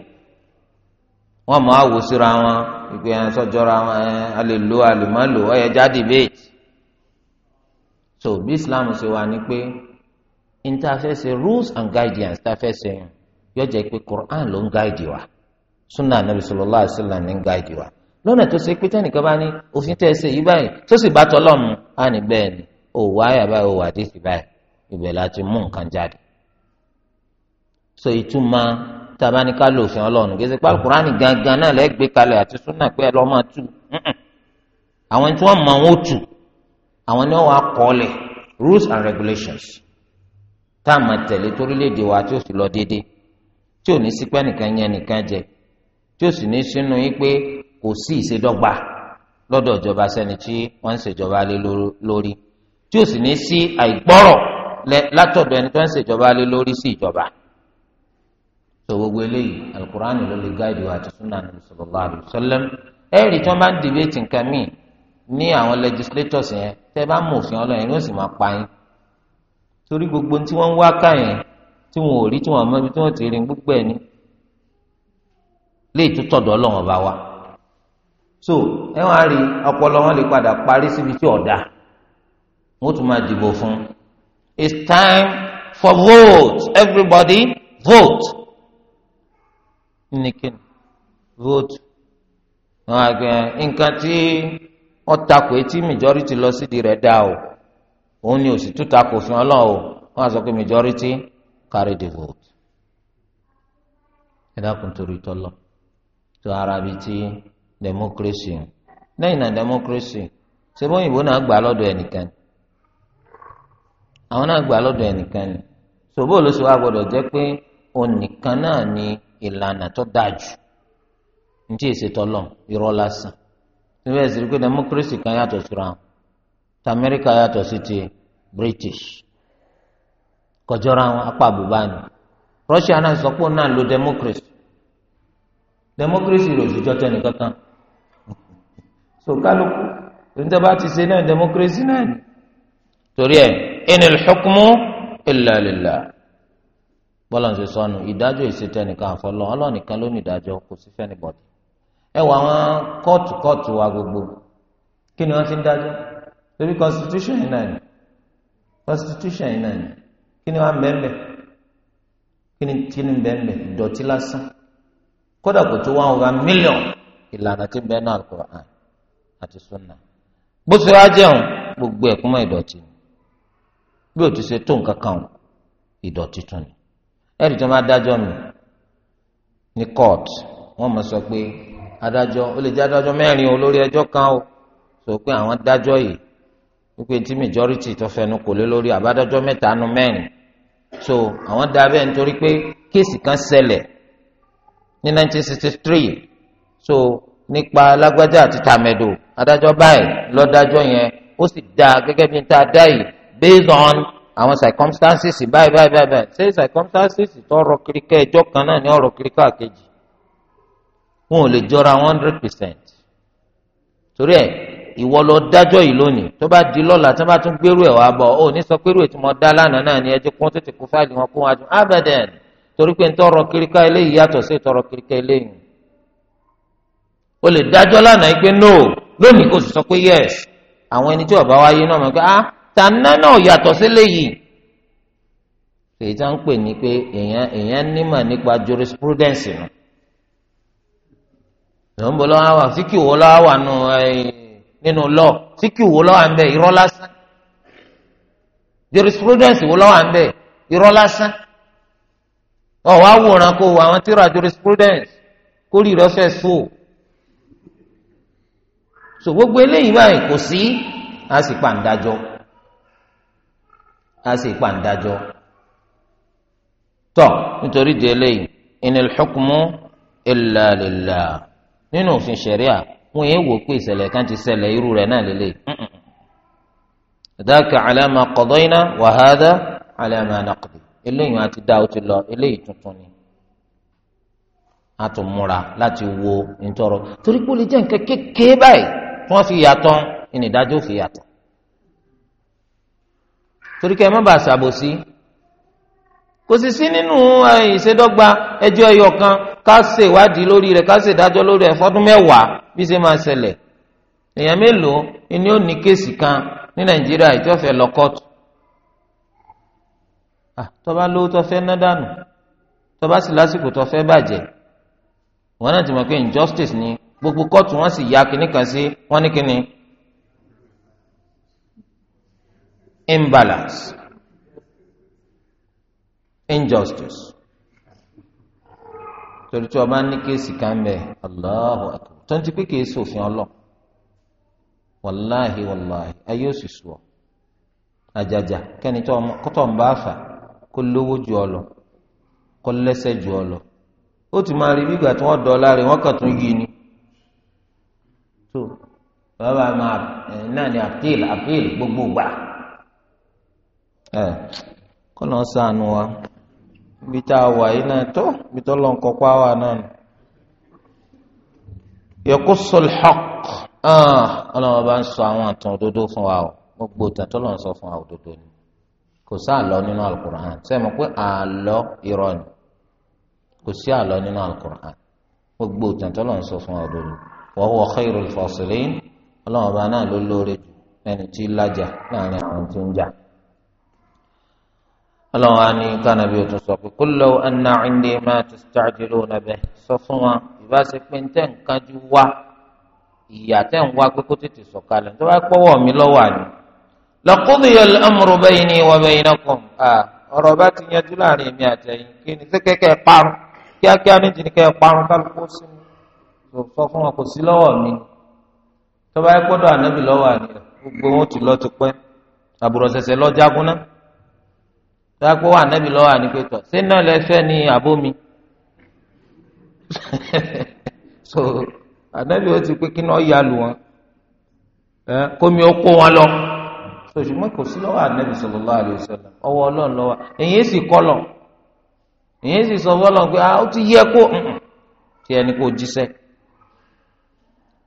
wọn mọ àwò síra wọn ìpè ẹ sọjọra wọn ẹ alẹ lo àlùmọ jáde debate so bí Islam ṣe wà ní pé interface rules and guidance tafẹsẹ yọ jẹ́ pé Quran ló ń guide wa sunnah Nabi sallallahu alaihi wasallam ní ń guide wa lọ́nà tó ṣe pé tẹ́nìkan bá ní òfin tẹ́ ẹ ṣe yí báyìí tó sì bá tọ́ lọ́mù á ní bẹ́ẹ̀ ni ò wá àyà báyìí ò wà díìsì báyìí ibẹ̀ la ti mú nǹkan jáde. so ìtumọ̀ tabaníkà lòfin ọlọ́run kì í ṣe pé alukurani gangan náà lẹ́ẹ̀ gbé kalẹ̀ àti súnà pé ẹ lọ́ máa tù àwọn tí wọ́n mọ wọn tù àwọn ni wọ́n wá kọ́ọ̀lẹ̀ rules and regulations tá a máa tẹ̀lé torílẹ̀-èdè wa tí ó sì lọ déédéé tí ò ní sípẹ́ nìkan yẹn nìkan jẹ tí ó sì ní sínú yín pé kò sí ìṣèdọ́gba lọ́dọ̀ ìjọba sẹ́ni tí wọ́n ń ṣèjọba lé lórí tí ò sì ní sí àìgbọ́rọ̀ látọ̀dọ̀ ẹni tó ń ṣèjọba lé lórí sí ìjọba. sọ gbogbo eléyìí alukur'an ló lè gáàdì wa àti sunan nabi sallallahu alayhi wa sallam ẹ̀rí tí wọ́n bá ń dìbẹ́tì nǹkan míì ní àwọn legislators yẹn tẹ́ bá mú òfin ọlọ́run yẹn yóò sì máa pa yín torí gbogbo tí wọ́n ń wá ká yẹn tí wọn ò rí tí wọn mọ ibi tí wọn ti rí gbogbo ẹni lè tó tọ̀dọ̀ ọlọ́run ọba wa so ẹ wá rí ọpọlọ wọn lè padà parí síbi tí ọ̀dà wọn tún máa dìbò fún it's time for vote everybody vote nìkan vote nǹkan tí wọ́n takò etí majority lọ sídìí rẹ̀ dá o òun ni òsì tún takò fún ọlọ́run o á sọ pé majority carry the vote ẹ dákun torí tọ́lọ̀ tó ara bíi ti. democracy lẹ́yìn náà democracy ṣé bóyìnbó náà gbà lọ́dọ̀ ẹnìkan ni àwọn náà gbà lọ́dọ̀ ẹnìkan ni ṣòbó ló ṣe wá gbọ́dọ̀ jẹ́ pé onìkan náà ni ìlànà tó dáa jù ní tí èsì tọ́lọ̀ irọ́ lásán síbẹ̀ sì rí pé democracy kan yàtọ̀ síra ti Amẹ́ríkà yàtọ̀ sí ti British kọjọ́ra àwọn apá àbúbá ni Russia náà sọ pé lo democracy tó kálukú tòǹtẹ̀ bá ti ṣe náà democracy náà ni torí ẹ̀ inil hukmu illa lillah bọ́lá ń ṣe sọnù ìdájọ́ ìṣètẹ́nìkan àfọlọ́ ọlọ́ọ̀nìkan ló ní ìdájọ́ kò sí fẹ́ni bọ̀dì ẹ wọ àwọn kóòtù kóòtù wa gbogbo kí ni wọ́n ti ń dájọ́ lórí constitution yìí náà ni constitution yìí náà ni kí ni wọ́n bẹ́ẹ̀ kí ni kí ni kódà kò tó one over million ìlànà tí bẹ́ẹ̀ náà Al-Qur'an àti sunna bó ṣe wá jẹun gbogbo ẹ̀kún mọ́ ìdọ̀tí bí o ti ṣe tó nǹkan kan ìdọ̀tí tún ni ẹ̀rí tó máa dájọ́ mi ní court wọ́n mọ̀ sọ pé adájọ́ ó lè jẹ́ adájọ́ mẹ́rin olórí ẹjọ́ kan o sọ pé àwọn dájọ́ yìí wípé tí majority tó fẹnu kò lé lórí àbádájọ́ mẹ́ta nu mẹ́rin so àwọn dá bẹ́ẹ̀ nítorí pé kéèsì kan ṣẹlẹ̀ ní 1963 so nípa lágbájá àti tàmẹ́dò adájọ́ báyìí lọ́dájọ́ yẹn ó sì dáa gẹ́gẹ́ bí n ta dá yìí based on àwọn circumstances báyìí báyìí báyìí báyìí ṣé circumstances tọrọ kirikẹ ẹjọ́ kan náà ní ọ̀rọ̀ kirikẹ àkejì wọn ò lè jọra one hundred percent torí ẹ ìwọ lọ dájọ́ yìí lónìí tó bá di lọ́la tó bá tún gbérù ẹ wàá bọ ọ ní sọ pérù ètò mọ dá lánàá náà ni ẹjọ́ kún tètè kó fáìlì wọn kó wájú abẹdẹn torí pé ntọrọ kirikẹ eléyìí yàtọ̀ sí ìtọrọ kirikẹ eléyìí o lè dájọ́ lánàá yìí pé no lónìí kò sì sọ pé yes àwọn ẹni tí ọba wáyé náà mọ̀ pé ah
tànà náà yàtọ̀ sílẹ̀ yìí
èyí tá ń pè ní pé èèyàn èèyàn nímọ̀ nípa jurisprudence nù ló ń bọ̀ lọ́wọ́ wà sí kí wò lọ́wọ́ wà nínú lọ sí kí lọ́wọ́ à ń irọ́ lásán jurisprudence wò lọ́wọ́ à ń bẹ irọ́ lásán ọ̀ wá wòran kó àwọn tíra jurisprudence kórìí rọ́fẹ́ sóò so gbogbo eléyìí báyìí kò sí a sì pa ǹdájọ́ a sì pa ǹdájọ́ tọ nítorí di eléyìí inil hukmu illa lillah nínú òfin ṣẹ̀ríà wọn yẹn wò pé ìṣẹ̀lẹ̀ kan ti ṣẹlẹ̀ irú rẹ̀ náà lélẹ̀ dáka alama qadayna wa hadha alama naqdi eléyìí wọn ti ti lọ eléyìí tuntun ni a tún múra láti wo nítorọ torí pé ó lè jẹ́
nǹkan kékeré báyìí tí wọ́n fi yàtọ̀
ní ìdájọ́ fi yàtọ̀ torí kẹ́ ẹ má bàa ṣàbòsí kò sì sí nínú ìṣèdọ́gba ẹjọ́ ẹyọ kan ká ṣe ìwádìí lórí rẹ̀ ká ṣe ìdájọ́ lórí rẹ̀ fọ́dún mẹ́wàá bí ṣe máa ṣẹlẹ̀ èèyàn mélòó ni ó ní kéèsì kan ní nàìjíríà ìjọ fẹ́ lọ kóòtù tọba lówó tọfẹ́ ná dànù tọba sì lásìkò tọfẹ́ bàjẹ́ wọn náà ti mọ̀ pé injustice ni gbogbo kóòtù wọn sì ya kínní kan sí wọn ní kínní imbalance injustice torí tí wọn bá ní kéèsì kan bẹ Allahu akbar tó ń ti pé kéèsì òfin ọlọ wàláhi wàláhi ayé ò sì sùọ àjàjà kẹ́ni tó ń bá fà kó lówó ju ọ lọ kó lẹ́sẹ̀ ju ọ lọ ó ti máa rí bí ìgbà tí wọ́n dọ̀ ọ́ láre wọ́n kàn tún yí ni tó bàbá máa náà ní appeal appeal gbogbo gbà ẹ kó lọ́n sànù wa ibi tá a wà yìí náà tó ibi tó lọ́n kọ́ pa wà náà yaqusu
al-haqq
ah, ọlọ́run bá ń sọ àwọn àtàn òdodo fún wa o gbogbo ìtàn tó lọ́n sọ fún wa òdodo ni kò sí àlọ́ nínú alukur'an sẹ́mi pé àlọ́ irọ́ ni kò sí àlọ́ nínú alukur'an gbogbo ìtàn lọ́n sọ fún wa òdodo ni wa huwa khairul fasilin ọlọ́run ọba náà ló lóore jù ẹni tí lájà láàrin àwọn tí ń jà. ọlọ́run á ní kánàbí ó tún sọ pé kul law anna indi ma tasta'jiluna bihi sọ fún wa ìbáṣepẹ́ tẹ̀ ń kájú wá ìyá tẹ̀ ń wá pé kó tètè sọ̀kalẹ̀ tó bá pọ́wọ́ mi lọ́wọ́ àná laqudiya al-amru bayni ni sẹ́kẹ́kẹ́ parun kíákíá ní jìnnìkẹ́ parun kálukú sí kò fún wọn kò sí lọ́wọ́ mi tó bá yẹ ànábì lọ́wọ́ àná gbogbo ti lọ ti pẹ́ àbúrò lọ jagun náà ànábì lọ́wọ́ àná pé ni àbó [LAUGHS] so ànábì ó ti pé kí náà yà lù wọn kómi ó kó wọn lọ so ṣùgbọ́n kò sí lọ́wọ́ ànábì sallallahu alaihi wasallam ọwọ́ ọlọ́run lọ́wọ́ èyí sì kọ́ lọ èyí sì sọ pé ah, ó ti yẹ kó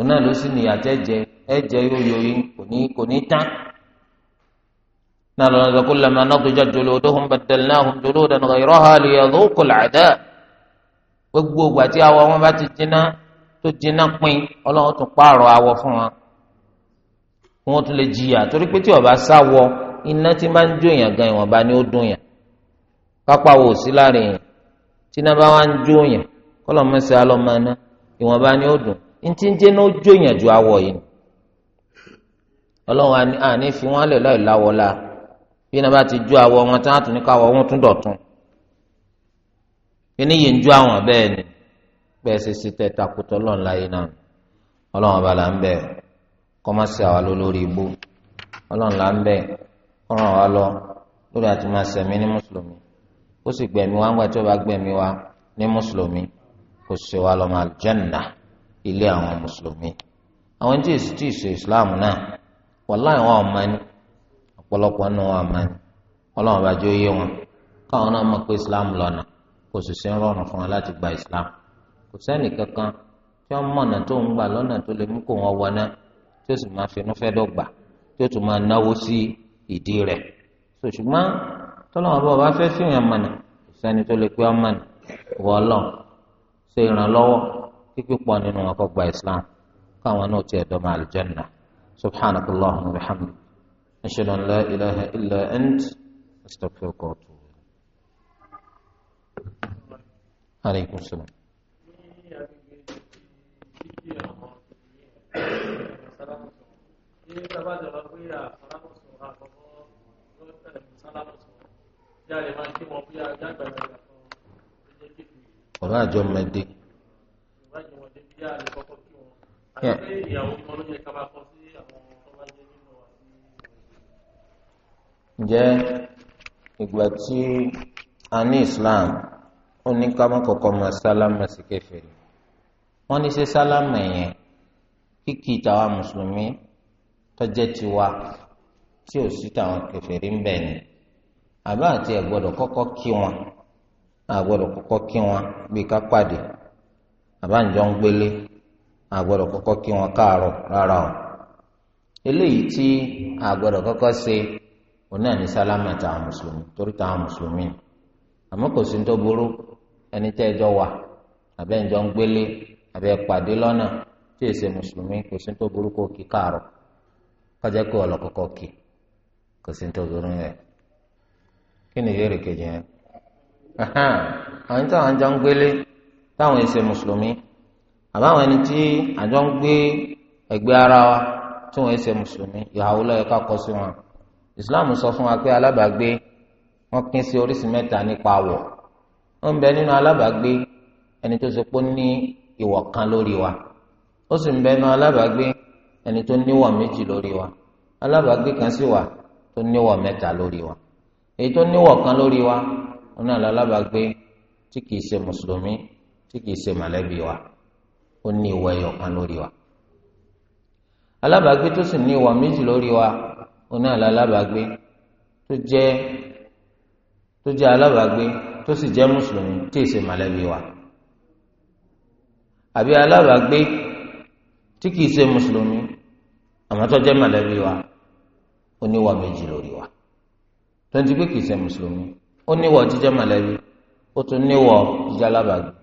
òun náà ló sì ní àtẹ̀jẹ ẹ̀jẹ̀ yóyoyin kò ní kò ní tán náà lọ́nà sọ kullama nadijat juluduhum baddalnahum juludan ghayraha liyadhuqu al'adab gbogbo ìgbà tí awọ wọn ti jiná tó awọ fún wọn wọn tún lè jìyà torí pé tí ọba sáwọ iná tí máa ń jó yàn gan ni ó yàn pápá sí ntí ń jẹ́ náà jó ìyànjú awọ yìí ọlọ́run àní fi wọ́n lè lọ́ọ̀ láwọ́lá bí iná bá ti jó awọ wọn tí wọ́n tún ní káwọ́ wọn tún dọ̀tún kíní yìí ń jó àwọn bẹ́ẹ̀ ni bẹ́ẹ̀ ṣe ṣe tẹ̀ takùtọ̀ ọlọ́run láyé náà ọlọ́run bá là ń bẹ̀ kọ́mọ́sí àwa lórí ibú ọlọ́run là ń bẹ̀ kọ́ràn wa lọ lórí àti máa ṣẹ̀mí ní mùsùlùmí ó sì gbẹ̀mí wa ń gbà tí ó bá gbẹ̀mí wa ní mùsùlùmí kò sí wa lọ́mọ àlùjànnà. ilé àwọn mùsùlùmí àwọn tí èsì tí ìṣe islam náà wàláì wọn ọmọ ọ̀pọ̀lọpọ̀ náà wọn ọmọ bá jó yé wọn mọ̀ pé islam lọ́nà kò sì sí rọrùn fún wọn láti gba islam kò sẹ́ni kankan tí wọ́n mọ̀nà tó ń gbà lọ́nà tó lè mú kó wọn wọná tí ó sì máa fẹ́ dọ́gba tí ó tún máa náwó sí ìdí kí pípọ̀ nínú wọn kọ́ gba islam káwọn náà tiẹ̀ dọ́mọ àlùjẹ́nà subhanak allahumma wa bihamdik ashhadu an la ilaha illa ant astaghfiruka wa atubu ilayk aleykum salaam.
ní sábàjọba pé àfọlábọ̀sùn àkọ́kọ́ ló tẹ̀lé sálábọ̀sùn jáde máa ń kí wọn bí ajá gbàgbà kan ló jẹ́ kékeré.
ọ̀rọ̀ àjọ mẹ́dẹ́ẹ́.
bí a lè kọ́kọ́ kí
wọn àti
pé ìyàwó kan ló yẹ ká bá kọ́ sí àwọn tó bá jẹ́ nínú wa
sí. ìgbà tí a ní Islam ó ní ká má kọ́kọ́ máa sálámà sí kèfèrí wọ́n ní ṣe sálámà yẹn kíkì tàwa mùsùlùmí tọ́jẹ́ tiwa tí ò sí tàwọn kèfèrí ń bẹ̀ ni àbá àti ẹ̀gbọ́dọ̀ kọ́kọ́ kí wọn àgbọ́dọ̀ kọ́kọ́ kí wọn bí ká pàdé. àbáǹjọ ń gbélé àgbọ̀dọ̀ kọ́kọ́ kí wọn káàárọ̀ rárá o eléyìí tí àgbọ̀dọ̀ kọ́kọ́ ṣe òun náà ní táwọn mùsùlùmí torí táwọn mùsùlùmí àmọ́ kò sí tó burú ẹni tẹ́ ẹjọ́ wà ń gbélé àbẹ́ pàdé tí èsè mùsùlùmí kò sí tó burú kó kọjá ọlọ́kọ́kọ́ kí kò sí tó burú rẹ̀ táwọn ẹsẹ mùsùlùmí àbáwọn ẹni tí àjọ ń gbé ẹgbẹ́ ara wa tí wọn ẹsẹ mùsùlùmí ìhàwó lọ́yẹ ká kọ sí wọn ìsìláàmù sọ fún wa pé alábàágbé wọn pín sí oríṣi mẹ́ta nípa àwọ̀ wọn bẹ nínú alábàágbé ẹni tó ṣe pé ó ní ìwọ̀ kan lórí wa ó sì ń bẹ nínú alábàágbé ẹni tó níwọ̀ méjì lórí wa alábàágbé kan sì wà tó níwọ̀ mẹ́ta lórí wa èyí tó níwọ̀ kan lórí wa wọn náà lálábàágbé tí kìí ṣe mùsùlùmí tí kìí ṣe mọ̀lẹ́bí wa ó ní ìwà ẹyọ kan lórí wa alábàágbé tó sì ní ìwà méjì lórí wa ó náà la alábàágbé tó jẹ́ tó jẹ́ alábàágbé tó sì jẹ́ mùsùlùmí tí kìí ṣe mọ̀lẹ́bí wa àbí alábàágbé tí kìí ṣe mùsùlùmí àmọ́ tó jẹ́ mọ̀lẹ́bí wa ó ní ìwà méjì lórí wa tó ń ti pé kìí ṣe mùsùlùmí ó níwọ̀ jíjẹ́ mọ̀lẹ́bí ó tún níwọ̀ jíjẹ́ alábàágbé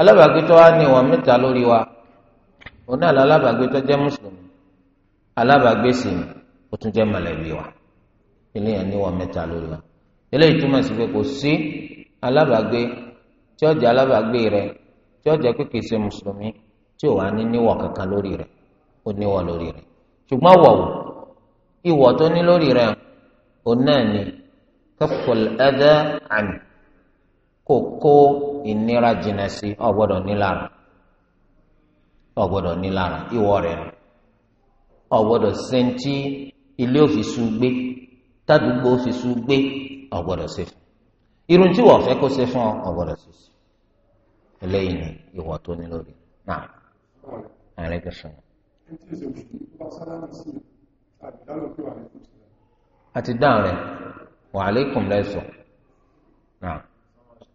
alábàágbétọ́ wa ní ìwọ̀n mẹ́ta lórí wa òun náà alábàágbétọ́ jẹ́ mùsùlùmí alábàágbèsì ni ó tún jẹ́ mọ̀lẹ́bí wa eléyàn ní ìwọ̀n mẹ́ta lórí wa eléyìí túmọ̀ sí pé kò sí alábàágbé tí ó jẹ́ alábàágbé rẹ tí ó jẹ́ pé kìí ṣe mùsùlùmí tí ò wá ní níwọ̀ kankan lórí rẹ ó níwọ̀ lórí rẹ ṣùgbọ́n wọ̀wọ̀ ìwọ̀ tó ní lórí rẹ òun ni kaful adha anhu kò kó ìnira jìnnà sí ọ gbọ́dọ̀ nílára ọ gbọ́dọ̀ nílára ìwọ rẹ nù ọ gbọ́dọ̀ sẹńtì ilé òfìsù gbé tádùúgbò òfìsù gbé ọ gbọ́dọ̀ ṣe fún irun tí wọ́n fẹ́ kó ṣe fún ọ ọ gbọ́dọ̀ ṣe sí eléyìí ni ìwọ tó ní lórí náà ààrẹ kẹsàn-án. àti dáhùn rẹ wàhálẹ́kùn lẹ́sọ̀ọ́.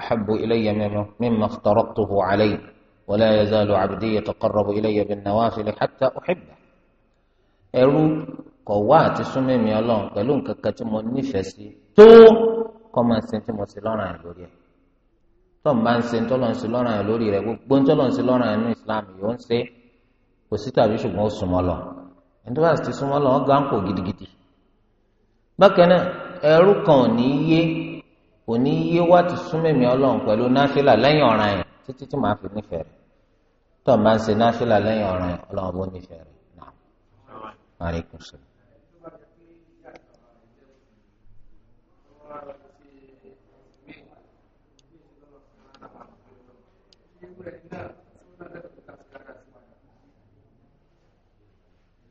أحب إلي مما افترضته علي ولا يزال عبدي يتقرب إلي بالنوافل حتى أحبه ẹrú kọ wá àti súnmẹ́mi ọlọ́run pẹ̀lú nǹkan kan tí mo nífẹ̀ẹ́ sí tó kọ́ máa ṣe tí mo sì lọ́ràn ẹ̀ lórí ẹ̀ tó ń bá ń ṣe tọ́lọ́ ń ṣe lọ́ràn ẹ̀ lórí rẹ̀ gbogbo tọ́lọ́ ń ṣe lọ́ràn ẹ̀ ní Islam yóò ń ṣe kò sí tàbí ṣùgbọ́n ó súnmọ́ lọ ẹni tó ti súnmọ́ lọ wọ́n gbá ń pò gidigidi bákan náà ẹrú kan ò ní yé òní yé wá ti súnmẹ̀mí ọlọ́run pẹ̀lú náfìlà lẹ́yìn ọ̀ràn yẹn títí tí màá fi nífẹ̀ẹ́ rẹ̀ tó o máa ń ṣe náfìlà lẹ́yìn ọ̀ràn yẹn ọlọ́run bó nífẹ̀ẹ́ rẹ̀ náà. maaleykum salaam.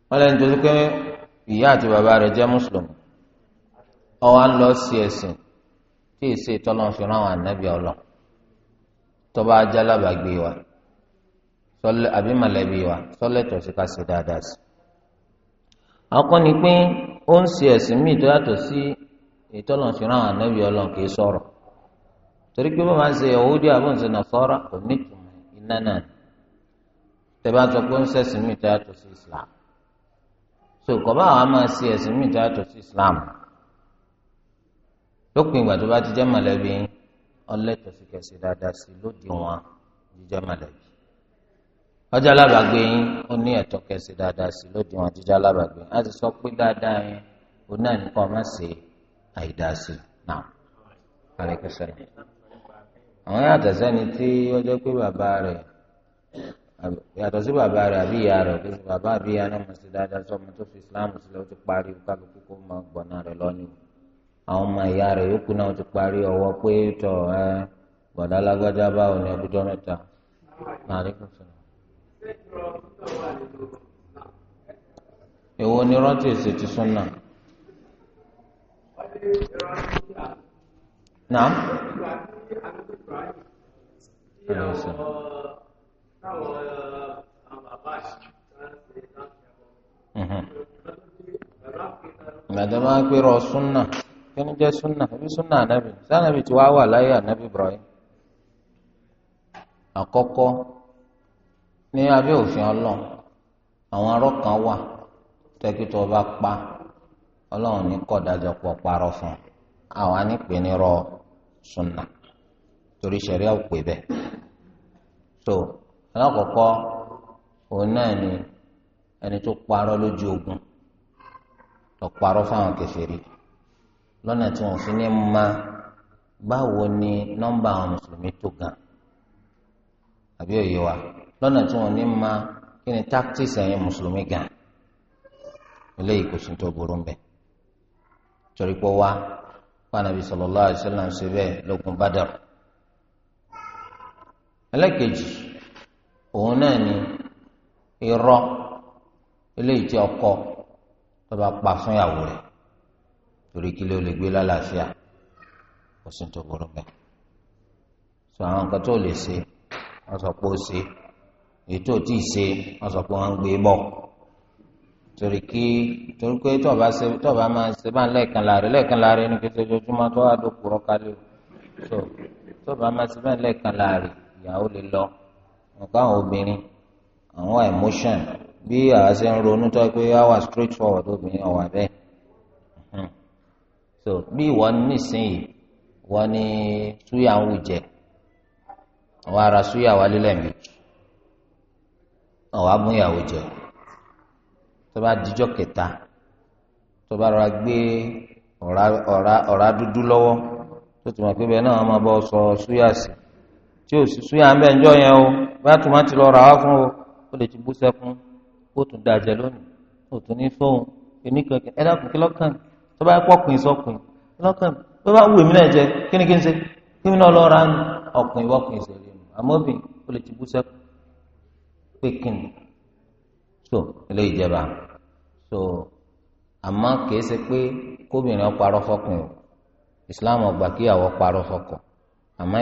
wọ́n lẹ́nu tó ti pé ìyá àti bàbá rẹ̀ jẹ́ mùsùlùmí ó ń lọ sí ẹ̀sìn tí èsì tọ́lọ́ fi rán ànábì ọlọ tọ́ba ajálábàgbé wa sọlẹ àbí mọ̀lẹ́bí wa sọlẹ tọ̀sí ká ṣe dáadáa sí. akọ́ ni pé ó ń ṣe ẹ̀sìn míì tó yàtọ̀ sí ànábì ọlọ kì í sọ̀rọ̀ torí pé bọ́n máa ń ṣe Yahudi àbọ̀nsẹ̀ Nasara kò ní ìtumọ̀ iná náà tẹ́bá sọ pé ó ń míì tó Islam so kọ́ bá àwọn máa ṣe ẹ̀sìn míì tó yàtọ̀ Islam. lópin ìgbà tó bá ti jẹ́ mọ̀lẹ́bí ọlẹ́tọ̀síkẹsì dáadáa sí lóde wọn jíjẹ́ mọ̀lẹ́bí ọjà alábàgbé yín ó ní ẹ̀tọ́ kẹsì dáadáa sí lóde wọn jíjẹ́ alábàgbé yín á ti sọ pé dáadáa yín ó náà nípa ọmọ ṣe àìdáṣe náà àríkẹsẹ̀ àwọn yàtọ̀ sẹ́ni tí ó jẹ́ pé bàbá rẹ̀ yàtọ̀ sí bàbá rẹ̀ àbí ìyá rẹ̀ kí bàbá àbí ìyá náà mọ̀ sí dáadáa sọ́mọ tó fi Islam sílẹ̀ ó ti parí kálukú àwọn ọmọ ìyá rẹ̀ yókù náà ti parí ọwọ́ pé tọ̀ ẹ́ gbọ̀dá lágbájá báwo ni ọdún mẹ́ta máa rí kò sọ̀rọ̀. èwo ni rántí èsì ti sún náà.
Naam. Mhm. Ìgbàdàn
máa ń pè rọ súnà. kí ni jẹ́ súnà ibi súnà ànábì sànàbì tí wàá wà láyé ànábì Ibrahim àkọ́kọ́ ní abẹ́ òfin ọlọ́run àwọn arọ́ kan wà tẹ́kítọ́ bá pa ọlọ́run ní kọ̀dájọ́ pọ̀ parọ́ fún un àwọn anípe ní rọ súnà torí sẹ̀ríà ò pè bẹ́ẹ̀ so alákọ̀ọ́kọ́ òun náà ni ẹni tó parọ́ lójú ogun lọ parọ́ fáwọn kèfèrí lọ́nà tí wọ́n fi ní ma báwo ni nọ́mbà àwọn mùsùlùmí tó gan àbí òye wa lọ́nà tí wọ́n ní ma kí ni táktíìsì ẹ̀yin mùsùlùmí gan eléyìí kò sí tó burú mbẹ torí pé wá fanabi sallallahu alaihi wasallam ṣe bẹ́ẹ̀ lógun Badr ẹlẹ́kejì òun náà ni irọ́ eléyìí tí ọkọ tó bá pa fún ìyàwó rẹ̀ torí kí ló lè gbé lálàáfíà kò sí tó burú bẹ́ẹ̀ sọ àwọn nǹkan tó lè ṣe wọ́n sọ pé ó ṣe èyí tó tí ì ṣe wọ́n sọ pé wọ́n ń gbé bọ̀ torí kí torí pé tọ́ba ṣe máa ṣe bá ń lẹ́ẹ̀kan láàrin lẹ́ẹ̀kan láàrin ní kété ojoojúmọ́ tó wà dókòó rọ́kálẹ̀ so tọ́ba máa ṣe bá ń lẹ́ẹ̀kan láàrin ìyàwó lè lọ nǹkan àwọn obìnrin àwọn emotion bí àwa ṣe ń ronú tó pé àwa straight forward obìnrin ọ̀wà bẹ́ẹ̀ so bí ìwọ nísìnyí wọ́n ní súyà ń wù jẹ àwọn ará súyà wà lílẹ̀ méjì àwọn amúyàwó jẹ tó bá dijọ́ kẹta tó bá rọra gbé ọ̀rá dúdú lọ́wọ́ tó tún wọn pé bẹ́ẹ̀ náà wọ́n máa bọ́ sọ súyà sí tí ò sí súyà ń bẹ̀ ń jọ yẹn o bóyá tó máa ti lọ rà wá fún o ó lè ti bú sẹ́kún ó tún dájẹ́ lónìí ó tún ní fóun èmi kankan ẹ dákun kí lọ́kàn tó bá pọ̀pin sọ́pin lọ́kàn tó bá wù mí náà jẹ kí ni kí n ṣe kí mi náà lọ ra ọ̀pìn ìwọ́pin ìṣẹ̀lẹ̀ nù àmọ́bìn ó lè ti bú sẹ́kù pé kí ni so ilé ìjẹba so àmọ́ kìí ṣe pé kóbìnrin ọparọ́ fọkùn o Islam ọgbà kíyàwó parọ́ fọkọ àmọ́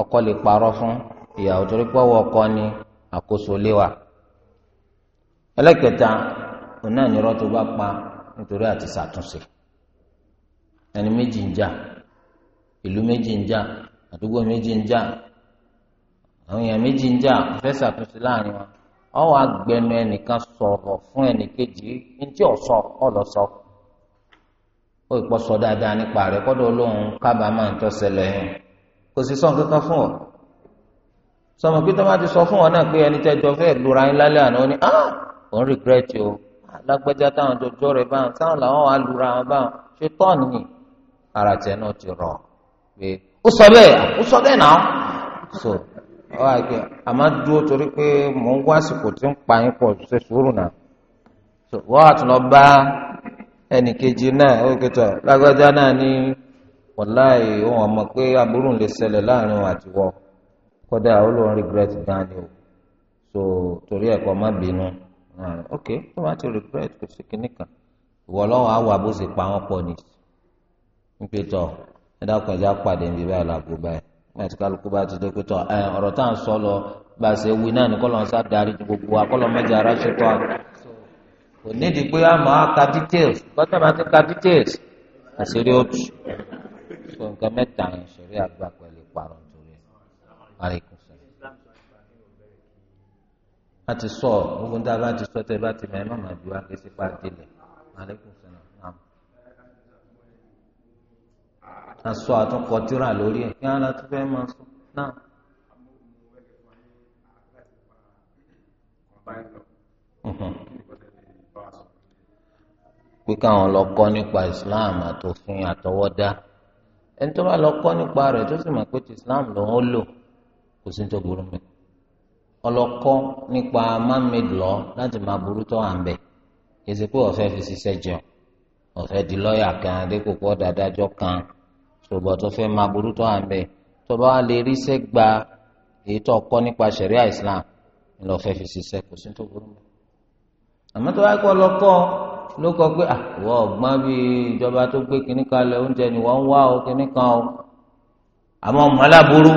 ọkọ lè parọ́ fún ìyàwó torí pọ́wọ́ ọkọ ni àkóso léwà ẹlẹ́kẹta òun náà tó bá pa. nítorí àti ṣàtúnṣe ẹni méjì ń jà ìlú méjì ń jà àdúgbò méjì ń jà àwọn èèyàn méjì ń jà fẹ́ ṣàtúnṣe láàrin wọn ọwọ́ agbẹnu ẹnìkan sọ̀rọ̀ fún ẹnìkejì ntí ọ̀sọ́ ọlọ́sọ́ ó ìpọ́ sọ dáadáa nípa rẹ̀ kọ́dọ̀ olóhùn kábàámà ń tọ́sẹ̀lẹ̀ yẹn kò kankan fún ọ sọmọ pé má ti sọ fún ọ náà pé ẹni lura ah, o alágbájá táwọn jọjọ rẹ̀ báwọn táwọn làwọn wà lura wọn báwọn ṣe tọ́ọ̀nù ni ara tiẹ̀ náà ti rọ̀ pé ó sọ bẹ́ẹ̀ ó sọ bẹ́ẹ̀ náà so ọ àgbẹ̀ àmọ́ dúró torí pé mò ń wá àsìkò tí ń pa yín pọ̀ ṣe sùúrù náà so wọ́n àtúnlọ bá ẹnì kejì náà ó kẹtọ lágbájá náà ní wàláì ohun ọmọ pé aburú lè ṣẹlẹ̀ láàrin òun àti wọ kódà ó lóun regret gan ni o so torí ẹ̀kọ́ má bínú ok tó bá ti regret kò sí kinní kan ìwọ lọ́wọ́ àwọn àbó sì pa wọ́n pọ̀ ní pípẹ́tọ̀ ẹ̀dá kan já pàdé níbi báyìí làgbo báyìí mẹ́tí kálukú bá ti dé pípẹ́tọ̀ ẹ̀ ọ̀rọ̀ tá à ń sọ lọ bá a ṣe wí náà ní kọ́lọ́n sá darí ju gbogbo wa kọ́lọ́n mẹ́jọ ara ṣe kọ́ kò nídìí pé a máa ka details bọ́tà máa ti ka details àṣírí òtù sọ nǹkan mẹ́ta yẹn ṣẹ̀rí àgbà pẹ̀lú ìparun a ti sọ gbogbo ń dábàá ti sọ tẹ bá ti mọ ẹ má má ju akéésí pa délẹ alaikum salaam naam. a sọ àtúnkọ tíra lórí ẹ kí wọn láti fẹ́ máa sọ náà. pé káwọn lọ kọ́ nípa Islam àtòfin àtọwọ́dá ẹni tó bá lọ kọ́ nípa rẹ̀ tó sì mọ̀ pé ti Islam lòun ó lò kò sí ní burú mi ọlọ́kọ́ nípa man-made law láti máa burú tó à ń bẹ̀ èsì pé ọ̀fẹ́ fi ṣiṣẹ́ jẹun ọ̀fẹ́ di lọ́ọ̀yà kan adékò pọ̀ dáadájọ́ kan ṣùgbọ́n tó fẹ́ máa burú tó à ń bẹ̀ tó bá lè rí iṣẹ́ gba èyí tó kọ́ nípa ṣẹ̀ríà Islam lọ́fẹ́ fi ṣiṣẹ́ kò sí tó burú mọ́ àmọ́ tó bá kọ́ ọlọ́kọ́ ló kọ pé àwọn ọ̀gbọ́n bíi ìjọba tó gbé kinní kalẹ̀ oúnjẹ ni wọ́n ń wá o kinní kan o àmọ́ mọ́lá burú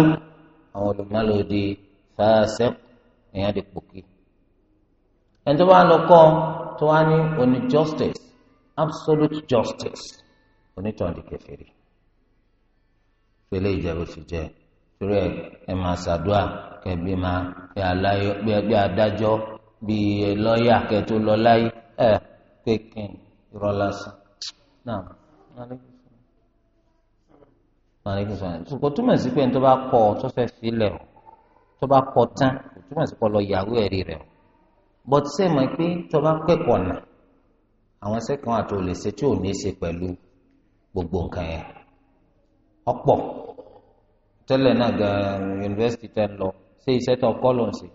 àwọn olùmọ́lòdì fàṣẹ́k èèyàn lè pòkè ẹni tó bá lọ kọ́ tó wá ní oní justice absolute justice onítọ̀ọ̀dì kèfèrí pẹ̀lẹ́ ìjẹ́bù ti jẹ́ torí ẹ ẹ máa ṣàdúrà kẹbi máa bí aláyọ bí ẹgbẹ́ adájọ́ bí lọ́ọ̀yà kẹtó lọ láyé ẹ pé kí n irọ́ lásán náà maaleykum salaam sọkò túmọ̀ sí pé ní tó bá kọ́ tó fẹ́ filẹ̀ tó bá kọ́ tán túmọ̀ sí pọlọ yàwó ẹ̀rí rẹ̀ o but ṣé mọ̀ pé tó bá kẹ́kọ̀ọ́ nà àwọn iṣẹ́ kan àti olèṣe tí ò ní í ṣe pẹ̀lú gbogbo nǹkan yẹn ọ̀pọ̀ tẹ́lẹ̀ náà gan yunifásitì tẹ́ ń lọ ṣé iṣẹ́ tó kọ́ ló ń ṣe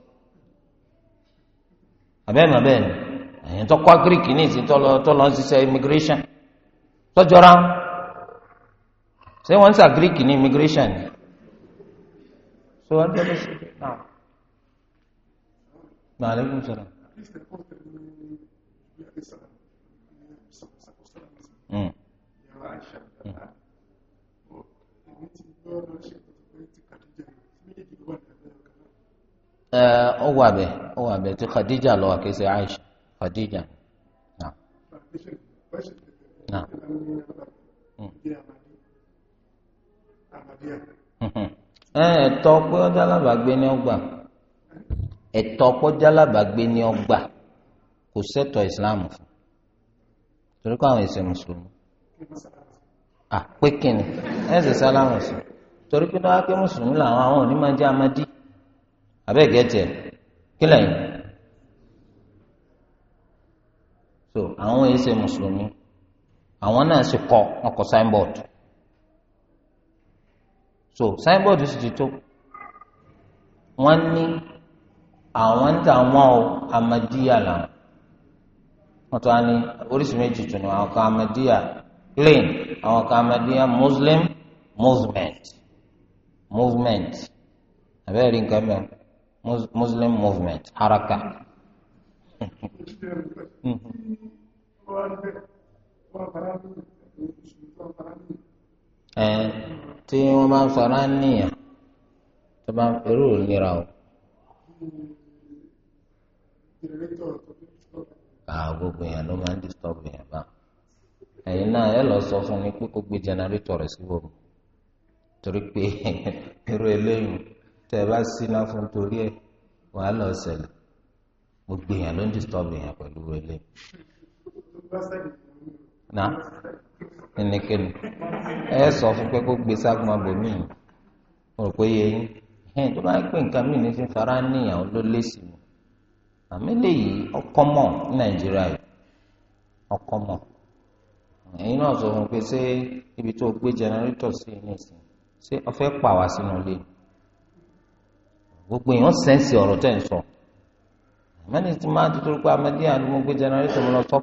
àbẹ́ẹ̀ mọ̀ bẹ́ẹ̀ ni ẹ̀yìn tó kọ́ gíríkì ní ìsìn tó lọ ṣiṣẹ́ immigration tọ́jọ́ra ṣé wọ́n ń ṣàgíríkì ní immigration ni. So, I'm going to say now. Ma alaikum
salam. Mm.
ọ eh, wà bẹ ọ wà bẹ Khadija lọ wà kí Aisha Khadija
na na
ẹ tọ pé ọjà alábàágbé ni ó ẹ̀tọ́ kọjálàbàgbé ni ọgbà kò sẹ́tọ̀ islam fún torí kó àwọn ẹsẹ mùsùlùmí àpé kìnnì ẹsẹ sálámù sí torí pé náà pé mùsùlùmí làwọn àwọn òní máa jẹ amadi abẹ́gẹ́tẹ̀ kílẹ̀ yìí so àwọn ẹsẹ mùsùlùmí àwọn náà sì kọ ọkọ̀ signboard so signboard sì ti tó wọ́n ní. àwọn ń tà wọn o amadiya làwọn wọn tó wá ní oríṣi méjì tó ní àwọn kan amadiya plain àwọn kan amadiya muslim movement movement nǹkan mẹ́rin muslim movement haraka.
[LAUGHS] ẹ tí wọ́n bá ń
tó bá ń o. àwọn ah, gbogbo èèyàn ló máa ń disturb èèyàn bá ẹ̀yin náà ẹ lọ sọ fún mi pé kó gbé jẹnẹrétọ̀ rẹ̀ síbò torí pé [LAUGHS] irú eléyìí bá síná fún torí lọ gbogbo ló ń disturb sọ fún pé kó gbé ságun abòmíì mo rò pé yẹ yín tó bá ń pè nǹkan mí àmì lèyí ọkọ mọ ní nàìjíríà yìí ọkọ mọ ẹ̀yin náà sọ fún pé ṣé ibi tó gbé jẹnẹrétọ̀ sí ní ìsìn ṣé ọfẹ pa wá sínú ilé
gbogbo èèyàn sẹ́ǹsì ọ̀rọ̀ tẹ̀ ń
sọ mẹ́ni tí máa tuntun pé amẹ́díyà ni mo gbé mi lọ ga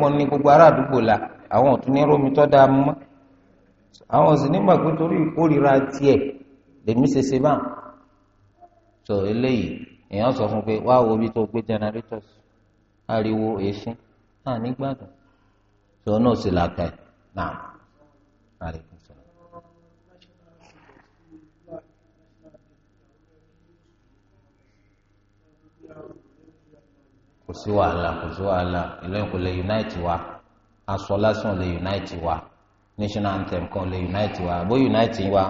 mo ní gbogbo ará àdúgbò la àwọn ní rómi tọ́ èèyàn sọ fún pé wá wo ibi tó gbé generators ariwo èéfín náà nígbàdùn tó náà sì làkà ẹ̀ náà àríkù sọ̀rọ̀. kò sí wàhálà kò sí wàhálà ìlọrin kò lè unite wa aṣọ lásán lè unite wa national anthem kan lè unite wa bó unite wa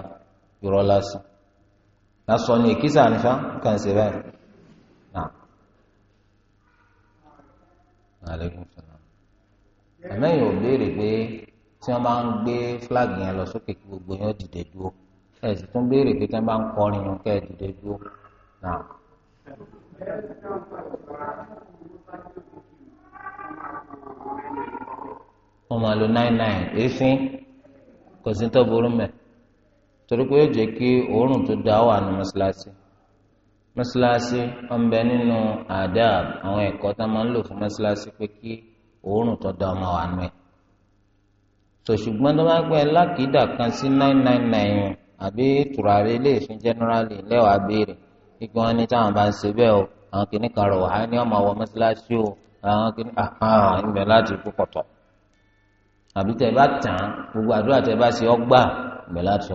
irọ́ lásán lásán ni èkìsà nífà kàn sí bẹ́ẹ̀. emeghị salaam
ẹ̀mẹ́yìn ò béèrè pé
tí wọ́n bá ń gbé fúláàgì yẹn lọ sókè kí gbogbo yẹn dìde dúró ẹ̀ sì tún béèrè pé tí wọ́n bá ń kọrin yẹn kẹ́ ẹ̀ dìde dúró wọ́n máa lo nine nine mẹ́ torí da wà ní mọ́ṣáláṣí. mọ́sálásí ọ̀nbẹ nínú adab àwọn ẹ̀kọ́ tá a máa ń lò fún mọ́sálásí pé kí òórùn tó da ọmọ wa nù ẹ̀. sòṣùgbọ́n tó bá pẹ́ lákìdá kan sí nine nine nine àbí tùràrí lè fún generally lẹ́wàá béèrè gbígbọ́n ní táwọn bá ń ṣe bẹ́ẹ̀ o àwọn kìíní kan rọ̀ wá ní ọmọ wọ mọ́sálásí o àwọn kìíní àhán ah, ìgbẹ́ ah, láti kú pọ̀tọ̀ àbí tẹ bá tàn gbogbo àdúrà tẹ bá ṣe ọgbà ìgbẹ́ láti sọ